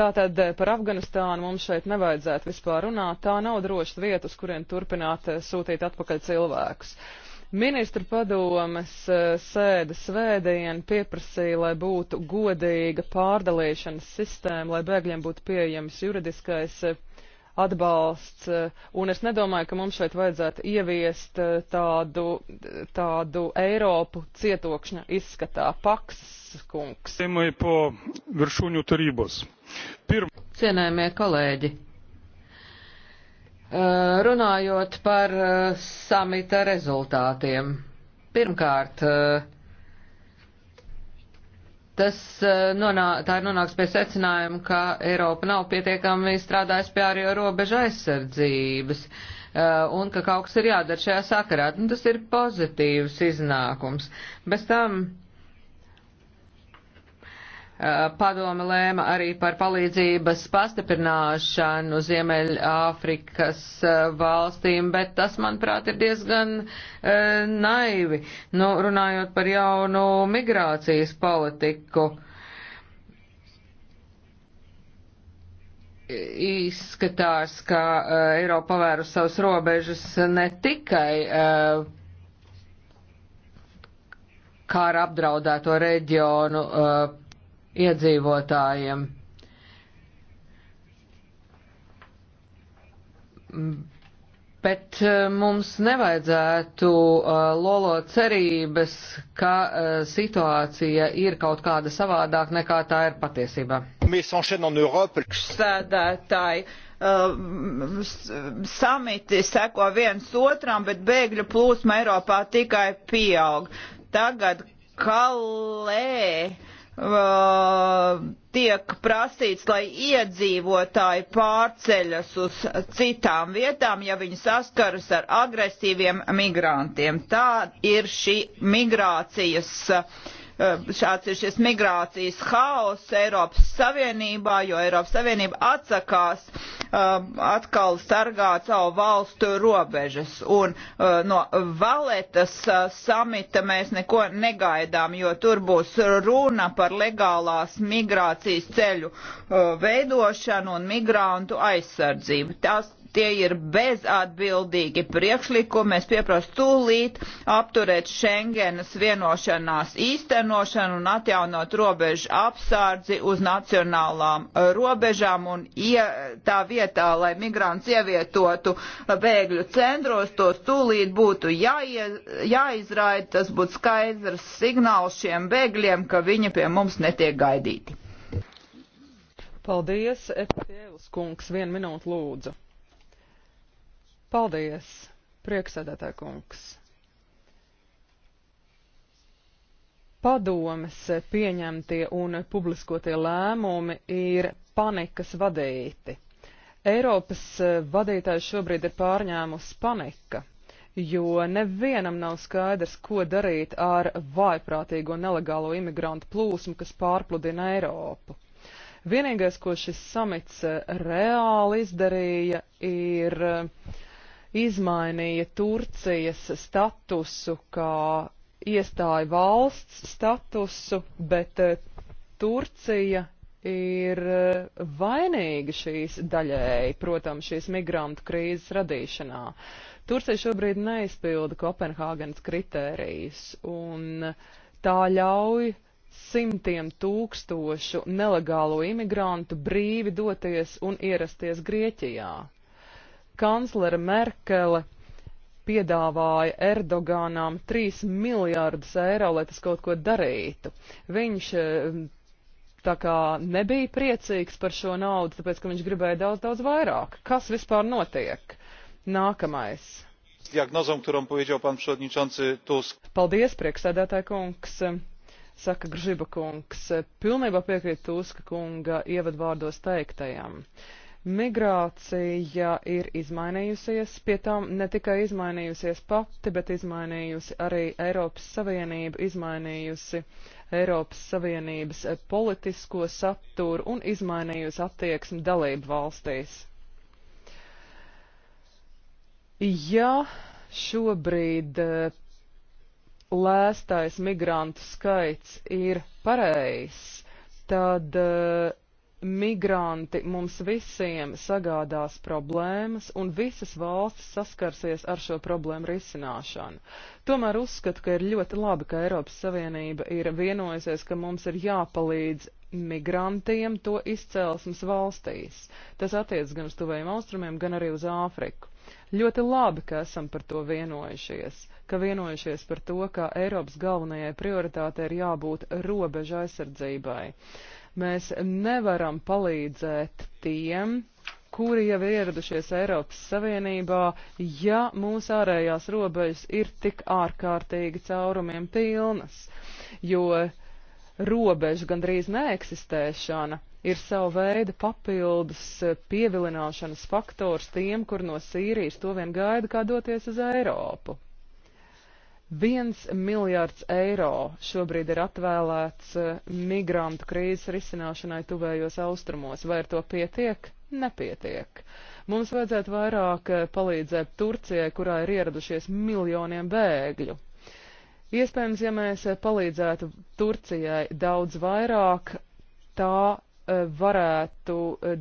Tātad par Afganistānu mums šeit nevajadzētu vispār runāt. Tā nav droša vieta, uz kurien turpināt sūtīt atpakaļ cilvēkus. Uh, Ministru padomes eh, sēde svētdien pieprasīja, lai būtu godīga pārdalīšanas sistēma, lai bēgļiem būtu pieejams juridiskais eh, atbalsts, eh, un es nedomāju, ka mums šeit vajadzētu ieviest tādu, tādu Eiropu cietokšņa izskatā. Paks kungs. Cienējamie kolēģi, Eh, runājot par eh, samita rezultātiem. Pirmkārt, eh, tas nonā, tā ir nonāks pie secinājuma, ka Eiropa nav pietiekami strādājusi pie ārējo robežu aizsardzības un ka kaut kas ir jādara šajā sakarā. Un nu, tas ir pozitīvs iznākums. Bez tam Eh, padome lēma arī par palīdzības pastiprināšanu Ziemeļāfrikas eh, valstīm, bet tas, manuprāt, ir diezgan e, naivi, nu, runājot par jaunu migrācijas politiku. Izskatās, ka e, Eiropa pavēru savas robežas ne tikai e, kā ar apdraudēto reģionu. E, iedzīvotājiem. Bet eh, mums nevajadzētu eh, lolot cerības, ka eh, situācija ir kaut kāda savādāk nekā tā ir patiesībā. Sēdētāji, samiti seko viens otram, bet bēgļu plūsma Eiropā tikai pieaug. Tagad Kalē Uh, tiek prasīts, lai iedzīvotāji pārceļas uz citām vietām, ja viņi saskaras ar agresīviem migrantiem. Tā ir šī migrācijas uh, Eh, šāds ir šis migrācijas haoss Eiropas Savienībā, jo Eiropas Savienība atsakās um, atkal sargāt savu valstu robežas. Un uh, no Valetas uh, samita mēs neko negaidām, jo tur būs runa par legālās migrācijas ceļu uh, veidošanu un migrantu aizsardzību. Tās Tie ir bezatbildīgi priekšlikumi. Mēs pieprastu tūlīt apturēt Schengenas vienošanās īstenošanu un atjaunot robežu apsārdzi uz nacionālām robežām un tā vietā, lai migrants ievietotu bēgļu centros, tos tūlīt būtu jāie, jāizraida. Tas būtu skaidrs signāls šiem bēgļiem, ka viņi pie mums netiek gaidīti. Paldies, Epitēlis kungs, vienu minūtu lūdzu. Paldies, prieksēdētāj kungs. Padomes pieņemtie un publiskotie lēmumi ir panikas vadīti. Eiropas vadītājs šobrīd ir pārņēmusi panika, jo nevienam nav skaidrs, ko darīt ar vaiprātīgo nelegālo imigrantu plūsmu, kas pārpludina Eiropu. Vienīgais, ko šis samits reāli izdarīja, ir uh, izmainīja Turcijas statusu kā iestāja valsts statusu, bet eh, Turcija ir eh, vainīga šīs daļēji, protams, šīs migrantu krīzes radīšanā. Turcija šobrīd neizpilda Kopenhāgenes kritērijus, un tā ļauj simtiem tūkstošu nelegālo imigrantu brīvi doties un ierasties Grieķijā kanclere Merkele piedāvāja Erdoganām 3 miljārdus eiro, lai tas kaut ko darītu. Viņš eh, tā kā nebija priecīgs par šo naudu, tāpēc, ka viņš gribēja daudz, daudz vairāk. Kas vispār notiek? Nākamais. Diagnozom, kuram powiedział pan przewodniczący Tusk. Paldies, prieksēdētāji kungs, saka Gržiba kungs. Pilnībā piekrīt Tuska kunga ievadvārdos teiktajam. Uh, Migrācija ir izmainījusies, pie tam ne tikai izmainījusies pati, bet izmainījusi arī Eiropas Savienību, izmainījusi Eiropas Savienības eh, politisko saturu un izmainījusi attieksmi dalību valstīs. Ja šobrīd eh, lēstais migrantu skaits ir pareizs, tad uh, migranti mums visiem sagādās problēmas, un visas valstis saskarsies ar šo problēmu risināšanu. Tomēr uzskatu, ka ir ļoti labi, ka Eiropas Savienība ir vienojusies, ka mums ir jāpalīdz migrantiem to izcelsmes valstīs. Tas attiec gan uz tuvējiem austrumiem, gan arī uz Āfriku. Ļoti labi, ka esam par to vienojušies, ka vienojušies par to, ka Eiropas galvenajai prioritātei ir jābūt robeža aizsardzībai. Mēs nevaram palīdzēt tiem, kuri jau ir ieradušies Eiropas Savienībā, ja mūsu ārējās robežas ir tik ārkārtīgi caurumiem pilnas, jo robežu gandrīz neeksistēšana ir savu veidu papildus pievilināšanas faktors tiem, kur no Sīrijas to vien gaida, kā doties uz Eiropu. Viens miljards eiro šobrīd ir atvēlēts eh, migrantu krīzes risināšanai tuvējos austrumos. Vai ar to pietiek? Nepietiek. Mums vajadzētu vairāk eh, palīdzēt Turcijai, kurā ir ieradušies miljoniem bēgļu. Iespējams, ja mēs eh, palīdzētu Turcijai daudz vairāk, tā varētu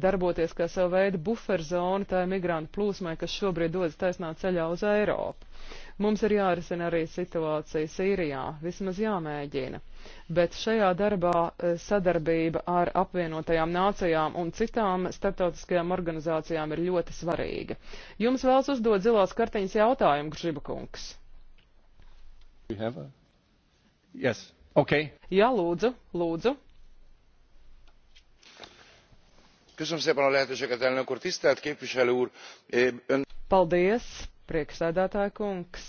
darboties kā savu veidu buferzonu tā migrantu plūsmai, kas šobrīd dodas taisnā ceļā uz Eiropu. Mums ir jārisina arī situācija Sīrijā, vismaz jāmēģina. Bet šajā darbā e, sadarbība ar apvienotajām nācijām un citām starptautiskajām organizācijām ir ļoti svarīga. Jums vēls uzdot zilās kartiņas jautājumu, Gžibakungs. Yes. Okay. Jā, lūdzu, lūdzu. Köszönöm szépen a lehetőséget, elnök úr. Tisztelt képviselő úr! Ön... Paldies, Prieksēdētāja kungs,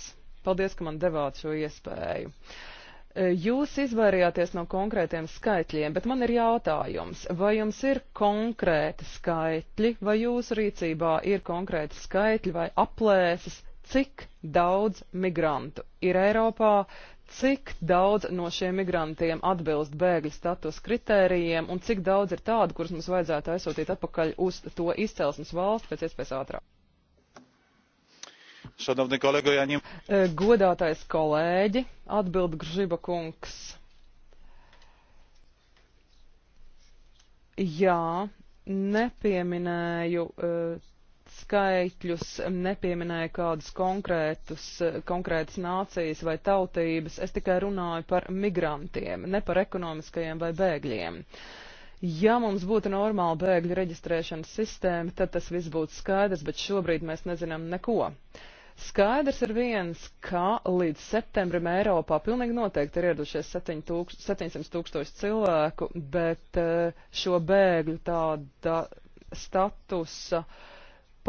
paldies, ka man devāt šo iespēju. E, jūs izvairījāties no konkrētiem skaitļiem, bet man ir jautājums, vai jums ir konkrēti skaitļi, vai jūsu rīcībā ir konkrēti skaitļi vai aplēses, cik daudz migrantu ir Eiropā, cik daudz no šiem migrantiem atbilst bēgļu status kritērijiem un cik daudz ir tādu, kurus mums vajadzētu aizsūtīt atpakaļ uz to izcelsmes valsti pēc iespējas ātrāk? E, godātais kolēģi, atbild Gžiba kungs. Jā, nepieminēju uh, skaitļus, nepieminēju kādus konkrētus, e, konkrētas nācijas vai tautības, es tikai runāju par migrantiem, ne par ekonomiskajiem vai bēgļiem. Ja mums būtu normāla bēgļu reģistrēšanas sistēma, tad tas viss būtu skaidrs, bet šobrīd mēs nezinām neko. Uh, Skaidrs ir viens, ka līdz septembrim Eiropā pilnīgi noteikti ir ieradušies 700 tūkstoši cilvēku, bet eh, šo bēgļu tāda statusa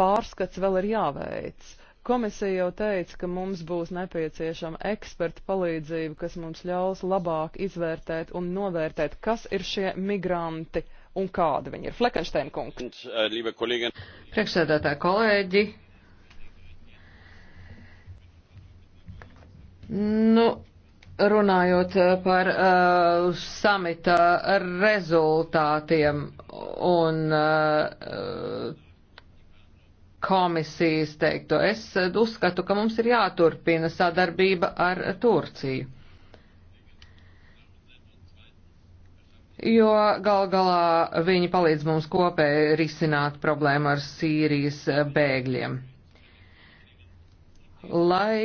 pārskats vēl ir jāveic. Komisija jau teica, ka mums būs nepieciešama eksperta palīdzība, kas mums ļaus labāk izvērtēt un novērtēt, kas ir šie migranti un kāda viņi ir. Flekenšteina kungs. Eh, Priekšsēdētāji kolēģi, Nu, runājot eh, par uh, samita rezultātiem un uh, komisijas teikto, es uzskatu, ka mums ir jāturpina sadarbība ar Turciju. jo gal galā viņi palīdz mums kopēji risināt problēmu ar Sīrijas bēgļiem. Lai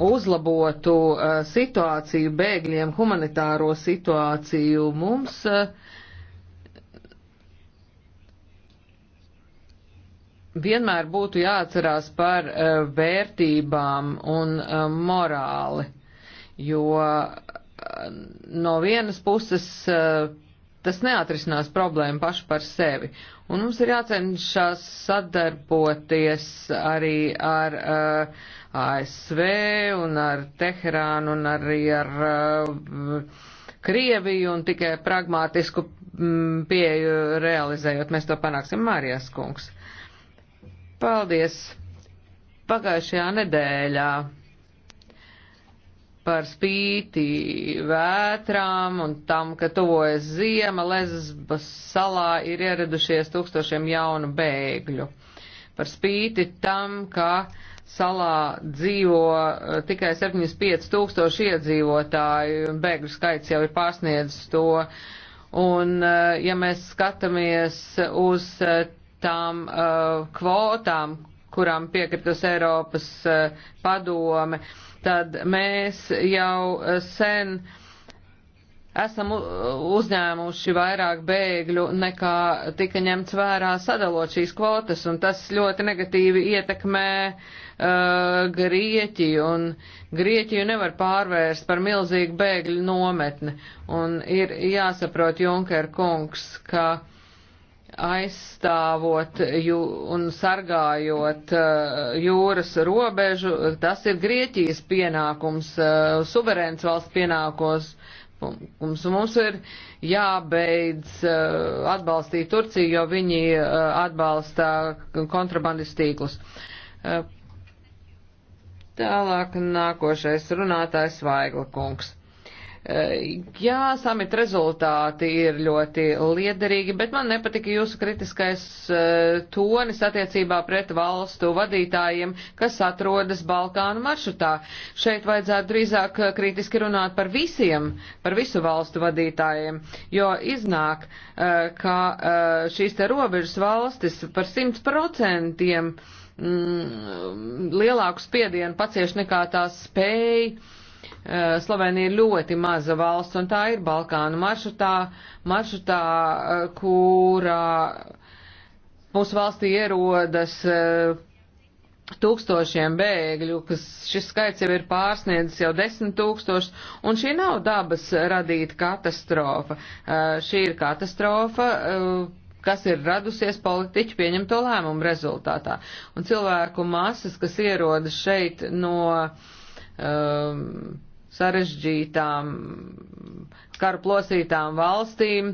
uzlabotu uh, situāciju bēgļiem, humanitāro situāciju mums. Uh, vienmēr būtu jāatcerās par uh, vērtībām un uh, morāli, jo uh, no vienas puses uh, tas neatrisinās problēmu pašu par sevi. Un mums ir jācenšas sadarboties arī ar uh, ASV un ar Teherānu un arī ar uh, Krieviju un tikai pragmātisku mm, pieju realizējot. Mēs to panāksim, Mārijas kungs. Paldies! Pagājušajā nedēļā par spīti vētrām un tam, ka tuvojas ziema, Lesbas salā ir ieradušies tūkstošiem jaunu bēgļu. Par spīti tam, ka uh, salā dzīvo eh, tikai 75 tūkstoši iedzīvotāju, bēgļu skaits jau ir pārsniedzis to. Un, eh, ja mēs skatāmies uz eh, tām uh, kvotām, kurām piekritas Eiropas uh, padome, tad mēs jau sen uh, esam uzņēmuši vairāk bēgļu nekā tika ņemts vērā sadalot šīs kvotas, un tas ļoti negatīvi ietekmē uh, Grieķiju, un Grieķiju nevar pārvērst par milzīgu bēgļu nometni, un ir jāsaprot Junker kungs, ka aizstāvot jū, un sargājot uh, jūras robežu, tas ir Grieķijas pienākums, uh, suverēns valsts pienākums Mums, mums ir jābeidz uh, atbalstīt Turciju, jo viņi uh, atbalsta kontrabandas tīklus. Uh, tālāk nākošais runātājs Vaigla kungs. Eh, jā, samit rezultāti ir ļoti liederīgi, bet man nepatika jūsu kritiskais eh, tonis attiecībā pret valstu vadītājiem, kas atrodas Balkānu maršrutā. Šeit vajadzētu drīzāk eh, kritiski runāt par visiem, par visu valstu vadītājiem, jo iznāk, ka šīs te robežas valstis par simt procentiem mm, lielāku spiedienu pacieš nekā tās spēja Eh, Slovenija ir ļoti maza valsts, un tā ir Balkānu maršrutā, maršrutā, eh, kurā mūsu valstī ierodas eh, tūkstošiem bēgļu, kas šis skaits jau ir pārsniedzis jau desmit tūkstošus, un šī nav dabas radīta katastrofa. Šī ir katastrofa, kas ir radusies politiķu pieņemto lēmumu rezultātā. Un cilvēku masas, kas ierodas šeit no um, sarežģītām karu plosītām valstīm.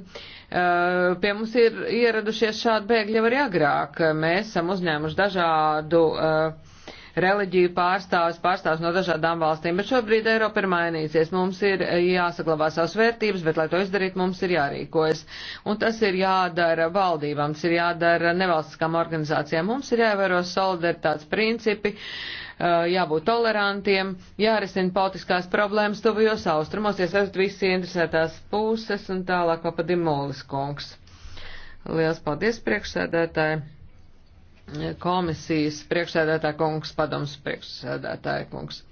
Eh, pie mums ir ieradušies šādi bēgļi arī agrāk. Mēs esam uzņēmuši dažādu eh, reliģiju pārstāvis, pārstāvis no dažādām valstīm, bet šobrīd Eiropa ir mainīsies. Mums ir eh, jāsaglabā savas vērtības, bet, lai to izdarītu, mums ir jārīkojas. Un tas ir jādara valdībām, tas ir jādara nevalstiskām organizācijām. Mums ir jāievēro solidaritātes principi. Uh, Eh, jābūt tolerantiem, jārisina politiskās problēmas tuvajos austrumos, iesaistot visi interesētās puses un tālāk papadimulis kungs. Liels paldies priekšsēdētāji, komisijas priekšsēdētāja kungs, padoms priekšsēdētāja kungs.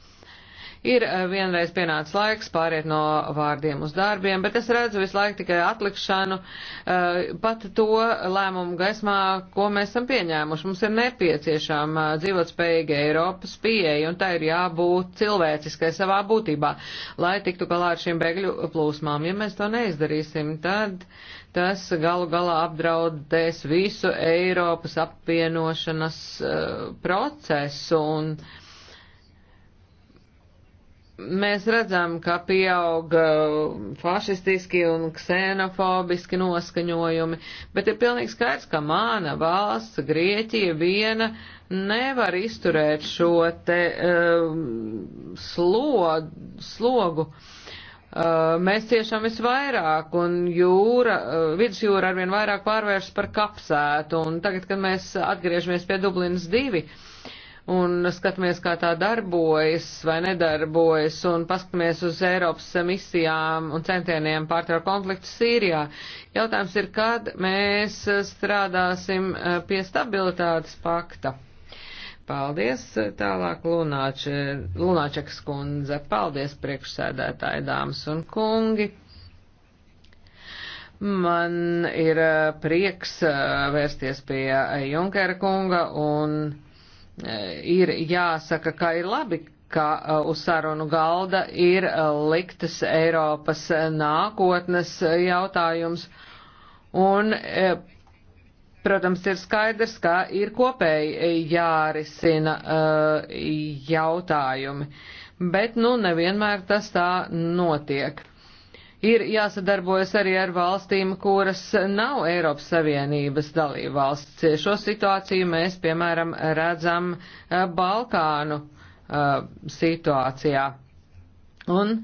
Ir eh, vienreiz pienācis laiks pāriet no vārdiem uz darbiem, bet es redzu visu laiku tikai atlikšanu eh, pat to lēmumu gaismā, ko mēs esam pieņēmuši. Mums ir nepieciešama dzīvotspējīga Eiropas pieeja, un tā ir jābūt cilvēciskai savā būtībā, lai tiktu galā ar šīm bēgļu plūsmām. Ja mēs to neizdarīsim, tad tas galu galā apdraudēs visu Eiropas apvienošanas uh, procesu. Un, uh, mēs redzam, ka pieauga uh, fašistiski un ksenofobiski noskaņojumi, bet ir pilnīgi skaidrs, ka mana valsts, Grieķija viena, nevar izturēt šo te uh, slo, slogu. Uh, mēs ciešam visvairāk, un jūra, uh, vidusjūra arvien vairāk pārvēršas par kapsētu, un tagad, kad mēs atgriežamies pie Dublinas divi, uh, un skatāmies, kā tā darbojas vai nedarbojas, un paskatāmies uz Eiropas misijām un centieniem pārtraukt konfliktu Sīrijā. Jautājums ir, kad mēs strādāsim eh, pie stabilitātes pakta. Paldies, tālāk Lunāče, Lunāčekas kundze. Paldies, priekšsēdētāji, dāmas un kungi. Man ir eh, prieks eh, vērsties pie Junkera kunga un E, ir jāsaka, ka ir labi, ka e, uz sarunu galda ir e, liktas Eiropas nākotnes jautājums. Un, protams, ir skaidrs, ka ir kopēji jārisina jautājumi, bet, nu, nevienmēr tas tā notiek ir jāsadarbojas arī ar valstīm, kuras nav Eiropas Savienības dalībvalsts. Šo situāciju mēs, piemēram, redzam eh, Balkānu eh, situācijā. Un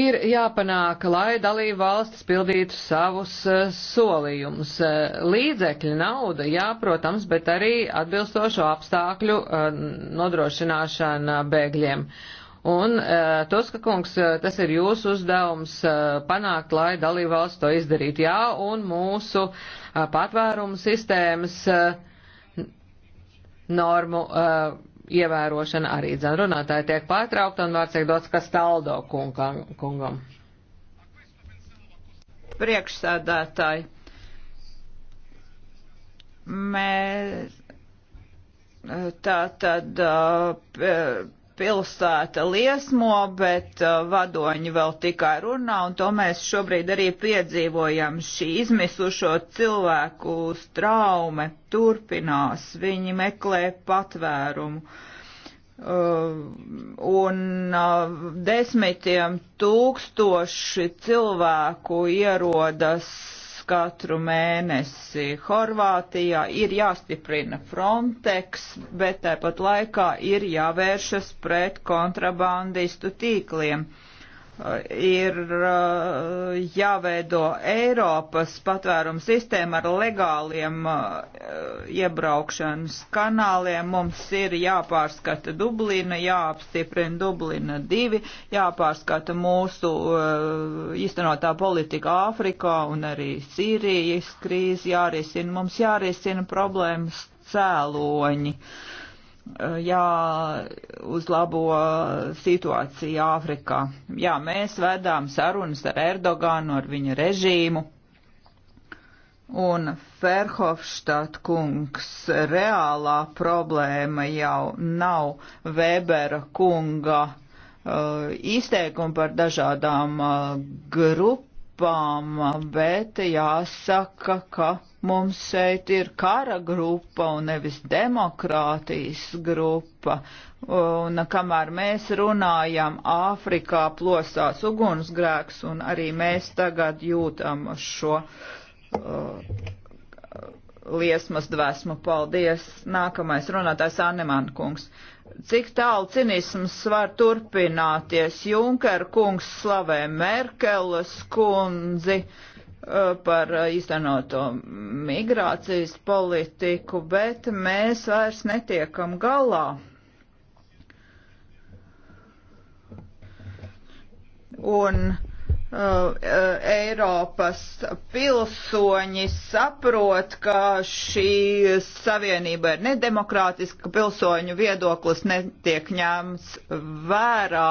ir jāpanāk, lai dalību valstis pildītu savus eh, solījumus. Līdzekļi, nauda, jā, protams, bet arī atbilstošo apstākļu nodrošināšana bēgļiem. Uh, Un, uh, Tuska kungs, eh, tas ir jūsu uzdevums uh, panākt, lai dalībvalsts to izdarītu. Jā, un mūsu uh, patvērumu sistēmas uh, normu uh, ievērošana arī dzēn runātāji tiek pārtraukta un vārds tiek dots Kastaldo kungam. Priekšsēdētāji, mēs tā tad. Uh, pilsēta liesmo, bet uh, vadoņi vēl tikai runā, un to mēs šobrīd arī piedzīvojam. Šī izmisušo cilvēku traume turpinās, viņi meklē patvērumu. Uh, un uh, desmitiem tūkstoši cilvēku ierodas katru mēnesi Horvātijā, ir jāstiprina Frontex, bet tāpat laikā ir jāvēršas pret kontrabandistu tīkliem ir uh, jāveido Eiropas patvērums sistēma ar legāliem uh, iebraukšanas kanāliem. Mums ir jāpārskata Dublina, jāapstiprina Dublina divi, jāpārskata mūsu uh, īstenotā politika Āfrikā un arī Sīrijas krīze jārisina. Mums jārisina problēmas cēloņi. Uh, jāuzlabo situācija Āfrikā. Jā, mēs vedām sarunas ar Erdoganu, ar viņa režīmu. Un Ferhofštāt kungs reālā problēma jau nav Webera kunga uh, izteikumi par dažādām uh, grupām grupām, bet jāsaka, ka mums šeit ir kara grupa un nevis demokrātijas grupa. Un kamēr mēs runājam, Āfrikā plosās ugunsgrēks, un arī mēs tagad jūtam šo uh, liesmas dvēsmu. Paldies! Nākamais runātājs Annemann kungs cik tālu cinisms var turpināties. Junker kungs slavē Merkeles kundzi eh, par eh, īstenoto migrācijas politiku, bet mēs vairs netiekam galā. Un Uh, Eiropas pilsoņi saprot, ka šī savienība ir nedemokrātiska, ka pilsoņu viedoklis netiek ņemts vērā.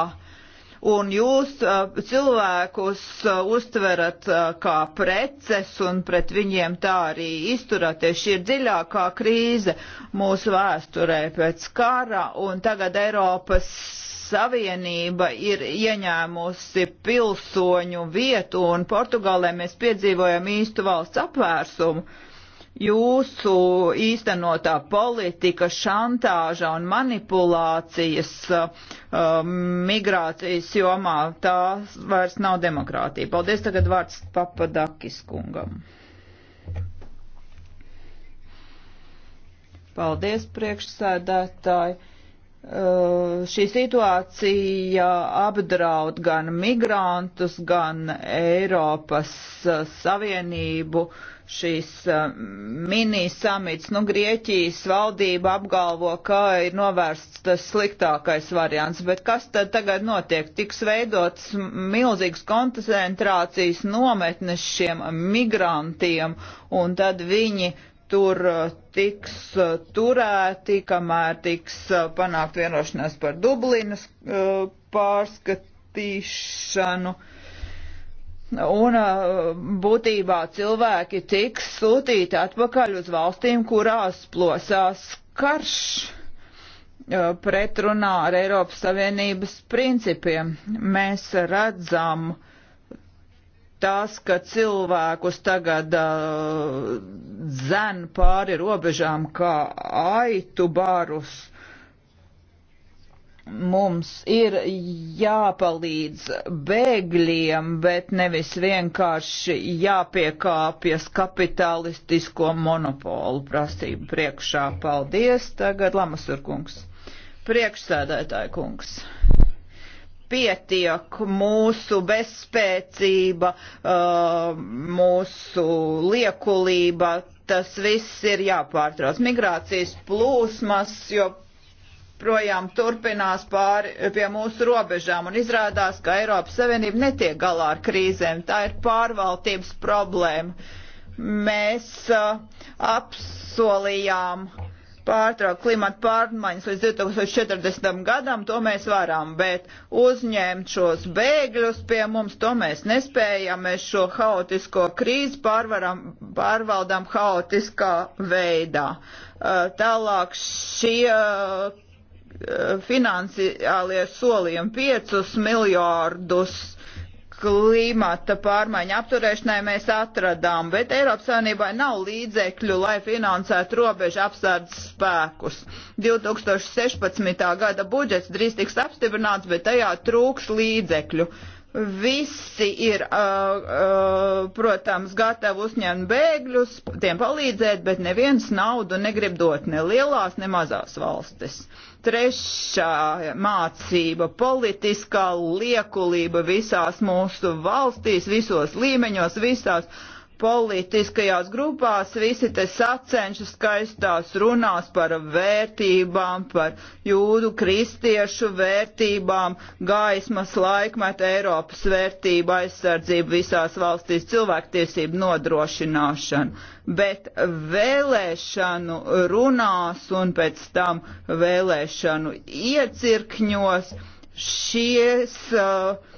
Un jūs uh, cilvēkus uh, uztverat kā preces un pret viņiem tā arī izturaties. Šī ir dziļākā krīze mūsu vēsturē pēc kara un tagad Eiropas Savienība ir ieņēmusi pilsoņu vietu un Portugālē mēs piedzīvojam īstu valsts apvērsumu. Jūsu īstenotā politika, šantāža un manipulācijas uh, um, migrācijas jomā tā vairs nav demokrātija. Paldies tagad vārds Papadakis kungam. Paldies priekšsēdētāji Eh, šī situācija apdraud gan migrantus, gan Eiropas eh, Savienību. Šīs eh, mini-samits, nu, Grieķijas valdība apgalvo, ka ir novērsts tas sliktākais variants, bet kas tad tagad notiek? Tiks veidots milzīgs koncentrācijas nometnes šiem migrantiem, un tad viņi tur uh, tiks uh, turēti, kamēr tiks uh, panākt vienošanās par Dublinas pārskatīšanu. Un būtībā cilvēki tiks sūtīti atpakaļ uz valstīm, kurās plosās karš pretrunā ar Eiropas Savienības principiem. Mēs redzam, uh, tas, ka cilvēkus tagad uh, zen pāri robežām kā aitu barus. Mums ir jāpalīdz bēgļiem, bet nevis vienkārši jāpiekāpjas kapitalistisko monopolu prasību priekšā. Paldies, tagad Lamasurkungs. Priekšsēdētāja kungs pietiek mūsu bezspēcība, uh, mūsu liekulība, tas viss ir jāpārtrauc. Migrācijas plūsmas joprojām turpinās pāri pie mūsu robežām un izrādās, ka Eiropas Savienība netiek galā ar krīzēm. Tā ir pārvaldības problēma. Mēs uh, apsolījām uh, pārtraukt klimata pārmaiņas līdz 2040. gadam, to mēs varam, bet uzņemt šos bēgļus pie mums, to mēs nespējam, mēs šo haotisko krīzi pārvaram, pārvaldām haotiskā veidā. Tālāk šie finansiālie solījumi 5 miljārdus klimata pārmaiņu apturēšanai mēs atradām, bet Eiropas Savienībai nav līdzekļu, lai finansētu robežu apsardzes spēkus. 2016. gada budžets drīz tiks apstiprināts, bet tajā trūks līdzekļu. Visi ir, uh, uh, protams, gatavi uzņemt bēgļus, tiem palīdzēt, bet neviens naudu negrib dot ne lielās, ne mazās valstis. Trešā mācība - politiskā liekulība visās mūsu valstīs, visos līmeņos, visās politiskajās grupās visi te sacenšas skaistās runās par vērtībām, par jūdu kristiešu vērtībām, gaismas laikmeta Eiropas vērtību aizsardzību visās valstīs, cilvēktiesību nodrošināšanu. Bet vēlēšanu runās un pēc tam vēlēšanu iecirkņos šies uh,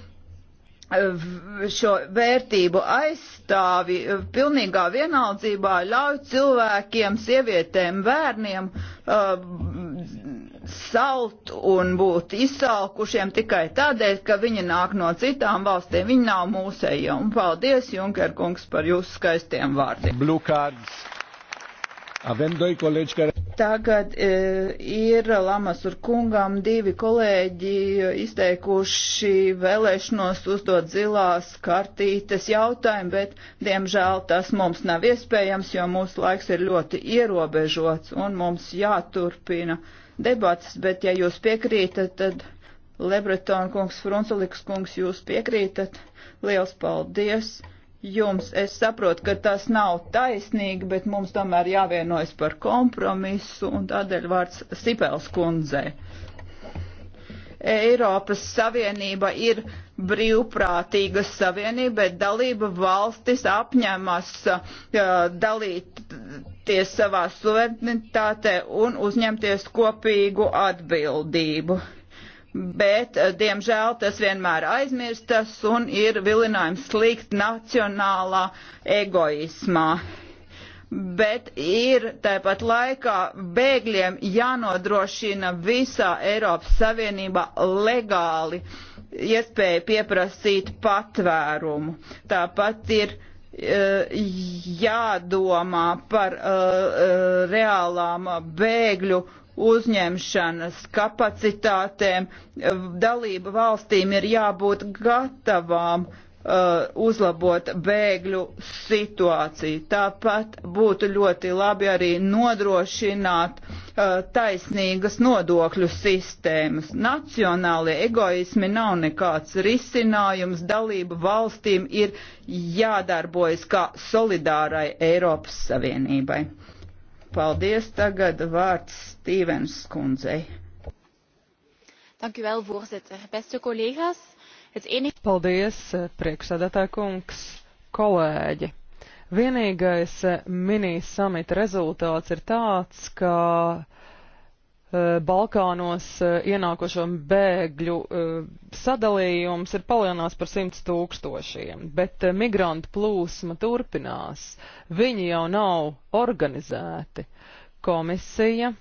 šo vērtību aizstāvi pilnīgā vienaldzībā ļauj cilvēkiem, sievietēm, bērniem uh, salt un būt izsalkušiem tikai tādēļ, ka viņi nāk no citām valstīm, viņi nav mūsēji. Un paldies, Junker kungs, par jūsu skaistiem vārdiem. Blue cards. Avem doi colegi care... Tagad e, ir Lamas un kungam divi kolēģi izteikuši vēlēšanos uzdot zilās kartītes jautājumu, bet diemžēl tas mums nav iespējams, jo mūsu laiks ir ļoti ierobežots un mums jāturpina debats, bet ja jūs piekrītat, tad Lebretona kungs, Frunzuliks kungs, jūs piekrītat. Liels paldies! jums. Es saprotu, ka tas nav taisnīgi, bet mums tomēr jāvienojas par kompromisu un tādēļ vārds Sipels kundzei. Eiropas Savienība ir brīvprātīga savienība, bet dalība valstis apņemas uh, dalīties savā suverenitātē un uzņemties kopīgu atbildību bet, eh, diemžēl, tas vienmēr aizmirstas un ir vilinājums slīgt nacionālā egoismā. Bet ir tāpat laikā bēgļiem jānodrošina visā Eiropas Savienībā legāli iespēja pieprasīt patvērumu. Tāpat ir eh, jādomā par uh, reālām bēgļu uzņemšanas kapacitātēm. Dalība valstīm ir jābūt gatavām uh, uzlabot bēgļu situāciju. Tāpat būtu ļoti labi arī nodrošināt uh, taisnīgas nodokļu sistēmas. Nacionālie egoismi nav nekāds risinājums. Dalību valstīm ir jādarbojas kā solidārai Eiropas Savienībai. Paldies. Tagad vārds Stīvens skundzei. Paldies, priekšsēdētāja kungs, kolēģi. Vienīgais eh, mini samita rezultāts ir tāds, ka Eh, Balkānos eh, ienākošo bēgļu eh, sadalījums ir palielinās par simts tūkstošiem, bet migrantu plūsma turpinās. Viņi jau nav organizēti. Komisija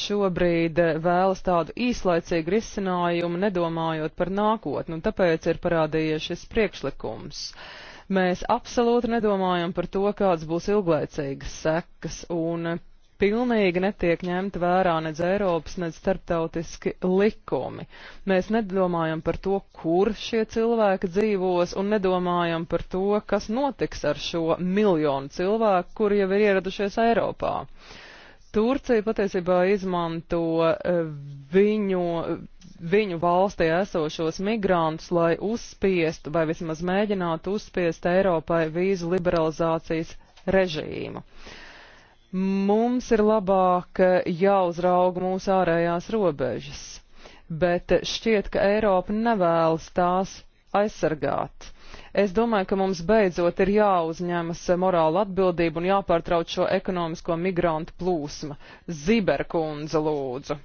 šobrīd vēlas tādu īslaicīgu risinājumu, nedomājot par nākotni, un tāpēc ir parādījies šis priekšlikums. Mēs absolūti nedomājam par to, kāds būs ilglaicīgas sekas, un pilnīgi netiek ņemta vērā nedz Eiropas, nedz starptautiski likumi. Mēs nedomājam par to, kur šie cilvēki dzīvos, un nedomājam par to, kas notiks ar šo miljonu cilvēku, kuri jau ir ieradušies Eiropā. Turcija patiesībā izmanto e, viņu, viņu valstī esošos migrantus, lai uzspiestu vai vismaz mēģinātu uzspiest Eiropai vīzu liberalizācijas režīmu. Uh, Mums ir labāk eh, jāuzrauga mūsu ārējās robežas, bet eh, šķiet, ka Eiropa nevēlas tās aizsargāt. Es domāju, ka mums beidzot ir jāuzņemas eh, morāla atbildība un jāpārtrauc šo ekonomisko migrantu plūsmu. Ziberkundze lūdzu.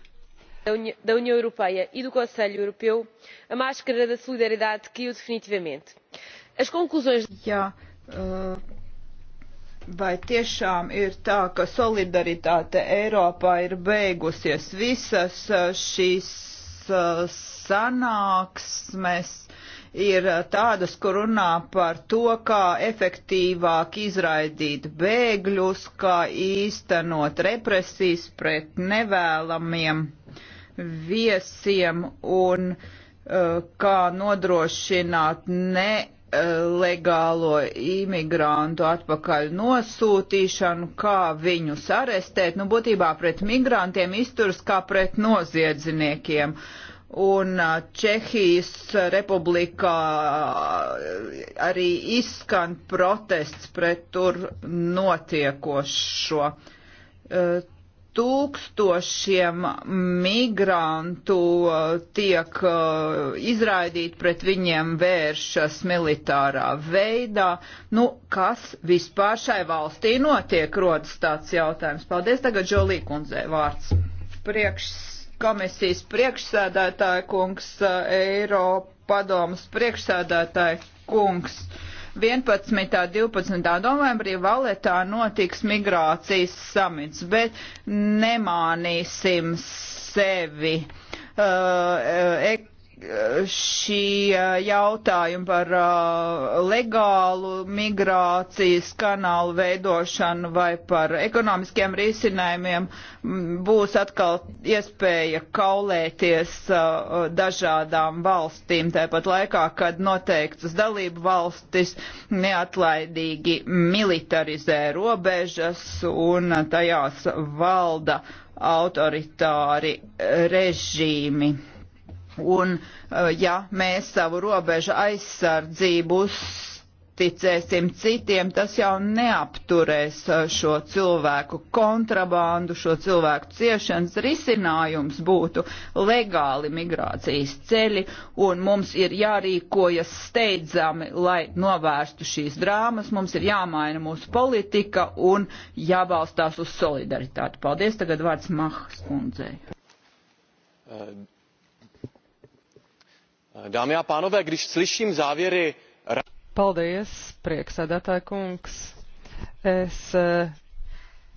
Da União Europeia e do Conselho Europeu, a máscara da solidariedade caiu definitivamente. As conclusões. Jā, uh Vai tiešām ir tā, ka solidaritāte Eiropā ir beigusies visas uh, šīs uh, sanāksmes ir uh, tādas, kur runā par to, kā efektīvāk izraidīt bēgļus, kā īstenot represijas pret nevēlamiem viesiem un uh, kā nodrošināt ne nelegālo imigrantu atpakaļ nosūtīšanu, kā viņus arestēt. Nu, būtībā pret migrantiem izturs kā pret noziedzniekiem. Un Čehijas republikā arī izskan protests pret tur notiekošo tūkstošiem migrantu uh, tiek uh, izraidīti, pret viņiem vēršas militārā veidā. Nu, kas vispār šai valstī notiek, rodas tāds jautājums. Paldies, tagad Žolī kundzē vārds. Priekš, komisijas priekšsēdētāja kungs, uh, Eiropadomas priekšsēdētāja kungs. Uh, 11. un 12. novembrī Valetā notiks migrācijas samits, bet nemānīsim sevi. Uh, ek šī jautājuma par legālu migrācijas kanālu veidošanu vai par ekonomiskiem risinājumiem būs atkal iespēja kaulēties dažādām valstīm, tāpat laikā, kad noteiktas dalību valstis neatlaidīgi militarizē robežas un tajās valda autoritāri režīmi Un, eh, ja mēs savu robežu aizsardzību uzticēsim citiem, tas jau neapturēs eh, šo cilvēku kontrabandu, šo cilvēku ciešanas risinājums būtu legāli migrācijas ceļi, un mums ir jārīkojas steidzami, lai novērstu šīs drāmas, mums ir jāmaina mūsu politika un jābalstās uz solidaritāti. Paldies, tagad vārds Mahas kundzei. Uh Eh, dámy a pánové, když slyším závěry. Paldies, prieksēdētāji kungs. Es eh,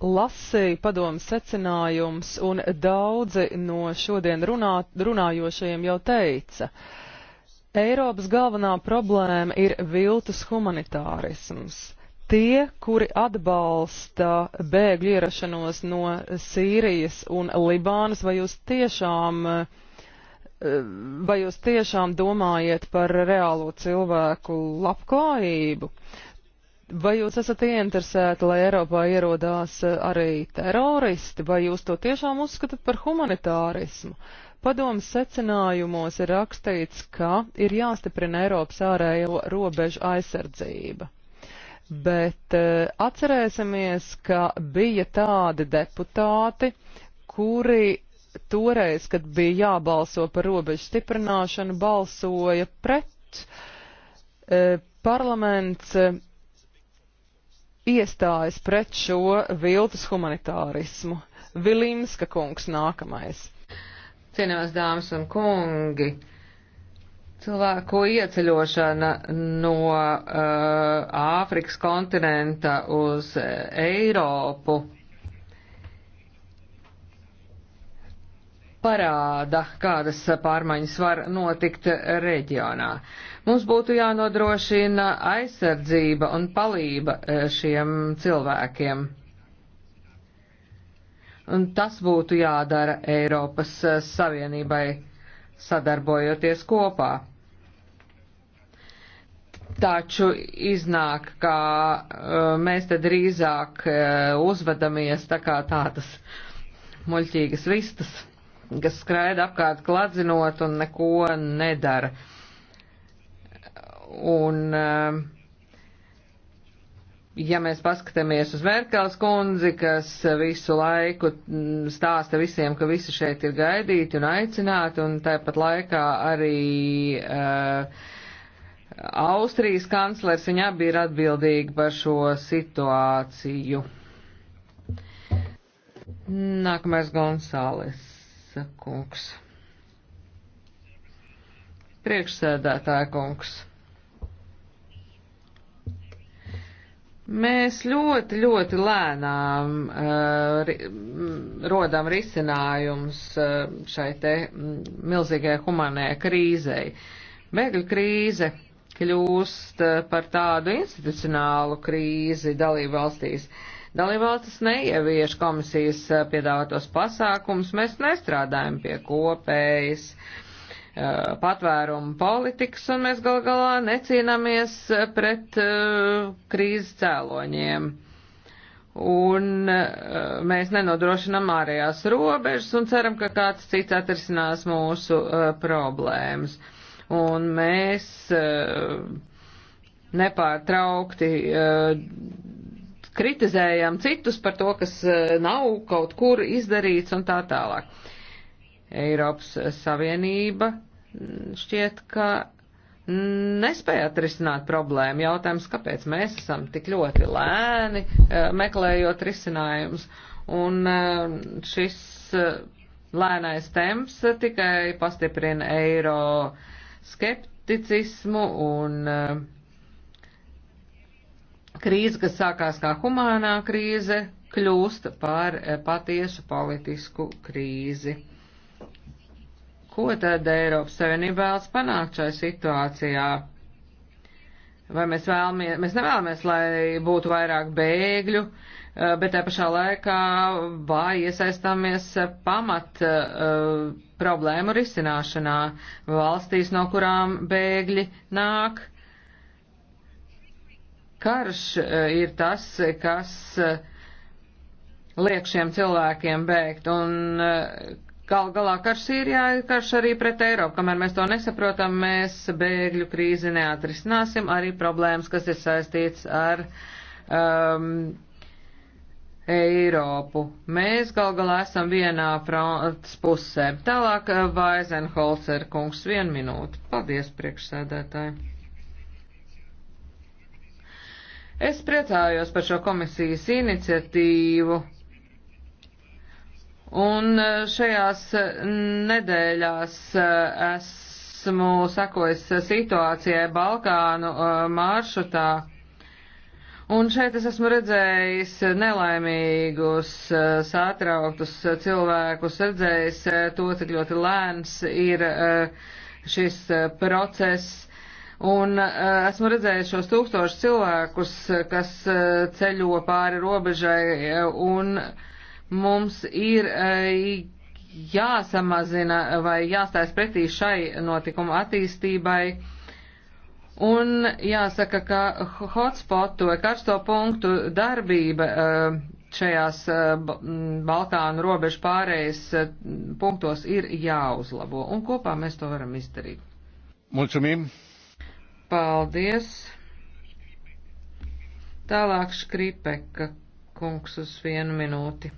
lasīju padomu secinājums un daudzi no šodien runā, runājošajiem jau teica. Eiropas galvenā problēma ir viltus humanitārisms. Tie, kuri atbalsta bēgļu ierašanos no Sīrijas un Libānas, vai jūs tiešām uh, vai jūs tiešām domājat par reālo cilvēku labklājību? Vai jūs esat ieinteresēti, lai Eiropā ierodās arī teroristi, vai jūs to tiešām uzskatāt par humanitārismu? Padomas secinājumos ir rakstīts, ka ir jāstiprina Eiropas ārējo robežu aizsardzība. Bet eh, atcerēsimies, ka bija tādi deputāti, kuri toreiz, kad bija jābalso par robežu stiprināšanu, balsoja pret. E, parlaments e, iestājas pret šo viltus humanitārismu. Vilimska kungs nākamais. Cienījās dāmas un kungi. Cilvēku ieceļošana no uh, Āfrikas kontinenta uz Eiropu parāda, kādas pārmaiņas var notikt reģionā. Mums būtu jānodrošina aizsardzība un palība e, šiem cilvēkiem. Un tas būtu jādara Eiropas e, Savienībai sadarbojoties kopā. Taču iznāk, ka e, mēs te drīzāk uzvedamies tā kā tādas muļķīgas vistas kas skraida apkārt kladzinot un neko nedara. Un, uh, ja mēs paskatāmies uz Merkels kundzi, kas visu laiku mm, stāsta visiem, ka visi šeit ir gaidīti un aicināti, un tāpat laikā arī uh, Austrijas kanclers, viņa abi ir atbildīgi par šo situāciju. Nākamais Gonzāles kungs. Priekšsēdētāja kungs. Mēs ļoti, ļoti lēnām uh, ri, mm, rodam risinājums uh, šai te mm, milzīgai humanē krīzei. Bēgļu krīze kļūst uh, par tādu institucionālu krīzi dalību valstīs. Uh, Dalībvalstis neievieš komisijas eh, piedāvātos pasākums, mēs nestrādājam pie kopējas eh, patvērumu politikas un mēs gal galā necīnāmies eh, pret uh, krīzes cēloņiem. Un uh, mēs nenodrošinām ārējās robežas un ceram, ka kāds cits atrisinās mūsu uh, problēmas. Un mēs nepārtraukti kritizējam citus par to, kas e, nav kaut kur izdarīts un tā tālāk. Eiropas Savienība mm, šķiet, ka nespēja atrisināt problēmu. Jautājums, kāpēc mēs esam tik ļoti lēni e, meklējot risinājumus. Un e, šis lēnais temps tikai pastiprina eiro skepticismu un uh, Krīze, kas sākās kā humānā krīze, kļūst par eh, patiesu politisku krīzi. Ko tad Eiropas Savienība vēlas panākt šajā situācijā? Vai mēs vēlamies, mēs nevēlamies, lai būtu vairāk bēgļu, eh, bet te pašā laikā vai iesaistāmies pamat uh, problēmu risināšanā valstīs, no kurām bēgļi nāk. Karš eh, ir tas, kas eh, liek šiem cilvēkiem bēgt, un eh, gal galā karš Sīrijā ir karš arī pret Eiropu. Kamēr mēs to nesaprotam, mēs bēgļu krīzi neatrisināsim, arī problēmas, kas ir saistīts ar um, Eiropu. Mēs gal galā esam vienā fronts pusē. Tālāk Vaizenholzer kungs, vienu minūti. Paldies, priekšsēdētāji. Es priecājos par šo komisijas iniciatīvu. Un e, šajās e, nedēļās e, esmu sekojis situācijai Balkānu maršrutā. Un šeit es esmu redzējis nelaimīgus, sātrauktus cilvēkus, redzējis to, cik ļoti lēns ir šis process. Un uh, esmu redzējis šos tūkstošus cilvēkus, kas uh, ceļo pāri robežai, eh, un mums ir uh, jāsamazina vai jāstājas pretī šai notikuma attīstībai. Un jāsaka, ka hotspotu vai karsto punktu darbība uh, šajās uh, Balkānu robežu pārējais uh, punktos ir jāuzlabo, un kopā mēs to varam izdarīt. Mulțumim! Paldies. Tālāk Škripeka kungs uz vienu minūti.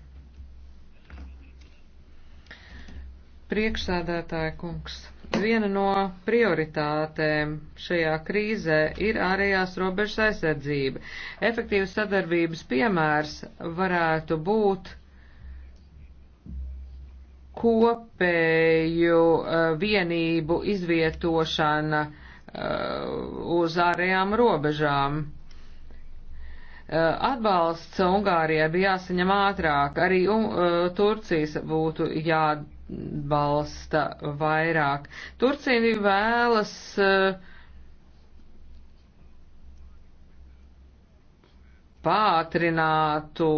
Priekšsēdētāja kungs. Viena no prioritātēm šajā krīzē ir ārējās robežas aizsardzība. Efektīvas sadarbības piemērs varētu būt kopēju eh, vienību izvietošana uh, Uh, uz ārējām robežām. Uh, atbalsts Ungārijai bija jāsaņem ātrāk, arī uh, Turcijas būtu jāatbalsta vairāk. Turcija vēlas pātrinātu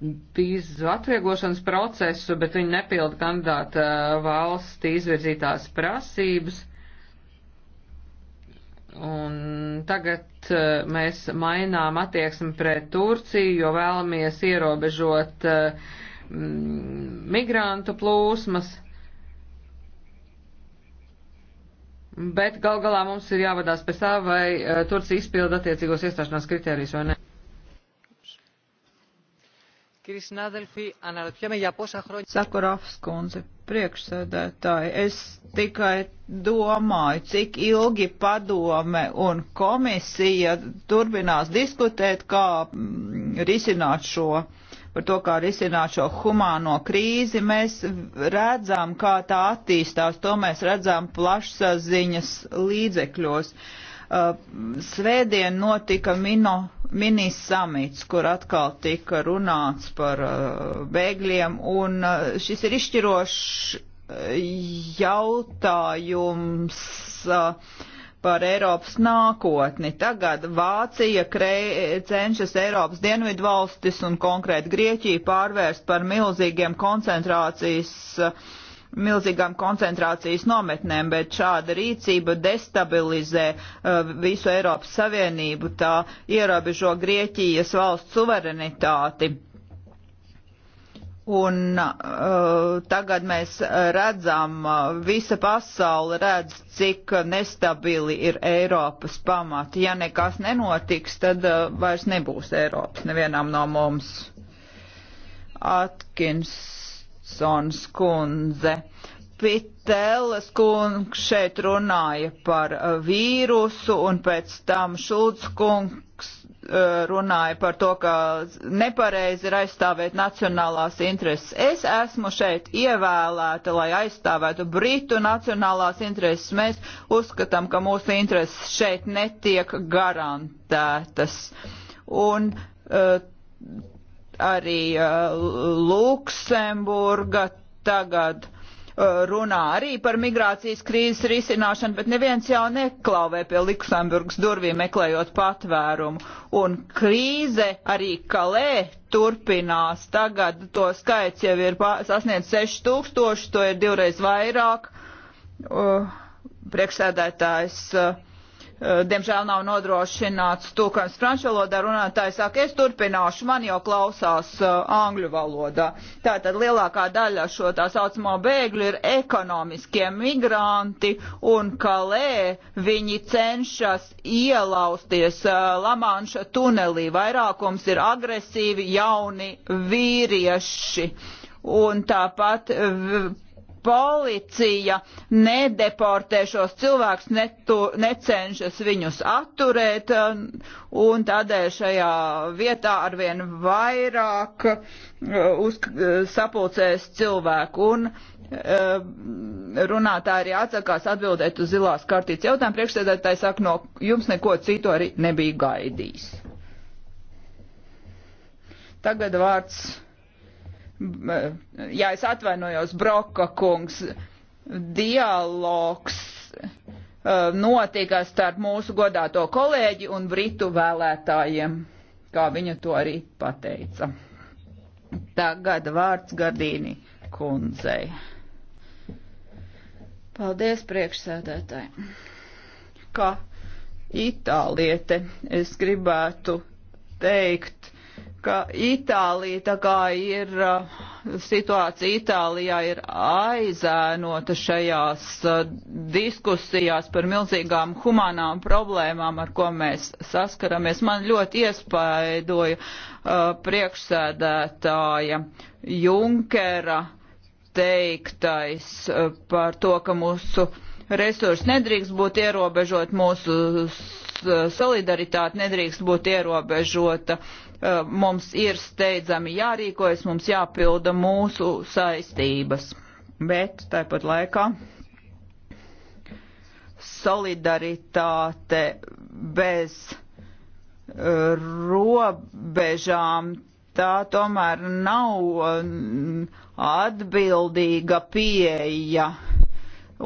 vīzu atvieglošanas procesu, bet viņi nepilda kandidāta uh, valsts izvirzītās prasības. Un tagad uh, mēs mainām attieksmi pret Turciju, jo vēlamies ierobežot uh, migrantu plūsmas. Bet gal galā mums ir jāvadās pēc tā, vai Turcija izpilda attiecīgos iestāšanās kritērijus vai ne. Sakorovs kundze, priekšsēdētāji, es tikai domāju, cik ilgi padome un komisija turpinās diskutēt, kā mm, risināt šo, par to, kā risināt šo humāno krīzi. Mēs redzam, kā tā attīstās, to mēs redzam plašsaziņas līdzekļos. Uh, Uh, svētdien notika Mino minisamits, kur atkal tika runāts par uh, bēgļiem, un uh, šis ir izšķirošs jautājums par Eiropas nākotni. Tagad Vācija krei, cenšas Eiropas dienvidu valstis un konkrēti Grieķiju pārvērst par milzīgiem koncentrācijas uh, milzīgām koncentrācijas nometnēm, bet šāda rīcība destabilizē uh, visu Eiropas Savienību, tā ierobežo Grieķijas valsts suverenitāti. Un uh, tagad mēs redzam, uh, visa pasaule redz, cik nestabili ir Eiropas pamati. Ja nekas nenotiks, tad uh, vairs nebūs Eiropas nevienam no mums. Atkins Gustafsons kundze. Pitēlas kungs šeit runāja par uh, vīrusu un pēc tam Šulc kungs uh, runāja par to, ka nepareizi ir aizstāvēt nacionālās intereses. Es esmu šeit ievēlēta, lai aizstāvētu Britu nacionālās intereses. Mēs uzskatām, ka mūsu intereses šeit netiek garantētas. Un, uh, arī Luksemburga tagad runā arī par migrācijas krīzes risināšanu, bet neviens jau neklauvē pie Luksemburgas durvīm meklējot patvērumu. Un krīze arī Kalē turpinās. Tagad to skaits jau ir sasniedz 6000, to ir divreiz vairāk. Priekšsēdētājs uh, Eh, diemžēl nav nodrošināts tūkojums franču valodā, runātāji saka, es turpināšu, man jau klausās uh, angļu valodā. Tātad lielākā daļa šo tā saucamo bēgļu ir ekonomiskie migranti, un kalē viņi cenšas ielausties uh, eh, Lamanša tunelī. Vairākums ir agresīvi jauni vīrieši. Un tāpat uh, policija nedeportē šos cilvēkus, netu, necenšas viņus atturēt, un tādēļ šajā vietā arvien vairāk uh, uz, uh, sapulcēs cilvēku. Un uh, runātāji arī atsakās atbildēt uz zilās kartītes jautājumu. Priekšsēdētāji saka, no jums neko citu arī nebija gaidījis. Tagad vārds jā, es atvainojos, Broka kungs, dialogs uh, notika starp mūsu godāto kolēģi un britu vēlētājiem, kā viņa to arī pateica. Tagad vārds Gardīni kundzei. Paldies priekšsēdētāji. Kā itāliete es gribētu teikt, ka Itālija tā kā ir, uh, situācija Itālijā ir aizēnota šajās uh, diskusijās par milzīgām humanām problēmām, ar ko mēs saskaramies. Man ļoti iespaidoja uh, priekšsēdētāja Junkera teiktais uh, par to, ka mūsu resursi nedrīkst būt ierobežot, mūsu solidaritāte nedrīkst būt ierobežota Eh, mums ir steidzami jārīkojas, mums jāpilda mūsu saistības. Bet tāpat laikā solidaritāte bez eh, robežām tā tomēr nav eh, atbildīga pieeja,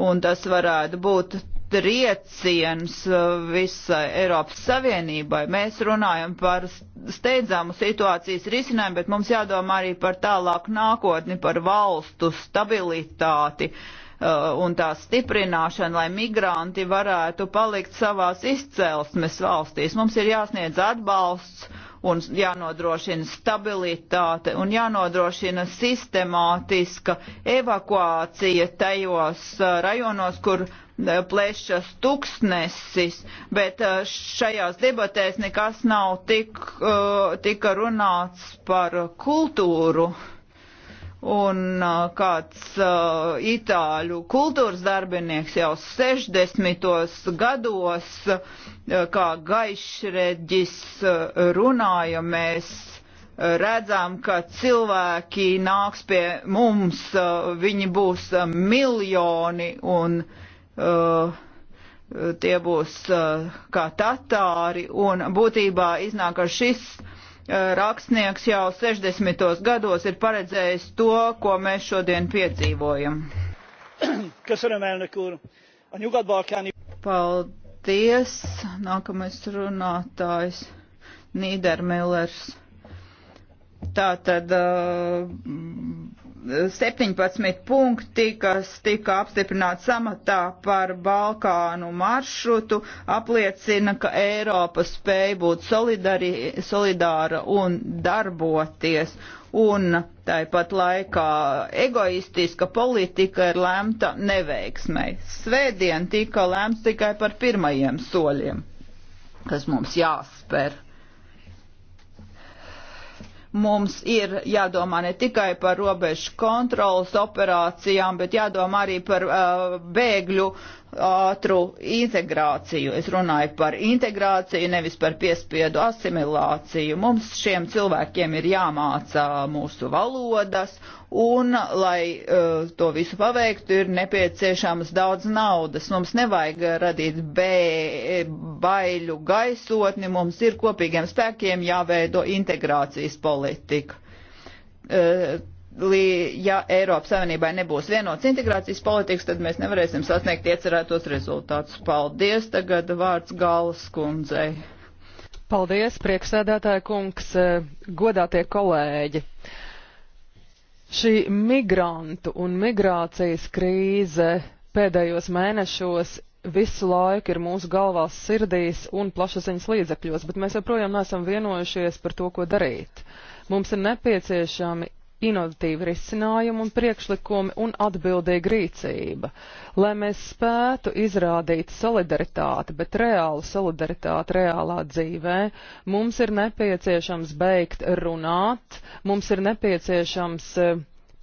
un tas varētu būt trieciens uh, visai Eiropas Savienībai. Mēs runājam par steidzamu situācijas risinājumu, bet mums jādomā arī par tālāku nākotni, par valstu stabilitāti uh, un tā stiprināšana, lai migranti varētu palikt savās izcelsmes valstīs. Mums ir jāsniedz atbalsts un jānodrošina stabilitāte un jānodrošina sistemātiska evakuācija tajos uh, rajonos, kur E, plešas tuksnesis, bet e, šajās debatēs nekas nav tik, e, tika runāts par kultūru. Un kāds uh, itāļu kultūras darbinieks jau 60. gados, uh, kā gaišreģis uh, runāja, mēs redzam, ka cilvēki nāks pie mums, viņi būs miljoni un uh, uh, tie būs uh, kā tatāri, un būtībā iznāk ar šis uh, rakstnieks jau 60. gados ir paredzējis to, ko mēs šodien piedzīvojam. Köszönöm, elnök úr! A nyugat-balkáni... Paldies! Nākamais runātājs Nīdermillers. Tātad uh, 17 punkti, kas tika apstiprināti samatā par Balkānu maršrutu, apliecina, ka Eiropa spēja būt solidari, solidāra un darboties. Un tāpat laikā egoistiska politika ir lemta neveiksmai. Svētdien tika lemts tikai par pirmajiem soļiem, kas mums jāspēr Mums ir jādomā ne tikai par robežu kontrolas operācijām, bet jādomā arī par uh, bēgļu ātru integrāciju. Es runāju par integrāciju, nevis par piespiedu asimilāciju. Mums šiem cilvēkiem ir jāmācā mūsu valodas, un, lai uh, to visu paveiktu, ir nepieciešams daudz naudas. Mums nevajag radīt bē, baiļu gaisotni, mums ir kopīgiem spēkiem jāveido integrācijas politika. Uh, ja Eiropas Savienībai nebūs vienots integrācijas politikas, tad mēs nevarēsim sasniegt iecerētos rezultātus. Paldies, tagad vārds Galas kundzei. Paldies, prieksēdētāja kungs, eh, godātie kolēģi. Šī migrantu un migrācijas krīze pēdējos mēnešos visu laiku ir mūsu galvās, sirdīs un plašsaziņas līdzekļos, bet mēs joprojām neesam vienojušies par to, ko darīt. Mums ir nepieciešami inovatīvi risinājumi un priekšlikumi un atbildīga rīcība, lai mēs spētu izrādīt solidaritāti, bet reālu solidaritāti reālā dzīvē, mums ir nepieciešams beigt runāt, mums ir nepieciešams e,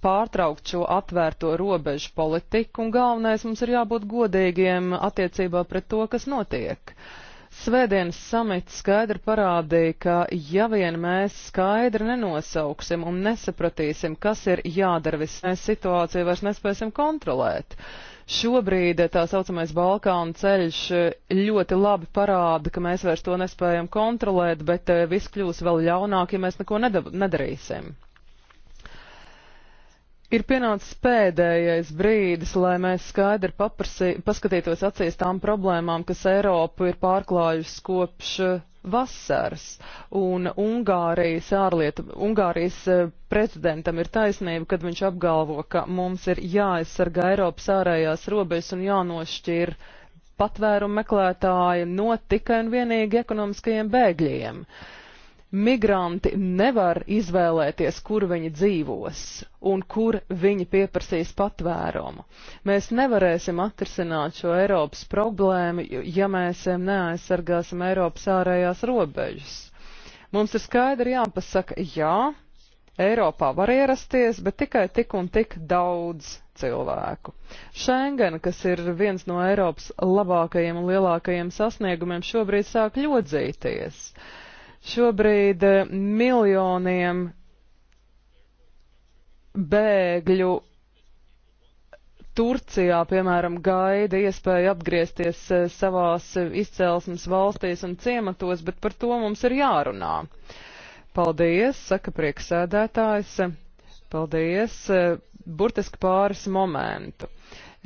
pārtraukt šo atvērto robežu politiku, un galvenais mums ir jābūt godīgiem attiecībā pret to, kas notiek. Uh, Svētdienas samits skaidri parādīja, ka ja vien mēs skaidri nenosauksim un nesapratīsim, kas ir jādara, viss mēs situāciju vairs nespēsim kontrolēt. Šobrīd tā saucamais Balkānu ceļš ļoti labi parāda, ka mēs vairs to nespējam kontrolēt, bet eh, viss kļūs vēl ļaunāk, ja mēs neko nedarīsim. Ir pienācis pēdējais brīdis, lai mēs skaidri paprasī, paskatītos acīs tām problēmām, kas Eiropu ir pārklājusi kopš eh, vasaras, un Ungārijas, ārlietu, Ungārijas eh, prezidentam ir taisnība, kad viņš apgalvo, ka mums ir jāaizsarga Eiropas ārējās robežas un jānošķir patvērumu meklētāji no tikai un vienīgi ekonomiskajiem bēgļiem. Uh, migranti nevar izvēlēties, kur viņi dzīvos un kur viņi pieprasīs patvērumu. Mēs nevarēsim atrisināt šo Eiropas problēmu, ja mēs neaizsargāsim Eiropas ārējās robežas. Mums ir skaidri jāpasaka, jā, Eiropā var ierasties, bet tikai tik un tik daudz cilvēku. Schengen, kas ir viens no Eiropas labākajiem un lielākajiem sasniegumiem, šobrīd sāk ļodzīties. Uh, Šobrīd eh, miljoniem bēgļu Turcijā, piemēram, gaida iespēju atgriezties eh, savās izcelsmes valstīs un ciematos, bet par to mums ir jārunā. Paldies, saka prieksēdētājs. Paldies. Eh, burtiski pāris momentu.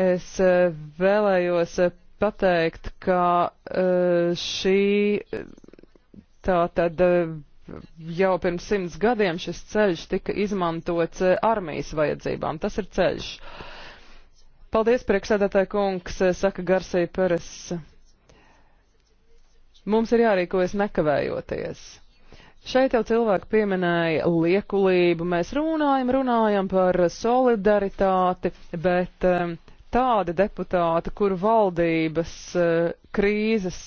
Es vēlējos pateikt, ka šī Tātad eh, jau pirms simts gadiem šis ceļš tika izmantots eh, armijas vajadzībām. Tas ir ceļš. Paldies, priekšsēdētāji kungs, eh, saka Garsija Peres. Mums ir jārīkojas nekavējoties. Šeit jau cilvēki pieminēja liekulību, mēs runājam, runājam par solidaritāti, bet tāda deputāta, kur valdības krīzes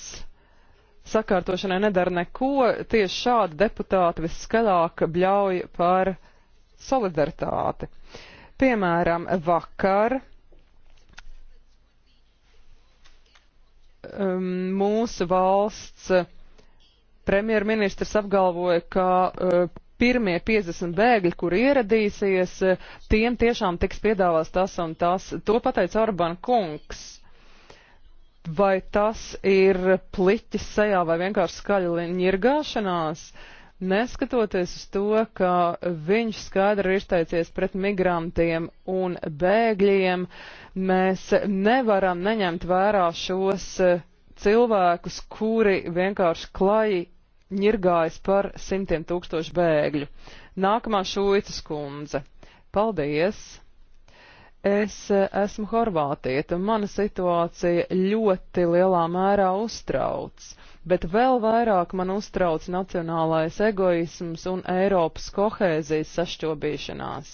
sakārtošanai nedara neko, tieši šādi deputāti viskaļāk bļauj par solidaritāti. Piemēram, vakar um, mūsu valsts premjerministrs apgalvoja, ka uh, pirmie 50 bēgļi, kuri ieradīsies, tiem tiešām tiks piedāvās tas un tas. To pateica Orbán kungs vai tas ir pliķis sejā vai vienkārši skaļa ņirgāšanās, neskatoties uz to, ka viņš skaidri ir izteicies pret migrantiem un bēgļiem, mēs nevaram neņemt vērā šos eh, cilvēkus, kuri vienkārši klaji ņirgājas par simtiem tūkstošu bēgļu. Nākamā šūica skundze. Paldies! Es e, esmu horvātieta, un mana situācija ļoti lielā mērā uztrauc, bet vēl vairāk man uztrauc nacionālais egoisms un Eiropas kohēzijas sašķobīšanās.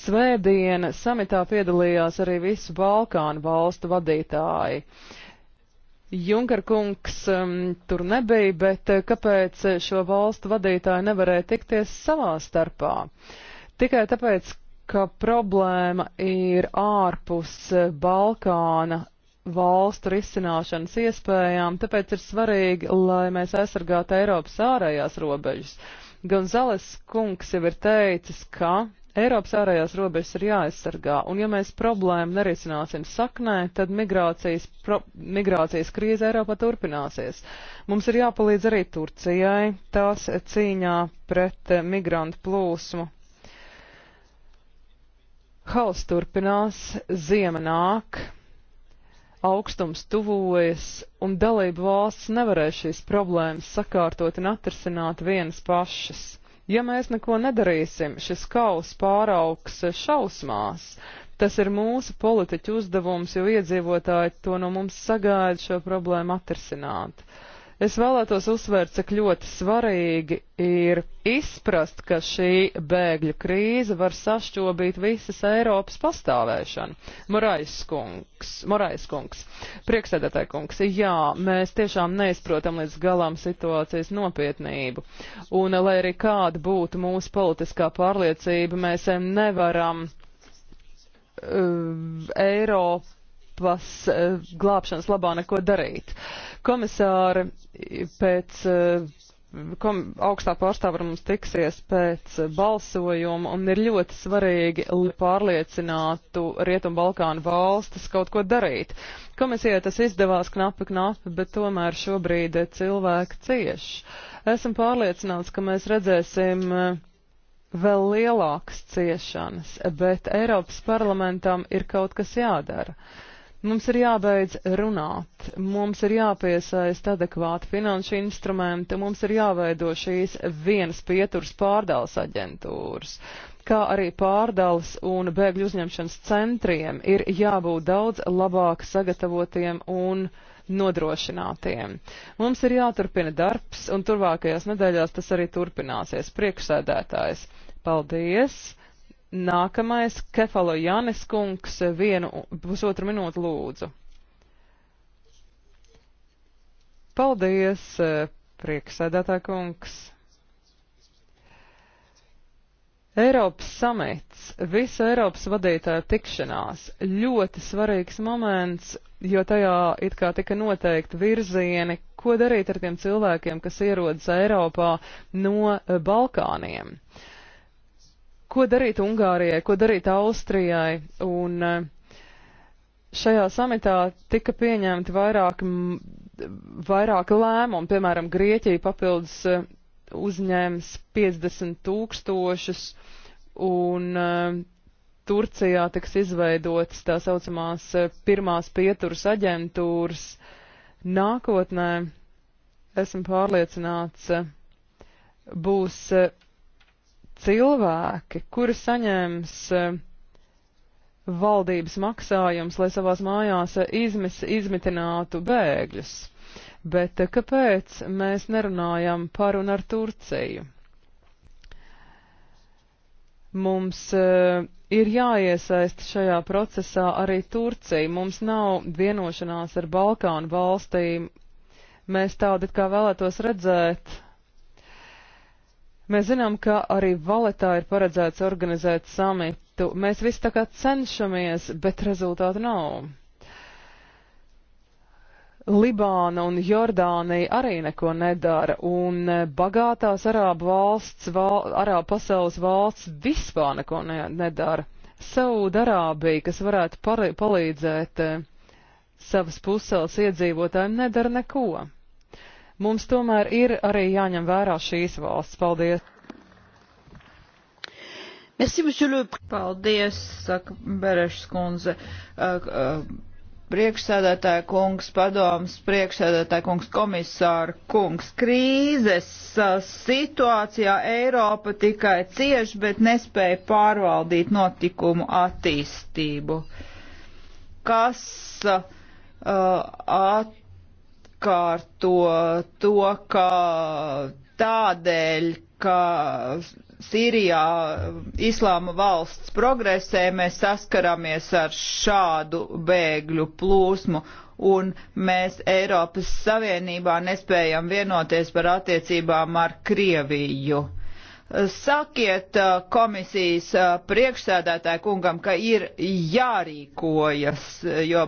Svētdiena samitā piedalījās arī visu Balkānu valstu vadītāji. Junker kungs um, tur nebija, bet e, kāpēc šo valstu vadītāji nevarēja tikties savā starpā? Tikai tāpēc, ka problēma ir ārpus eh, Balkāna valstu risināšanas iespējām, tāpēc ir svarīgi, lai mēs aizsargātu Eiropas ārējās robežas. Gonzales kungs jau ir teicis, ka Eiropas ārējās robežas ir jāaizsargā, un ja mēs problēmu nerisināsim saknē, tad migrācijas, pro, migrācijas krīze Eiropā turpināsies. Mums ir jāpalīdz arī Turcijai tās cīņā pret migrantu plūsmu Hals turpinās, ziema nāk, augstums tuvojas, un dalību valsts nevarēs šīs problēmas sakārtot un atrisināt vienas pašas. Ja mēs neko nedarīsim, šis kaus pāraugs šausmās. Tas ir mūsu politiķu uzdevums, jo iedzīvotāji to no mums sagaida šo problēmu atrisināt. Uh, Es vēlētos uzsvērt, cik ļoti svarīgi ir izprast, ka šī bēgļu krīze var sašķobīt visas Eiropas pastāvēšanu. Morais kungs, Morais kungs, prieksēdētāji kungs, jā, mēs tiešām neizprotam līdz galām situācijas nopietnību. Un, lai arī kāda būtu mūsu politiskā pārliecība, mēs nevaram uh, Eiropu Eiropas eh, glābšanas labā neko darīt. Komisāri pēc eh, kom, augstā pārstāvra mums tiksies pēc balsojuma un ir ļoti svarīgi, lai pārliecinātu Rietumbalkānu valstis kaut ko darīt. Komisijai tas izdevās knapi knapi, bet tomēr šobrīd cilvēki cieš. Esam pārliecināts, ka mēs redzēsim eh, vēl lielākas ciešanas, bet Eiropas parlamentam ir kaut kas jādara. Mums ir jābeidz runāt, mums ir jāpiesaist adekvāti finanšu instrumenti, mums ir jāveido šīs vienas pieturas pārdales aģentūras, kā arī pārdales un bēgļu uzņemšanas centriem ir jābūt daudz labāk sagatavotiem un nodrošinātiem. Mums ir jāturpina darbs, un turvākajās nedēļās tas arī turpināsies. Priekšsēdētājs, paldies! Nākamais Kefalo Janis kungs, vienu pusotru minūtu lūdzu. Paldies, prieksēdētā kungs. Eiropas samits, visu Eiropas vadītāju tikšanās, ļoti svarīgs moments, jo tajā it kā tika noteikti virzieni, ko darīt ar tiem cilvēkiem, kas ierodas Eiropā no Balkāniem. Uh, Ko darīt Ungārijai, ko darīt Austrijai? Un eh, šajā samitā tika pieņemti vairāki, vairāki lēmumi, piemēram, Grieķija papildus eh, uzņēmis 50 tūkstošus un eh, Turcijā tiks izveidotas tā saucamās pirmās pieturas aģentūras. Nākotnē, esmu pārliecināts, būs cilvēki, kuri saņems e, valdības maksājums, lai savās mājās e, izmis, izmitinātu bēgļus. Bet e, kāpēc mēs nerunājam par un ar Turciju? Mums uh, ir jāiesaist šajā procesā arī Turcija. Mums nav vienošanās ar Balkānu valstīm. Mēs tādi kā vēlētos redzēt Mēs zinām, ka arī valetā ir paredzēts organizēt samitu. Mēs visi tā kā cenšamies, bet rezultātu nav. Libāna un Jordānija arī neko nedara, un bagātās arābu valsts, val, arābu pasaules valsts vispār neko ne, nedara. Saudarābija, kas varētu par, palīdzēt eh, savas puseles iedzīvotājiem, nedara neko. Mums tomēr ir arī jāņem vērā šīs valsts. Paldies! Merci, le... Paldies, saka Berešs kundze. Uh, uh, priekšsēdētāja kungs, padomas priekšsēdētāja kungs, komisāra kungs. Krīzes situācijā Eiropa tikai cieš, bet nespēja pārvaldīt notikumu attīstību. Kas uh, at atkārto to, ka tādēļ, ka Sīrijā islāma valsts progresē, mēs saskaramies ar šādu bēgļu plūsmu un mēs Eiropas Savienībā nespējam vienoties par attiecībām ar Krieviju. Uh, Sakiet uh, komisijas uh, priekšsēdētāju kungam, ka ir jārīkojas, uh, jo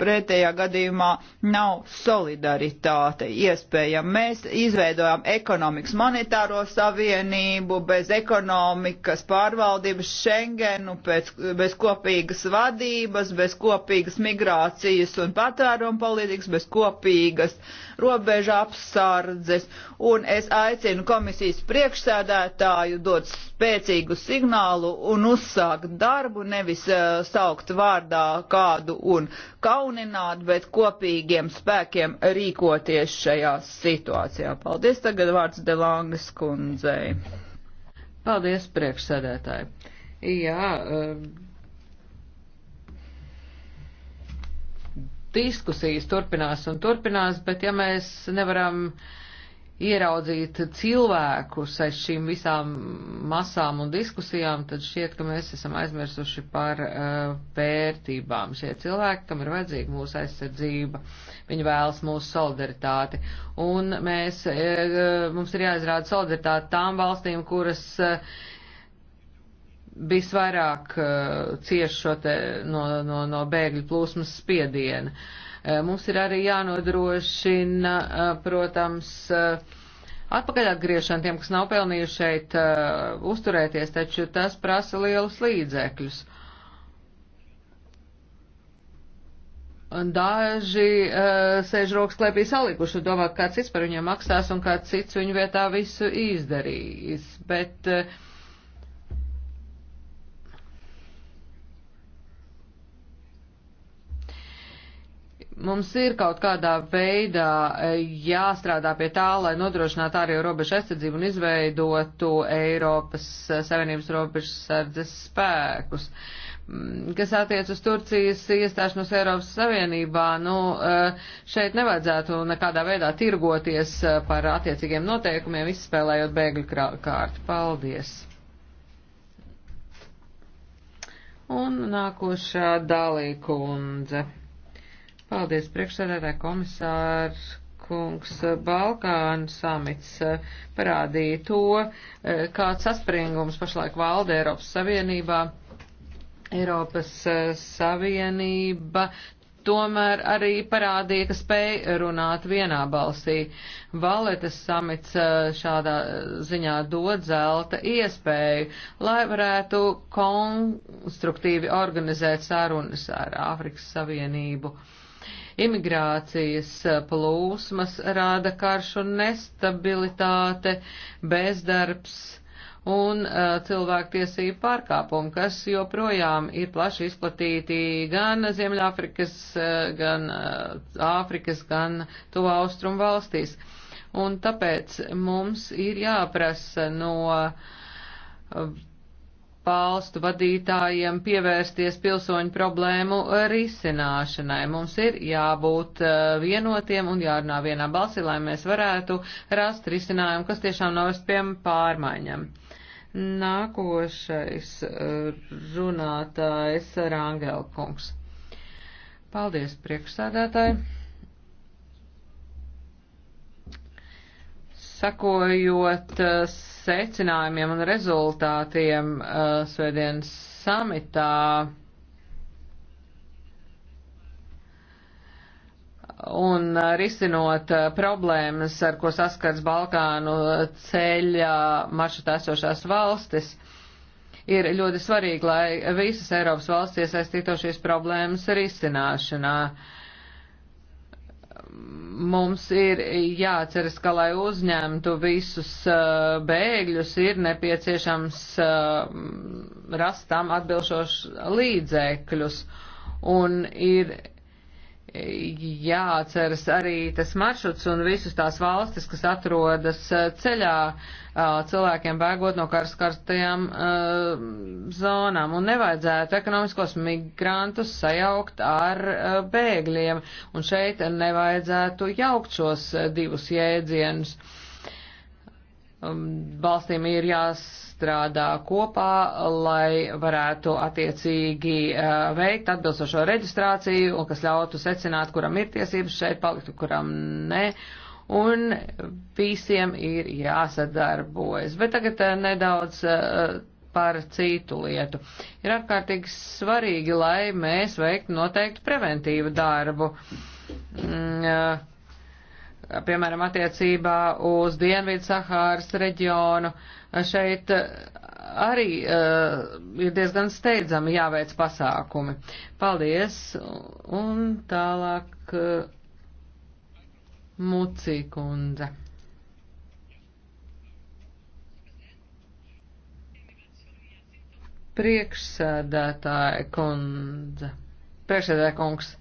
pretējā gadījumā nav solidaritāte iespējama. Mēs izveidojām ekonomikas monetāro savienību, bez ekonomikas pārvaldības Schengenu, pēc, bez kopīgas vadības, bez kopīgas migrācijas un patvērumu politikas, bez kopīgas uh, robeža apsardzes, un es aicinu komisijas priekšsēdētāju dot spēcīgu signālu un uzsākt darbu, nevis uh, saukt vārdā kādu un kaunināt, bet kopīgiem spēkiem rīkoties šajā situācijā. Paldies, tagad vārds Delangas kundzei. Paldies, priekšsēdētāji. Jā, uh... diskusijas turpinās un turpinās, bet ja mēs nevaram ieraudzīt cilvēkus aiz šīm visām masām un diskusijām, tad šķiet, ka mēs esam aizmirsuši par uh, vērtībām. Šie cilvēki, kam ir vajadzīga mūsu aizsardzība, viņi vēlas mūsu solidaritāti. Un mēs, uh, mums ir jāizrāda solidaritāte tām valstīm, kuras uh, visvairāk uh, cieš šo te no, no, no bēgļu plūsmas spiediena. Uh, mums ir arī jānodrošina, uh, protams, atpakaļ atgriešana tiem, kas nav pelnījuši šeit uzturēties, taču tas prasa lielus līdzekļus. Daži uh, sēž rokas klēpī salikuši, domā, ka kāds cits par viņiem maksās un kāds cits viņu vietā visu izdarīs. Bet uh, Mums ir kaut kādā veidā e, jāstrādā pie tā, lai nodrošinātu arī robežu aizsardzību un izveidotu Eiropas Savienības robežu sardzes spēkus. Mm, kas attiec uz Turcijas iestāšanos Eiropas Savienībā, nu, e, šeit nevajadzētu nekādā veidā tirgoties e, par attiecīgiem noteikumiem, izspēlējot bēgļu kārtu. Paldies! Un nākošā dalī kundze. Paldies, priekšsēdētāji komisārs kungs. Balkānu samits eh, parādīja to, eh, kāds saspringums pašlaik valda Eiropas Savienībā. Eiropas eh, Savienība tomēr arī parādīja, ka spēja runāt vienā balsī. Valetas samits šādā ziņā dod zelta iespēju, lai varētu konstruktīvi organizēt sarunas ar Āfrikas Savienību. Uh, Imigrācijas eh, plūsmas rāda karš un nestabilitāte, bezdarbs un uh, cilvēktiesību pārkāpumi, kas joprojām ir plaši izplatīti gan Ziemļāfrikas, eh, gan Āfrikas, gan Tuvā Austrum valstīs. Un tāpēc mums ir jāprasa no uh, valstu vadītājiem pievērsties pilsoņu problēmu risināšanai. Mums ir jābūt eh, vienotiem un jārunā vienā balsī, lai mēs varētu rast risinājumu, kas tiešām novest pie pārmaiņām. Nākošais eh, runātājs Rāngelkungs. Paldies, priekšsādātāji! Sakojot eh, secinājumiem un rezultātiem uh, svētdienas samitā. un uh, risinot uh, problēmas, ar ko saskars Balkānu ceļa maršruta esošās valstis, ir ļoti svarīgi, lai visas Eiropas valsts iesaistīto šīs problēmas risināšanā. Uh, mums ir jāatceras, ka, lai uzņemtu visus uh, bēgļus, ir nepieciešams uh, rast tam atbilstošus līdzēkļus. Un ir jāatceras arī tas maršruts un visus tās valstis, kas atrodas uh, ceļā uh, cilvēkiem bēgot no karskartajām uh, zonām. Un nevajadzētu ekonomiskos migrantus sajaukt ar uh, bēgļiem. Un šeit nevajadzētu jaukt šos uh, divus jēdzienus. Um, valstīm ir jās jāstrādā kopā, lai varētu attiecīgi eh, veikt atbilstošo reģistrāciju, un kas ļautu secināt, kuram ir tiesības šeit palikt, kuram nē. Un visiem ir jāsadarbojas. Bet tagad eh, nedaudz eh, par citu lietu. Ir ārkārtīgi svarīgi, lai mēs veiktu noteiktu preventīvu darbu. Mm, piemēram, attiecībā uz Dienvidu Sahāras reģionu. Šeit arī uh, ir diezgan steidzami jāveic pasākumi. Paldies! Un tālāk uh, Mucī kundze. Priekšsēdētāja kundze. Priekšsēdētāja kungs.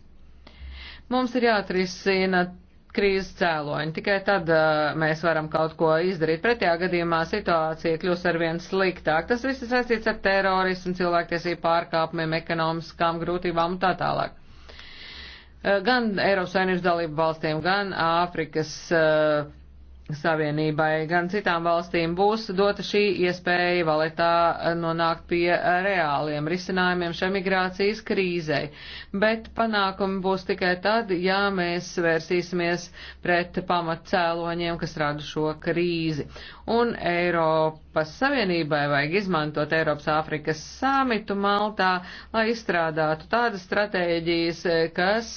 Mums ir jāatrisina krīzes cēloņi. Tikai tad uh, mēs varam kaut ko izdarīt. Pretējā gadījumā situācija kļūs arvien sliktāk. Tas viss ir saistīts ar terorismu, cilvēktiesību pārkāpumiem, ekonomiskām grūtībām un tā tālāk. Uh, gan Eiropas Savienības dalību valstīm, gan Āfrikas uh, Savienībai, gan citām valstīm būs dota šī iespēja valetā nonākt pie reāliem risinājumiem šai migrācijas krīzei. Bet panākumi būs tikai tad, ja mēs vērsīsimies pret pamatcēloņiem, kas rada šo krīzi un Eiropas Savienībai vajag izmantot Eiropas Āfrikas samitu Maltā, lai izstrādātu tādas stratēģijas, kas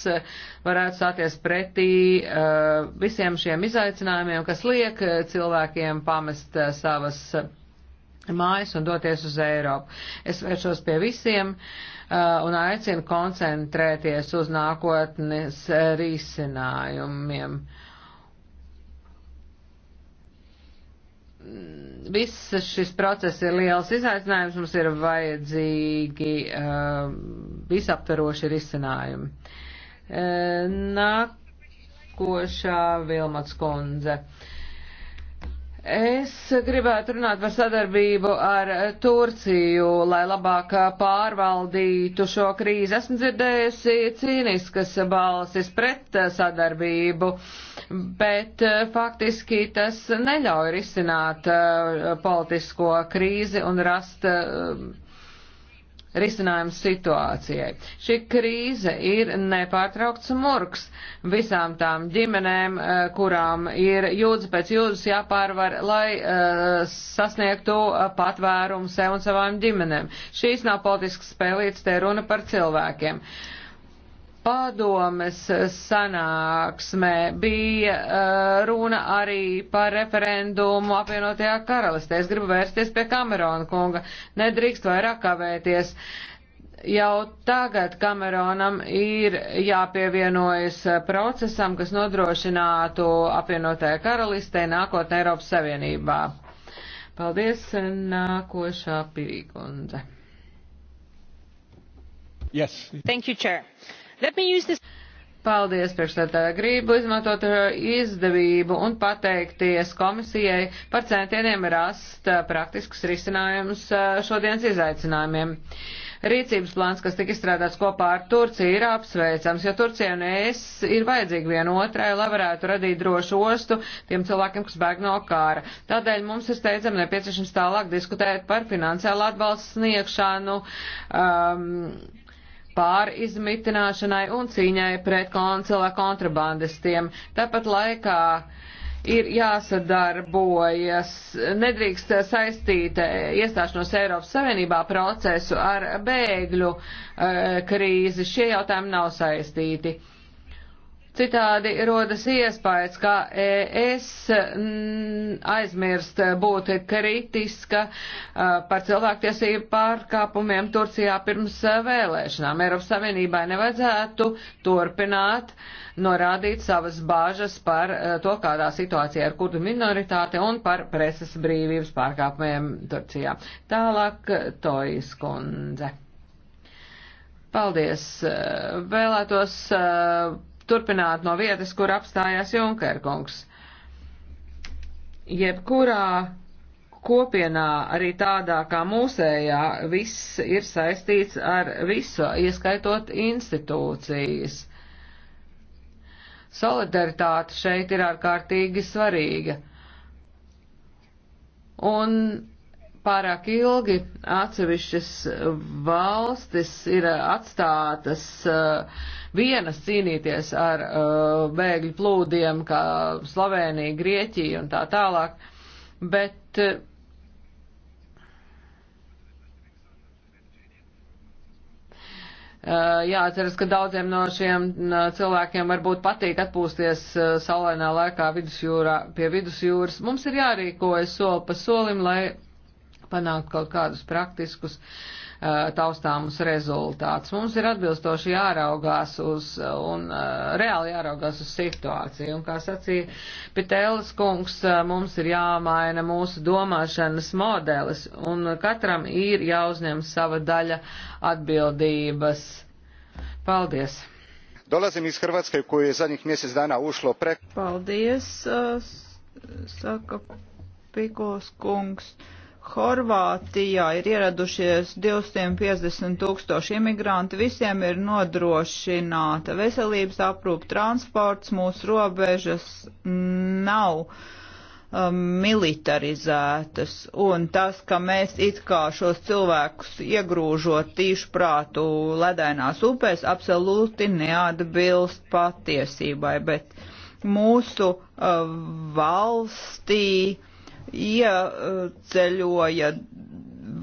varētu stāties pretī uh, visiem šiem izaicinājumiem, kas liek cilvēkiem pamest uh, savas mājas un doties uz Eiropu. Es vēršos pie visiem uh, un aicinu koncentrēties uz nākotnes risinājumiem. Uh, viss šis process ir liels izaicinājums, mums ir vajadzīgi uh, visaptveroši risinājumi. Uh, nākošā Vilmats kundze. Es gribētu runāt par sadarbību ar Turciju, lai labāk pārvaldītu šo krīzi. Esmu dzirdējusi cīniskas balsis pret sadarbību. Uh, bet eh, faktiski tas neļauj risināt eh, politisko krīzi un rast eh, risinājums situācijai. Šī krīze ir nepārtraukts murgs visām tām ģimenēm, kurām ir jūdzes pēc jūdzes jāpārvar, lai uh, sasniegtu patvērumu sev un savām ģimenēm. Šīs nav politiskas spēlītas, te runa par cilvēkiem. Uh, padomes sanāksmē bija uh, runa arī par referendumu apvienotajā karalistē. Es gribu vērsties pie Kamerona kunga. Nedrīkst vairāk kavēties. Jau tagad Kameronam ir jāpievienojas procesam, kas nodrošinātu apvienotajā karalistē nākotnē Eiropas Savienībā. Paldies, nākošā pirīkundze. Yes. Thank you, Chair. Uh, This... Paldies, priekšstādātāji. Gribu izmantot uh, izdevību un pateikties komisijai par centieniem rast uh, praktisks risinājums uh, šodienas izaicinājumiem. Rīcības plāns, kas tika izstrādāts kopā ar Turciju, ir apsveicams, jo Turcija un es ir vajadzīgi vienotrai, lai varētu radīt drošu ostu tiem cilvēkiem, kas bēg no kāra. Tādēļ mums ir steidzami nepieciešams tālāk diskutēt par finansiālu atbalstu sniegšanu. Um, pārizmitināšanai un cīņai pret koncila kontrabandistiem. Tāpat laikā ir jāsadarbojas, nedrīkst saistīt eh, iestāšanos Eiropas Savienībā procesu ar bēgļu eh, krīzi. Šie jautājumi nav saistīti. Citādi rodas iespējas, ka es aizmirst būt kritiska uh, par cilvēktiesību pārkāpumiem Turcijā pirms uh, vēlēšanām. Eiropas Savienībai nevajadzētu turpināt norādīt savas bāžas par uh, to, kādā situācijā ir kurdu minoritāte un par preses brīvības pārkāpumiem Turcijā. Tālāk Tojas kundze. Paldies. Vēlētos turpināt no vietas, kur apstājās Junkerkungs. Jebkurā kopienā, arī tādā kā mūsējā, viss ir saistīts ar visu, ieskaitot institūcijas. Solidaritāte šeit ir ārkārtīgi svarīga. Un pārāk ilgi atsevišķas valstis ir atstātas uh, vienas cīnīties ar uh, bēgļu plūdiem, kā Slovenija, Grieķija un tā tālāk, bet uh, jāatceras, ka daudziem no šiem cilvēkiem varbūt patīk atpūsties saulainā laikā vidusjūrā, pie vidusjūras. Mums ir jārīkojas soli pa solim, lai panākt kaut kādus praktiskus uh, taustāmus rezultātus. Mums ir atbilstoši jāraugās uz un uh, reāli jāraugās uz situāciju. Un kā sacīja Pitēlis kungs, uh, mums ir jāmaina mūsu domāšanas modelis un katram ir jāuzņem sava daļa atbildības. Paldies! Dolazim iz Hrvatske u koju je zadnjih mjesec dana ušlo preko... Paldies, saka Pikos kungs. Uh, Horvātijā ir ieradušies 250 tūkstoši imigranti, visiem ir nodrošināta veselības aprūp, transports, mūsu robežas nav um, militarizētas, un tas, ka mēs it kā šos cilvēkus iegrūžot tīšu prātu ledainās upēs, absolūti neatbilst patiesībai, bet mūsu uh, valstī uh, ieceļoja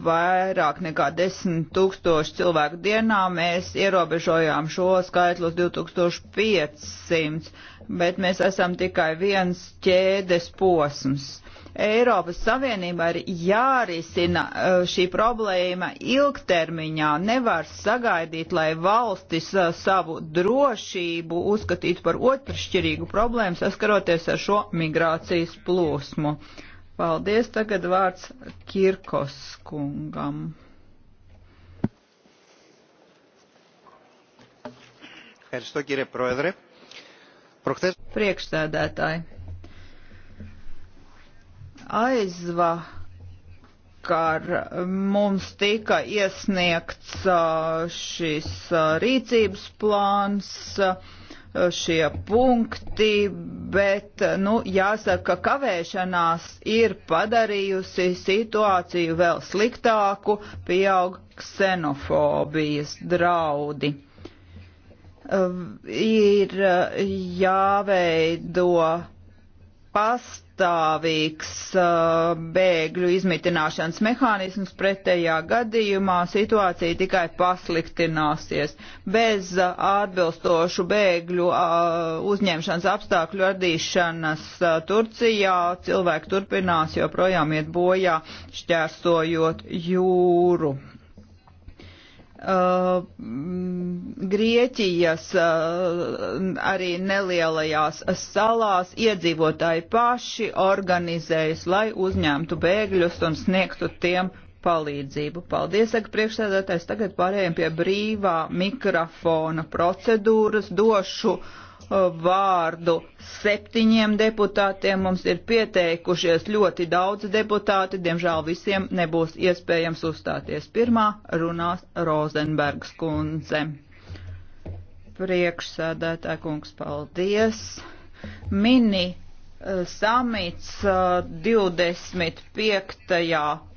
vairāk nekā 10 tūkstoši cilvēku dienā. Mēs ierobežojām šo skaitlu uz 2500, bet mēs esam tikai viens ķēdes posms. Eiropas Savienībā ir jārisina eh, šī problēma ilgtermiņā. Nevar sagaidīt, lai valstis eh, savu drošību uzskatītu par otršķirīgu problēmu saskaroties ar šo migrācijas plūsmu. Uh, Paldies. Tagad vārds Kirkos kungam. Priekšsēdētāji. Aizvakar mums tika iesniegts uh, šis uh, rīcības plāns uh, Eh, šie punkti, bet, eh, nu, jāsaka, ka kavēšanās ir padarījusi situāciju vēl sliktāku, pieaug ksenofobijas draudi. Eh, ir jāveido pastāvīgs uh, bēgļu izmitināšanas mehānisms, pretējā gadījumā situācija tikai pasliktināsies. Bez uh, atbilstošu bēgļu uh, uzņemšanas apstākļu radīšanas uh, Turcijā cilvēki turpinās joprojām iet bojā šķērsojot jūru. Uh, Grieķijas uh, arī nelielajās salās iedzīvotāji paši organizējas, lai uzņemtu bēgļus un sniegtu tiem palīdzību. Paldies, saka priekšsēdētājs. Tagad pārējiem pie brīvā mikrofona procedūras. Došu uh, vārdu septiņiem deputātiem. Mums ir pieteikušies ļoti daudz deputāti, diemžēl visiem nebūs iespējams uzstāties. Pirmā runās Rozenbergs kundze. Priekšsēdētāj kungs, paldies. Mini eh, samits 25 eh,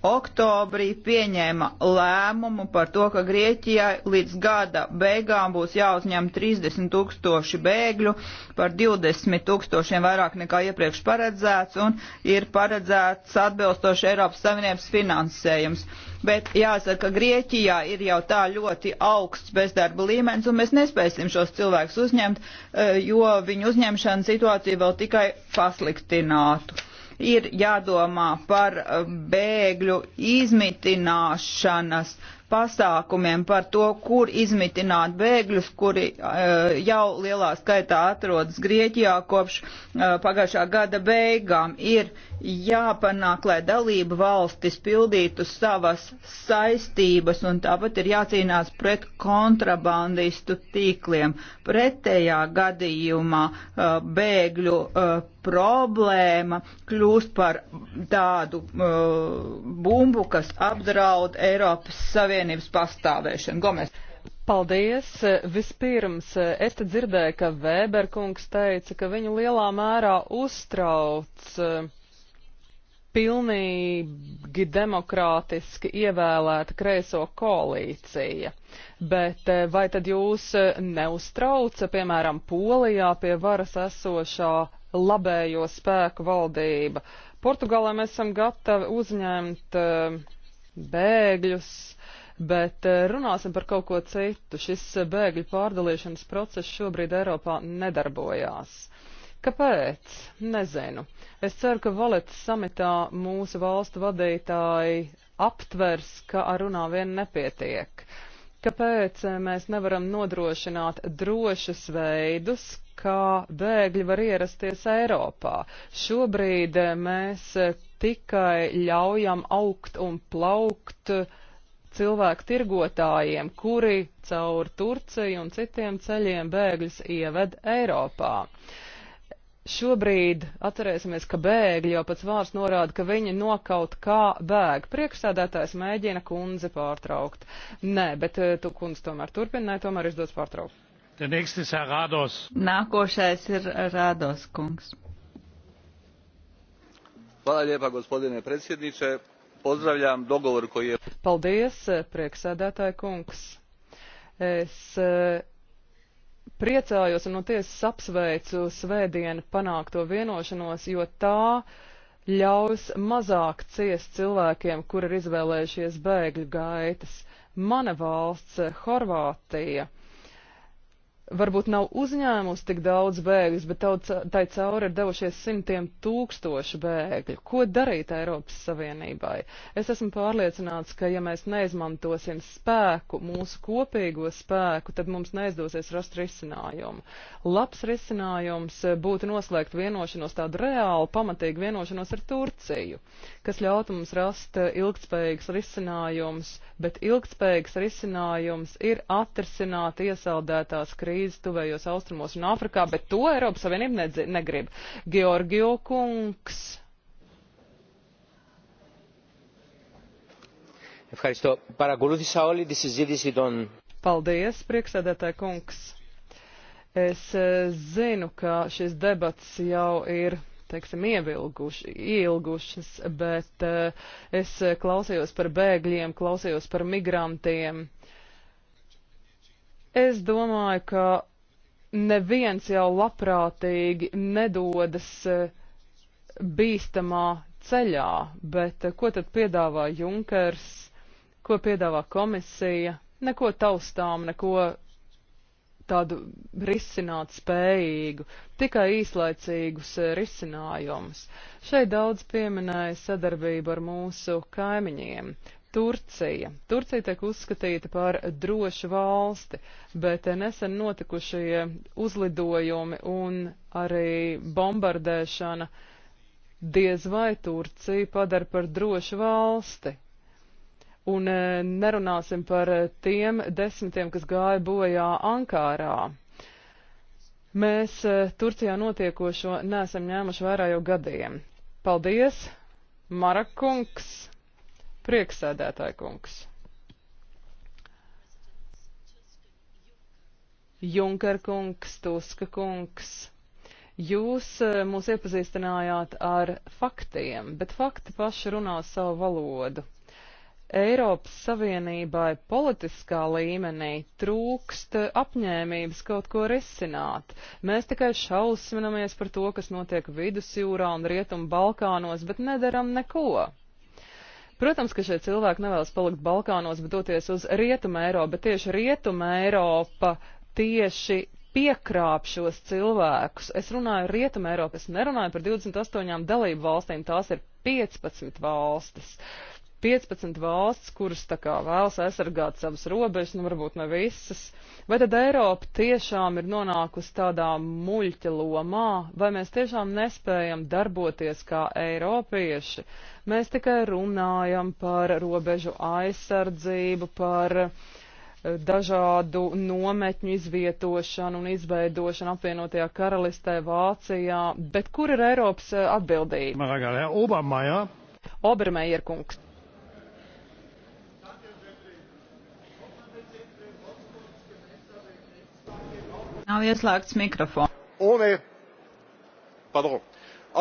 oktobrī pieņēma lēmumu par to, ka Grieķijai līdz gada beigām būs jāuzņem 30 tūkstoši bēgļu, par 20 tūkstošiem vairāk nekā iepriekš paredzēts, un ir paredzēts atbilstoši Eiropas Savienības finansējums. Bet jāsaka, ka Grieķijā ir jau tā ļoti augsts bezdarba līmenis, un mēs nespēsim šos cilvēkus uzņemt, eh, jo viņu uzņemšana situāciju vēl tikai pasliktinātu ir jādomā par eh, bēgļu izmitināšanas pasākumiem, par to, kur izmitināt bēgļus, kuri uh, jau lielā skaitā atrodas Grieķijā kopš uh, pagājušā gada beigām, ir jāpanāk, lai dalība valstis pildītu savas saistības, un tāpat ir jācīnās pret kontrabandistu tīkliem. Pretējā gadījumā uh, bēgļu uh, problēma kļūst par tādu uh, bumbu, kas apdraud Eiropas Savienības pastāvēšanu. Gomes. Paldies! Vispirms eh, es te dzirdēju, ka Vēberkungs teica, ka viņu lielā mērā uztrauc uh, pilnīgi demokrātiski ievēlēta kreiso koalīcija. Bet eh, vai tad jūs eh, neuztrauca, piemēram, Polijā pie varas esošā labējo spēku valdība? Portugālē mēs esam gatavi uzņemt eh, bēgļus, bet runāsim par kaut ko citu. Šis bēgļu pārdalīšanas process šobrīd Eiropā nedarbojās. Kāpēc? Nezinu. Es ceru, ka Valets samitā mūsu valstu vadītāji aptvers, ka ar runā vien nepietiek. Kāpēc eh, mēs nevaram nodrošināt drošus veidus, kā bēgļi var ierasties Eiropā? Šobrīd eh, mēs eh, tikai ļaujam augt un plaukt cilvēku tirgotājiem, kuri caur Turciju un citiem ceļiem bēgļus ieved Eiropā. Uh, šobrīd atcerēsimies, ka bēgļi jau pats vārds norāda, ka viņi no kaut kā bēg. Priekšsēdētājs mēģina kundze pārtraukt. Nē, bet eh, tu kundze tomēr turpina, nē, tomēr izdodas pārtraukt. Nākošais ir Rādos kungs. Hvala lijepa, gospodine predsjedniče. Pozdravljam dogovor koji je... Paldies, prieksēdētāji kungs. Es eh, Priecājos un no tiesas apsveicu svētdienu panākto vienošanos, jo tā ļaus mazāk ciest cilvēkiem, kur ir izvēlējušies bēgļu gaitas. Mana valsts, Horvātija varbūt nav uzņēmusi tik daudz bēgļus, bet tai cauri ir devušies simtiem tūkstoši bēgļu. Ko darīt Eiropas Savienībai? Es esmu pārliecināts, ka ja mēs neizmantosim spēku, mūsu kopīgo spēku, tad mums neizdosies rast risinājumu. Labs risinājums būtu noslēgt vienošanos, tādu reālu, pamatīgu vienošanos ar Turciju, kas ļautu mums rast ilgspējīgs risinājums, bet ilgspējīgs risinājums ir atrisināt iesaldētās krīzes krīzi tuvējos austrumos un Āfrikā, bet to Eiropas Savienība negrib. Georgio kungs. Ευχαριστώ. Παρακολούθησα όλη τη συζήτηση των... Paldies, priekšsēdētāji kungs. Es eh, zinu, ka šis debats jau ir, teiksim, ievilguši, ielgušas, bet eh, es eh, klausījos par bēgļiem, klausījos par migrantiem. Uh, Es domāju, ka neviens jau labprātīgi nedodas eh, bīstamā ceļā, bet eh, ko tad piedāvā Junkers, ko piedāvā komisija? Neko taustām, neko tādu risināt spējīgu, tikai īslaicīgus eh, risinājumus. Šeit daudz pieminēja sadarbību ar mūsu kaimiņiem. Turcija. Turcija tiek uzskatīta par drošu valsti, bet nesen notikušie uzlidojumi un arī bombardēšana diez vai Turcija padara par drošu valsti. Un e, nerunāsim par tiem desmitiem, kas gāja bojā Ankārā. Mēs e, Turcijā notiekošo nesam ņēmuši vērā jau gadiem. Paldies, Marakungs! Prieksēdētāji kungs. Junker kungs, Tuska kungs. Jūs e, mūs iepazīstinājāt ar faktiem, bet fakti paši runā savu valodu. Eiropas Savienībai politiskā līmenī trūkst apņēmības kaut ko risināt. Mēs tikai šausminamies par to, kas notiek vidusjūrā un rietumu Balkānos, bet nedaram neko. Protams, ka šie cilvēki nevēlas palikt Balkānos, bet doties uz Rietumē Eiropu, bet tieši Rietumē Eiropa tieši piekrāp šos cilvēkus. Es runāju Rietumē Eiropu, es nerunāju par 28 dalību valstīm, tās ir 15 valstis. Uh, 15 valsts, kuras tā kā vēlas aizsargāt savas robežas, nu varbūt ne visas, vai tad Eiropa tiešām ir nonākusi tādā muļķa lomā, vai mēs tiešām nespējam darboties kā eiropieši? Mēs tikai runājam par robežu aizsardzību, par eh, dažādu nometņu izvietošanu un izveidošanu apvienotajā karalistē Vācijā, bet kur ir Eiropas eh, atbildība? Obermeier kungs. Nav ieslēgts mikrofons. Ohne, pardon,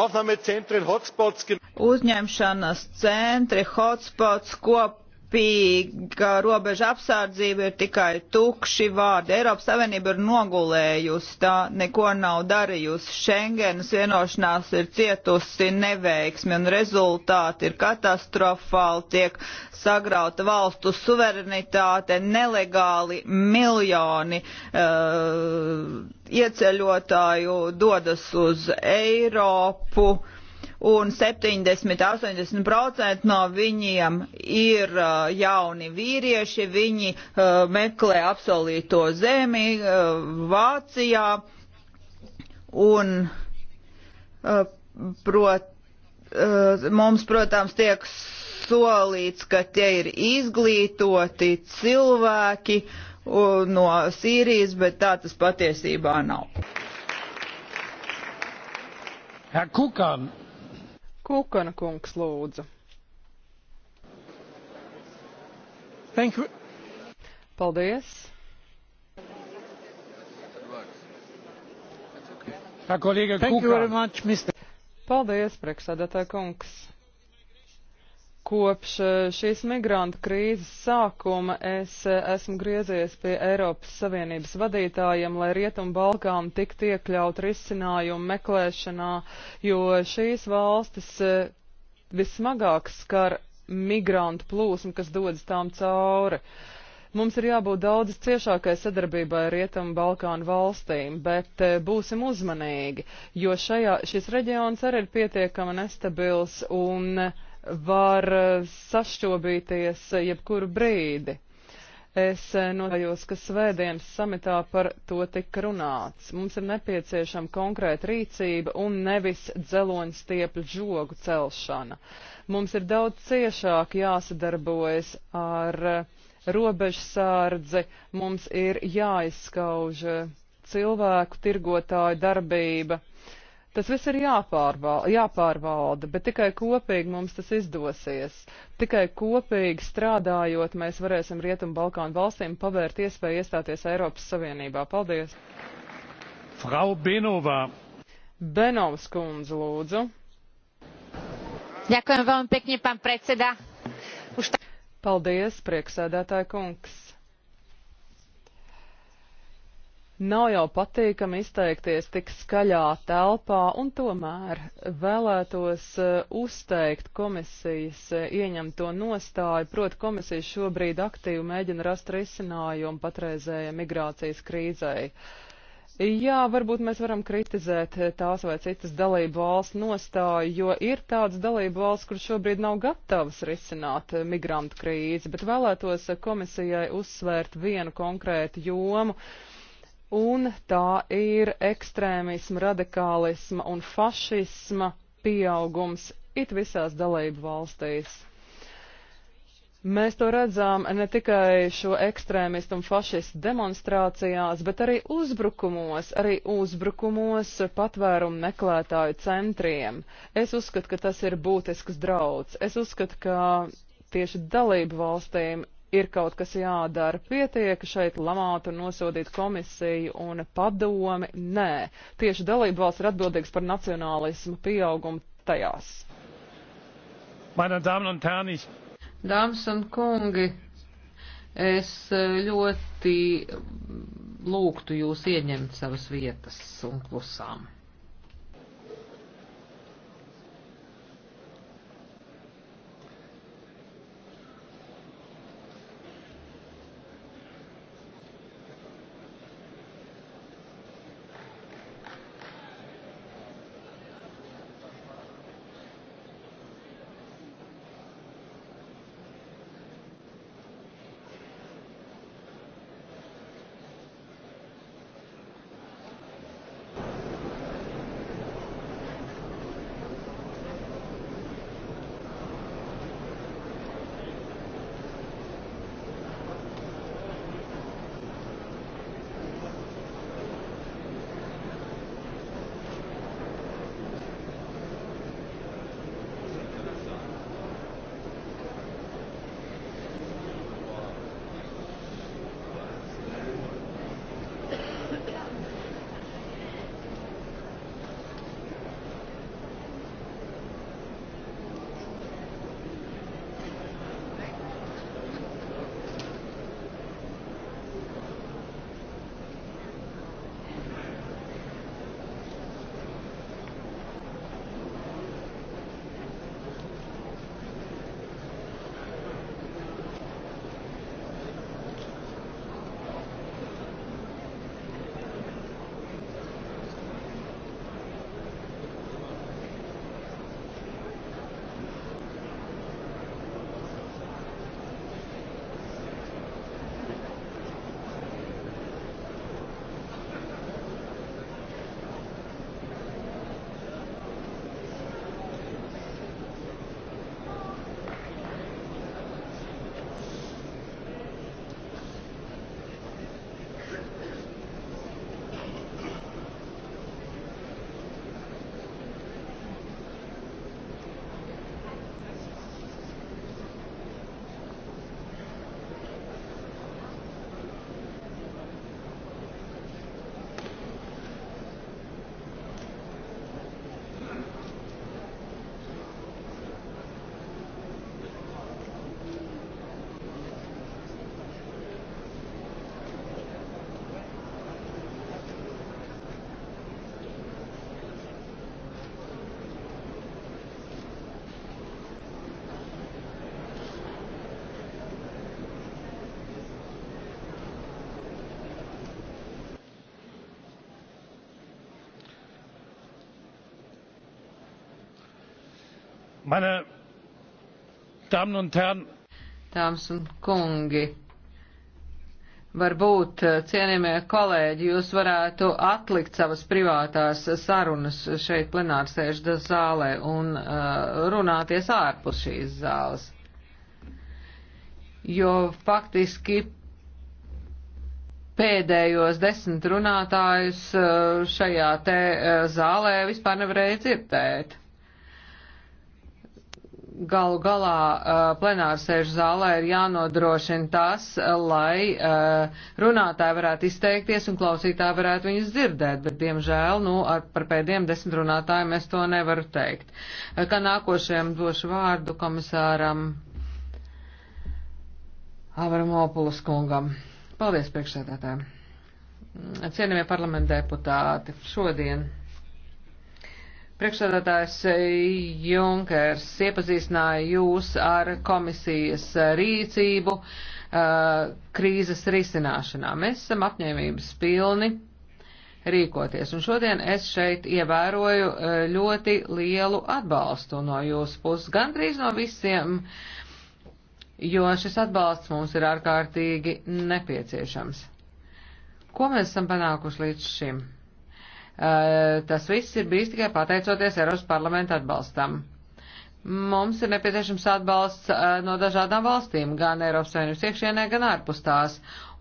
Aufnahmezentren, Hotspots. Uzņemšanas centri, hotspots, kopā kopīga robeža apsardzība ir tikai tukši vārdi. Eiropas Savienība ir nogulējusi, tā neko nav darījusi. Schengenas vienošanās ir cietusi neveiksmi un rezultāti ir katastrofāli, tiek sagrauta valstu suverenitāte, nelegāli miljoni uh, ieceļotāju dodas uz Eiropu. Uh, un 70-80% no viņiem ir uh, jauni vīrieši, viņi uh, meklē apsolīto zemi uh, Vācijā un prot, mums, protams, tiek solīts, ka tie ir izglītoti cilvēki no Sīrijas, bet tā tas patiesībā nav. Herr Kukan, Kūkana kungs lūdzu. Thank you. Paldies. Paldies, priekšsēdētāja kungs. Kopš eh, šīs migrantu krīzes sākuma es eh, esmu griezies pie Eiropas Savienības vadītājiem, lai Rietumu Balkānu tiktu iekļaut risinājumu meklēšanā, jo šīs valstis eh, vismagāk skar migrantu plūsmu, kas dodas tām cauri. Mums ir jābūt daudz ciešākai sadarbībai ar Rietumu Balkānu valstīm, bet būsim uzmanīgi, jo šajā, šis reģions arī ir pietiekami nestabils un var eh, sašķobīties jebkuru brīdi. Es eh, nodējos, ka svētdienas samitā par to tika runāts. Mums ir nepieciešama konkrēta rīcība un nevis dzeloņa stiepļu žogu celšana. Mums ir daudz ciešāk jāsadarbojas ar eh, robežsārdzi, mums ir jāizskauž cilvēku tirgotāju darbība. Uh, Tas viss ir jāpārvalda, jāpārvalda, bet tikai kopīgi mums tas izdosies. Tikai kopīgi strādājot, mēs varēsim Rietumu Balkānu valstīm pavērt iespēju iestāties Eiropas Savienībā. Paldies! Frau Benovā! Benovs kundze, lūdzu! Ďakujem veľmi pekne, pán predseda. Už ta... Paldies, prieksēdētāja kungs! Nav jau patīkami izteikties tik skaļā telpā, un tomēr vēlētos eh, uzteikt komisijas eh, ieņemto nostāju. Proti, komisija šobrīd aktīvi mēģina rast risinājumu patreizējai migrācijas krīzai. Jā, varbūt mēs varam kritizēt eh, tās vai citas dalību valsts nostāju, jo ir tādas dalību valsts, kur šobrīd nav gatavas risināt migrantu krīzi, bet vēlētos komisijai uzsvērt vienu konkrētu jomu. Uh, un tā ir ekstrēmisma, radikālisma un fašisma pieaugums it visās dalību valstīs. Mēs to redzām ne tikai šo ekstrēmistu un fašistu demonstrācijās, bet arī uzbrukumos, arī uzbrukumos patvērumu meklētāju centriem. Es uzskatu, ka tas ir būtisks draudz. Es uzskatu, ka tieši dalību valstīm ir kaut kas jādara. Pietiek šeit lamāt un nosodīt komisiju un padomi. Nē, tieši dalību valsts ir atbildīgs par nacionālismu pieaugumu tajās. Dāmas un kungi, es eh, ļoti lūgtu jūs ieņemt savas vietas un klusām. Meine Damen und Herren, Dāmas un kungi, varbūt, eh, cienījamie kolēģi, jūs varētu atlikt savas privātās sarunas šeit plenārsēžu zālē un uh, runāties ārpus šīs zāles. Jo faktiski pēdējos desmit runātājus eh, šajā te zālē vispār nevarēja dzirdēt galu galā uh, plenārsēžu zālē ir jānodrošina tas, lai uh, runātāji varētu izteikties un klausītāji varētu viņus dzirdēt, bet, diemžēl, nu, ar, par pēdējiem desmit runātājiem es to nevaru teikt. Uh, kā nākošajam došu vārdu komisāram Avramopulus kungam. Paldies priekšsēdētājiem. Cienījamie parlamenta deputāti, šodien. Priekšsēdētājs Junkers iepazīstināja jūs ar komisijas rīcību uh, krīzes risināšanā. Mēs esam apņēmības pilni rīkoties, un šodien es šeit ievēroju uh, ļoti lielu atbalstu no jūsu puses, gandrīz no visiem, jo šis atbalsts mums ir ārkārtīgi nepieciešams. Ko mēs esam panākuši līdz šim? Eh, tas viss ir bijis tikai pateicoties Eiropas parlamenta atbalstam. Mums ir nepieciešams atbalsts eh, no dažādām valstīm, gan Eiropas Savienības iekšienē, gan ārpus tās,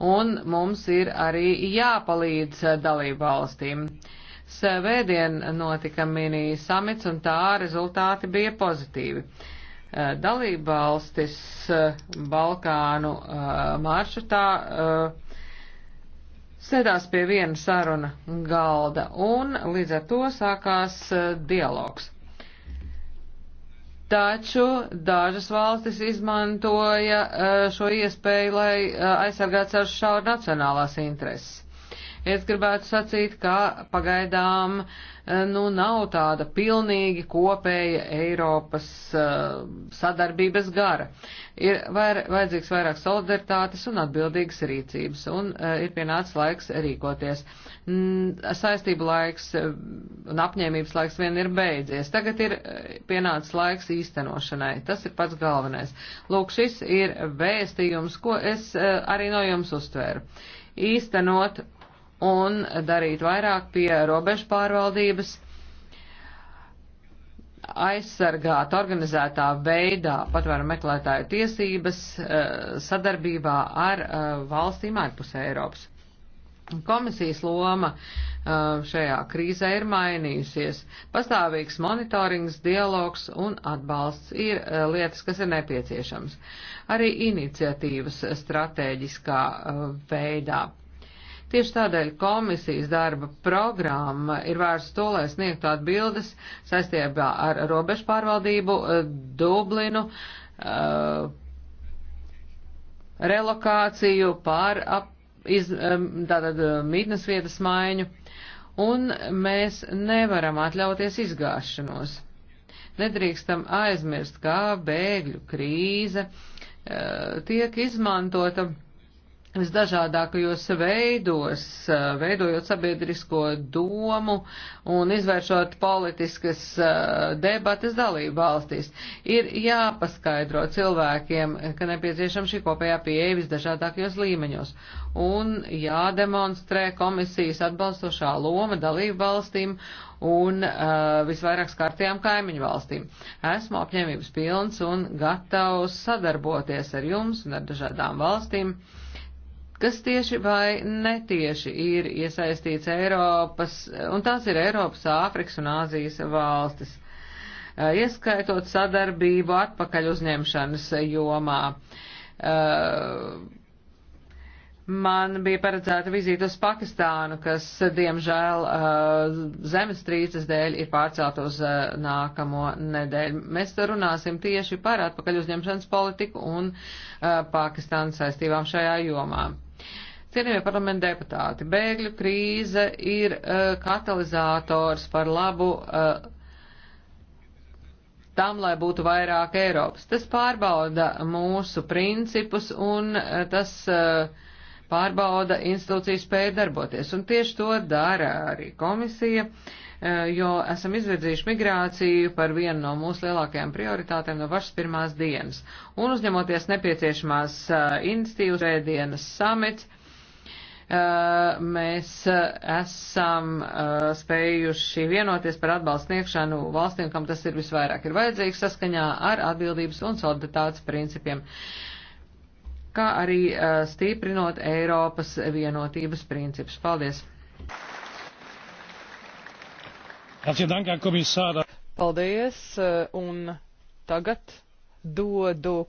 un mums ir arī jāpalīdz eh, dalību valstīm. Svētdien notika mini samits, un tā rezultāti bija pozitīvi. Dalība valstis Balkānu maršrutā sēdās pie viena saruna galda, un līdz ar to sākās e, dialogs. Taču dažas valstis izmantoja e, šo iespēju, lai e, aizsargātu savu šauru nacionālās intereses. Es gribētu sacīt, ka pagaidām eh, nu, nav tāda pilnīgi kopēja Eiropas uh, sadarbības gara. Ir vair, vajadzīgs vairāk solidaritātes un atbildīgas rīcības, un uh, ir pienācis laiks rīkoties. Mm, saistību laiks un apņēmības laiks vien ir beidzies. Tagad ir pienācis laiks īstenošanai. Tas ir pats galvenais. Lūk, šis ir vēstījums, ko es uh, arī no jums uztvēru. Īstenot un darīt vairāk pie robežu pārvaldības, aizsargāt organizētā veidā patvēru meklētāju tiesības eh, sadarbībā ar eh, valstīm ārpus Eiropas. Komisijas loma eh, šajā krīzē ir mainījusies. Pastāvīgs monitorings, dialogs un atbalsts ir lietas, kas ir nepieciešams. Arī iniciatīvas stratēģiskā veidā. Tieši tādēļ komisijas darba programma ir vērsta to, lai sniegtu atbildes saistībā ar robežu pārvaldību, eh, Dublinu, eh, relokāciju, pār ap, iz, tātad eh, mītnes vietas maiņu, un mēs nevaram atļauties izgāšanos. Nedrīkstam aizmirst, kā bēgļu krīze tiek izmantota visdažādākajos veidos, eh, veidojot sabiedrisko domu un izvēršot politiskas eh, debatas dalību valstīs. Ir jāpaskaidro cilvēkiem, ka nepieciešama šī kopējā pieeja visdažādākajos līmeņos un jādemonstrē komisijas atbalstošā loma dalību valstīm un uh, visvairāk skartajām kaimiņu valstīm. Esmu apņēmības pilns un gatavs sadarboties ar jums un ar dažādām valstīm. Uh, kas tieši vai netieši ir iesaistīts Eiropas, un tās ir Eiropas, Āfrikas un Āzijas valstis, ieskaitot sadarbību atpakaļ uzņemšanas jomā. Man bija paredzēta vizīte uz Pakistānu, kas, diemžēl, zemestrīces dēļ ir pārcelt uz nākamo nedēļu. Mēs runāsim tieši par atpakaļ uzņemšanas politiku un Pakistānu saistībām šajā jomā. Cienījamie parlamenta deputāti, bēgļu krīze ir uh, katalizators par labu uh, tam, lai būtu vairāk Eiropas. Tas pārbauda mūsu principus un uh, tas uh, pārbauda institūcijas spēju darboties. Un tieši to dara arī komisija, uh, jo esam izvirzījuši migrāciju par vienu no mūsu lielākajām prioritātēm no pašas pirmās dienas. Un uzņemoties nepieciešamās uh, institīvas, vēdienas samits, mēs esam spējuši vienoties par atbalstu sniegšanu valstīm, kam tas ir visvairāk ir vajadzīgs saskaņā ar atbildības un solidaritātes principiem, kā arī stiprinot Eiropas vienotības principus. Paldies! Paldies! Un tagad dodu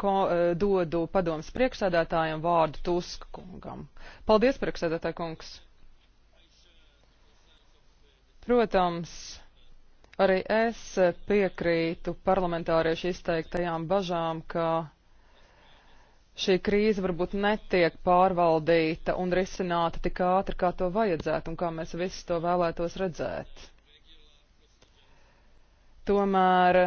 ko, e, dodu padomas priekšsēdētājiem vārdu Tuskungam. Paldies, priekšsēdētāj kungs! Protams, arī es piekrītu parlamentāriešu izteiktajām bažām, ka šī krīze varbūt netiek pārvaldīta un risināta tik ātri, kā to vajadzētu un kā mēs visi to vēlētos redzēt. Tomēr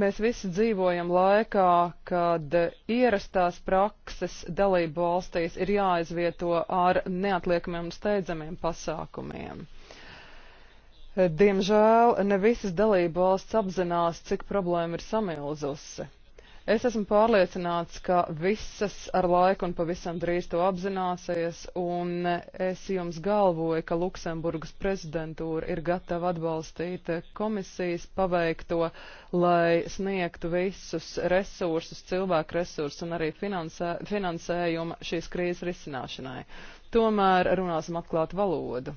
Mēs visi dzīvojam laikā, kad ierastās prakses dalību valstīs ir jāizvieto ar neatliekamiem un steidzamiem pasākumiem. Diemžēl ne visas dalību valsts apzinās, cik problēma ir samilzusi. Es esmu pārliecināts, ka visas ar laiku un pavisam drīz to apzināsies, un es jums galvoju, ka Luksemburgas prezidentūra ir gatava atbalstīt komisijas paveikto, lai sniegtu visus resursus, cilvēku resursus un arī finansē, finansējumu šīs krīzes risināšanai. Tomēr runāsim atklāt valodu.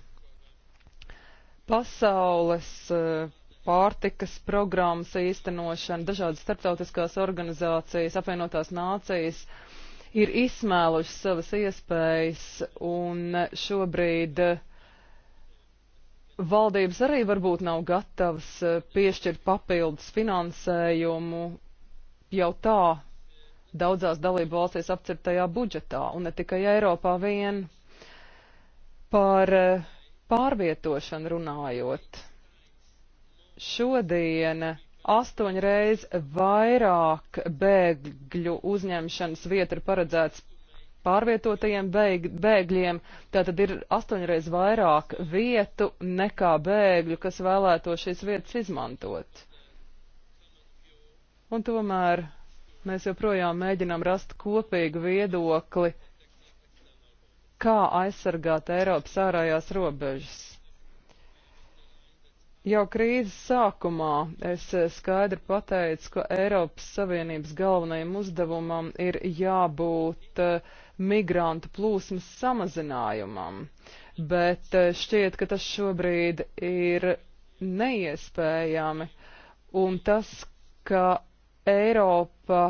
Pasaules uh, pārtikas programmas īstenošana, dažādas starptautiskās organizācijas, apvienotās nācijas ir izsmēluši savas iespējas un šobrīd eh, valdības arī varbūt nav gatavas eh, piešķirt papildus finansējumu jau tā daudzās dalību valstīs apcirtajā budžetā un ne tikai Eiropā vien par eh, pārvietošanu runājot šodien astoņreiz vairāk bēgļu uzņemšanas vietu ir paredzēts pārvietotajiem bēg, bēgļiem, tātad ir astoņreiz vairāk vietu nekā bēgļu, kas vēlēto šīs vietas izmantot. Un tomēr mēs joprojām mēģinām rast kopīgu viedokli, kā aizsargāt Eiropas ārējās robežas. Jau krīzes sākumā es eh, skaidri pateicu, ka Eiropas Savienības galvenajam uzdevumam ir jābūt eh, migrantu plūsmas samazinājumam, bet eh, šķiet, ka tas šobrīd ir neiespējami, un tas, ka Eiropa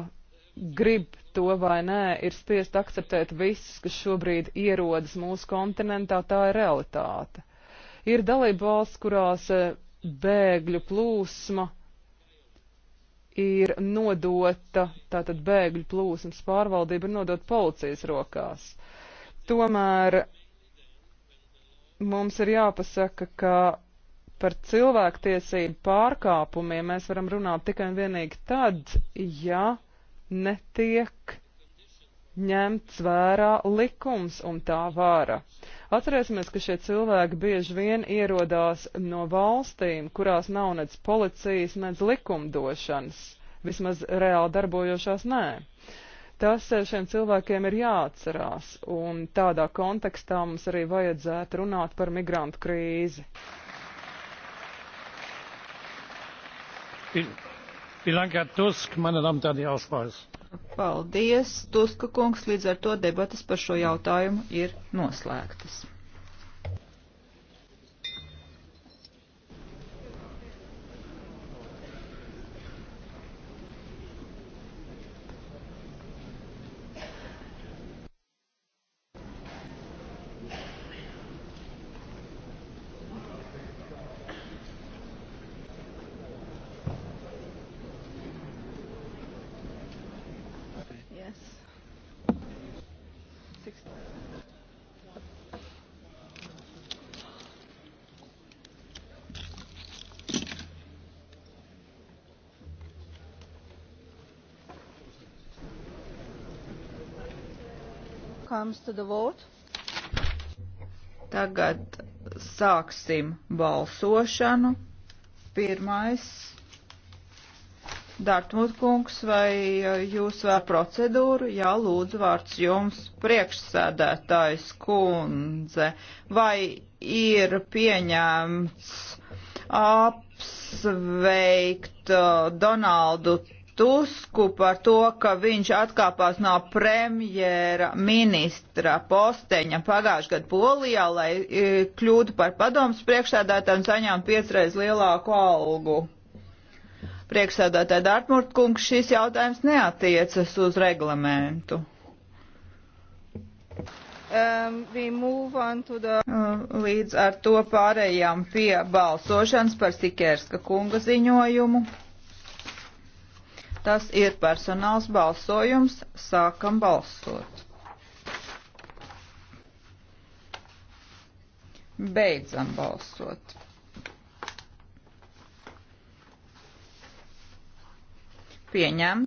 grib to vai nē, ir spiest akceptēt visus, kas šobrīd ierodas mūsu kontinentā, tā ir realitāte. Ir dalība valsts, kurās e, bēgļu plūsma ir nodota, tātad bēgļu plūsmas pārvaldība ir nodota policijas rokās. Tomēr mums ir jāpasaka, ka par cilvēktiesību pārkāpumiem mēs varam runāt tikai un vienīgi tad, ja netiek ņemts vērā likums un tā vara. Atcerēsimies, ka šie cilvēki bieži vien ierodās no valstīm, kurās nav nec policijas, nec likumdošanas, vismaz reāli darbojošās nē. Tas eh, šiem cilvēkiem ir jāatcerās, un tādā kontekstā mums arī vajadzētu runāt par migrantu krīzi. Ir Paldies, Tuska kungs, līdz ar to debatas par šo jautājumu ir noslēgtas. comes to the vote. Tagad sāksim balsošanu. Pirmais. Dārtmut kungs, vai eh, jūs vēl procedūru? Jā, lūdzu, vārds jums priekšsēdētājs kundze. Vai ir pieņemts apsveikt eh, Donaldu Tusku par to, ka viņš atkāpās no premjera ministra posteņa pagājušajā gadā Polijā, lai e, kļūtu par padomus priekšsēdētāju un saņemtu piecreiz lielāku algu. Priekšsēdētāja Dārtmurt kungs šis jautājums neatiecas uz reglamentu. Um, the... Uh, līdz ar to pārējām pie balsošanas par Sikerska kunga ziņojumu. Tas ir personāls balsojums. Sākam balsot. Beidzam balsot. Pieņem.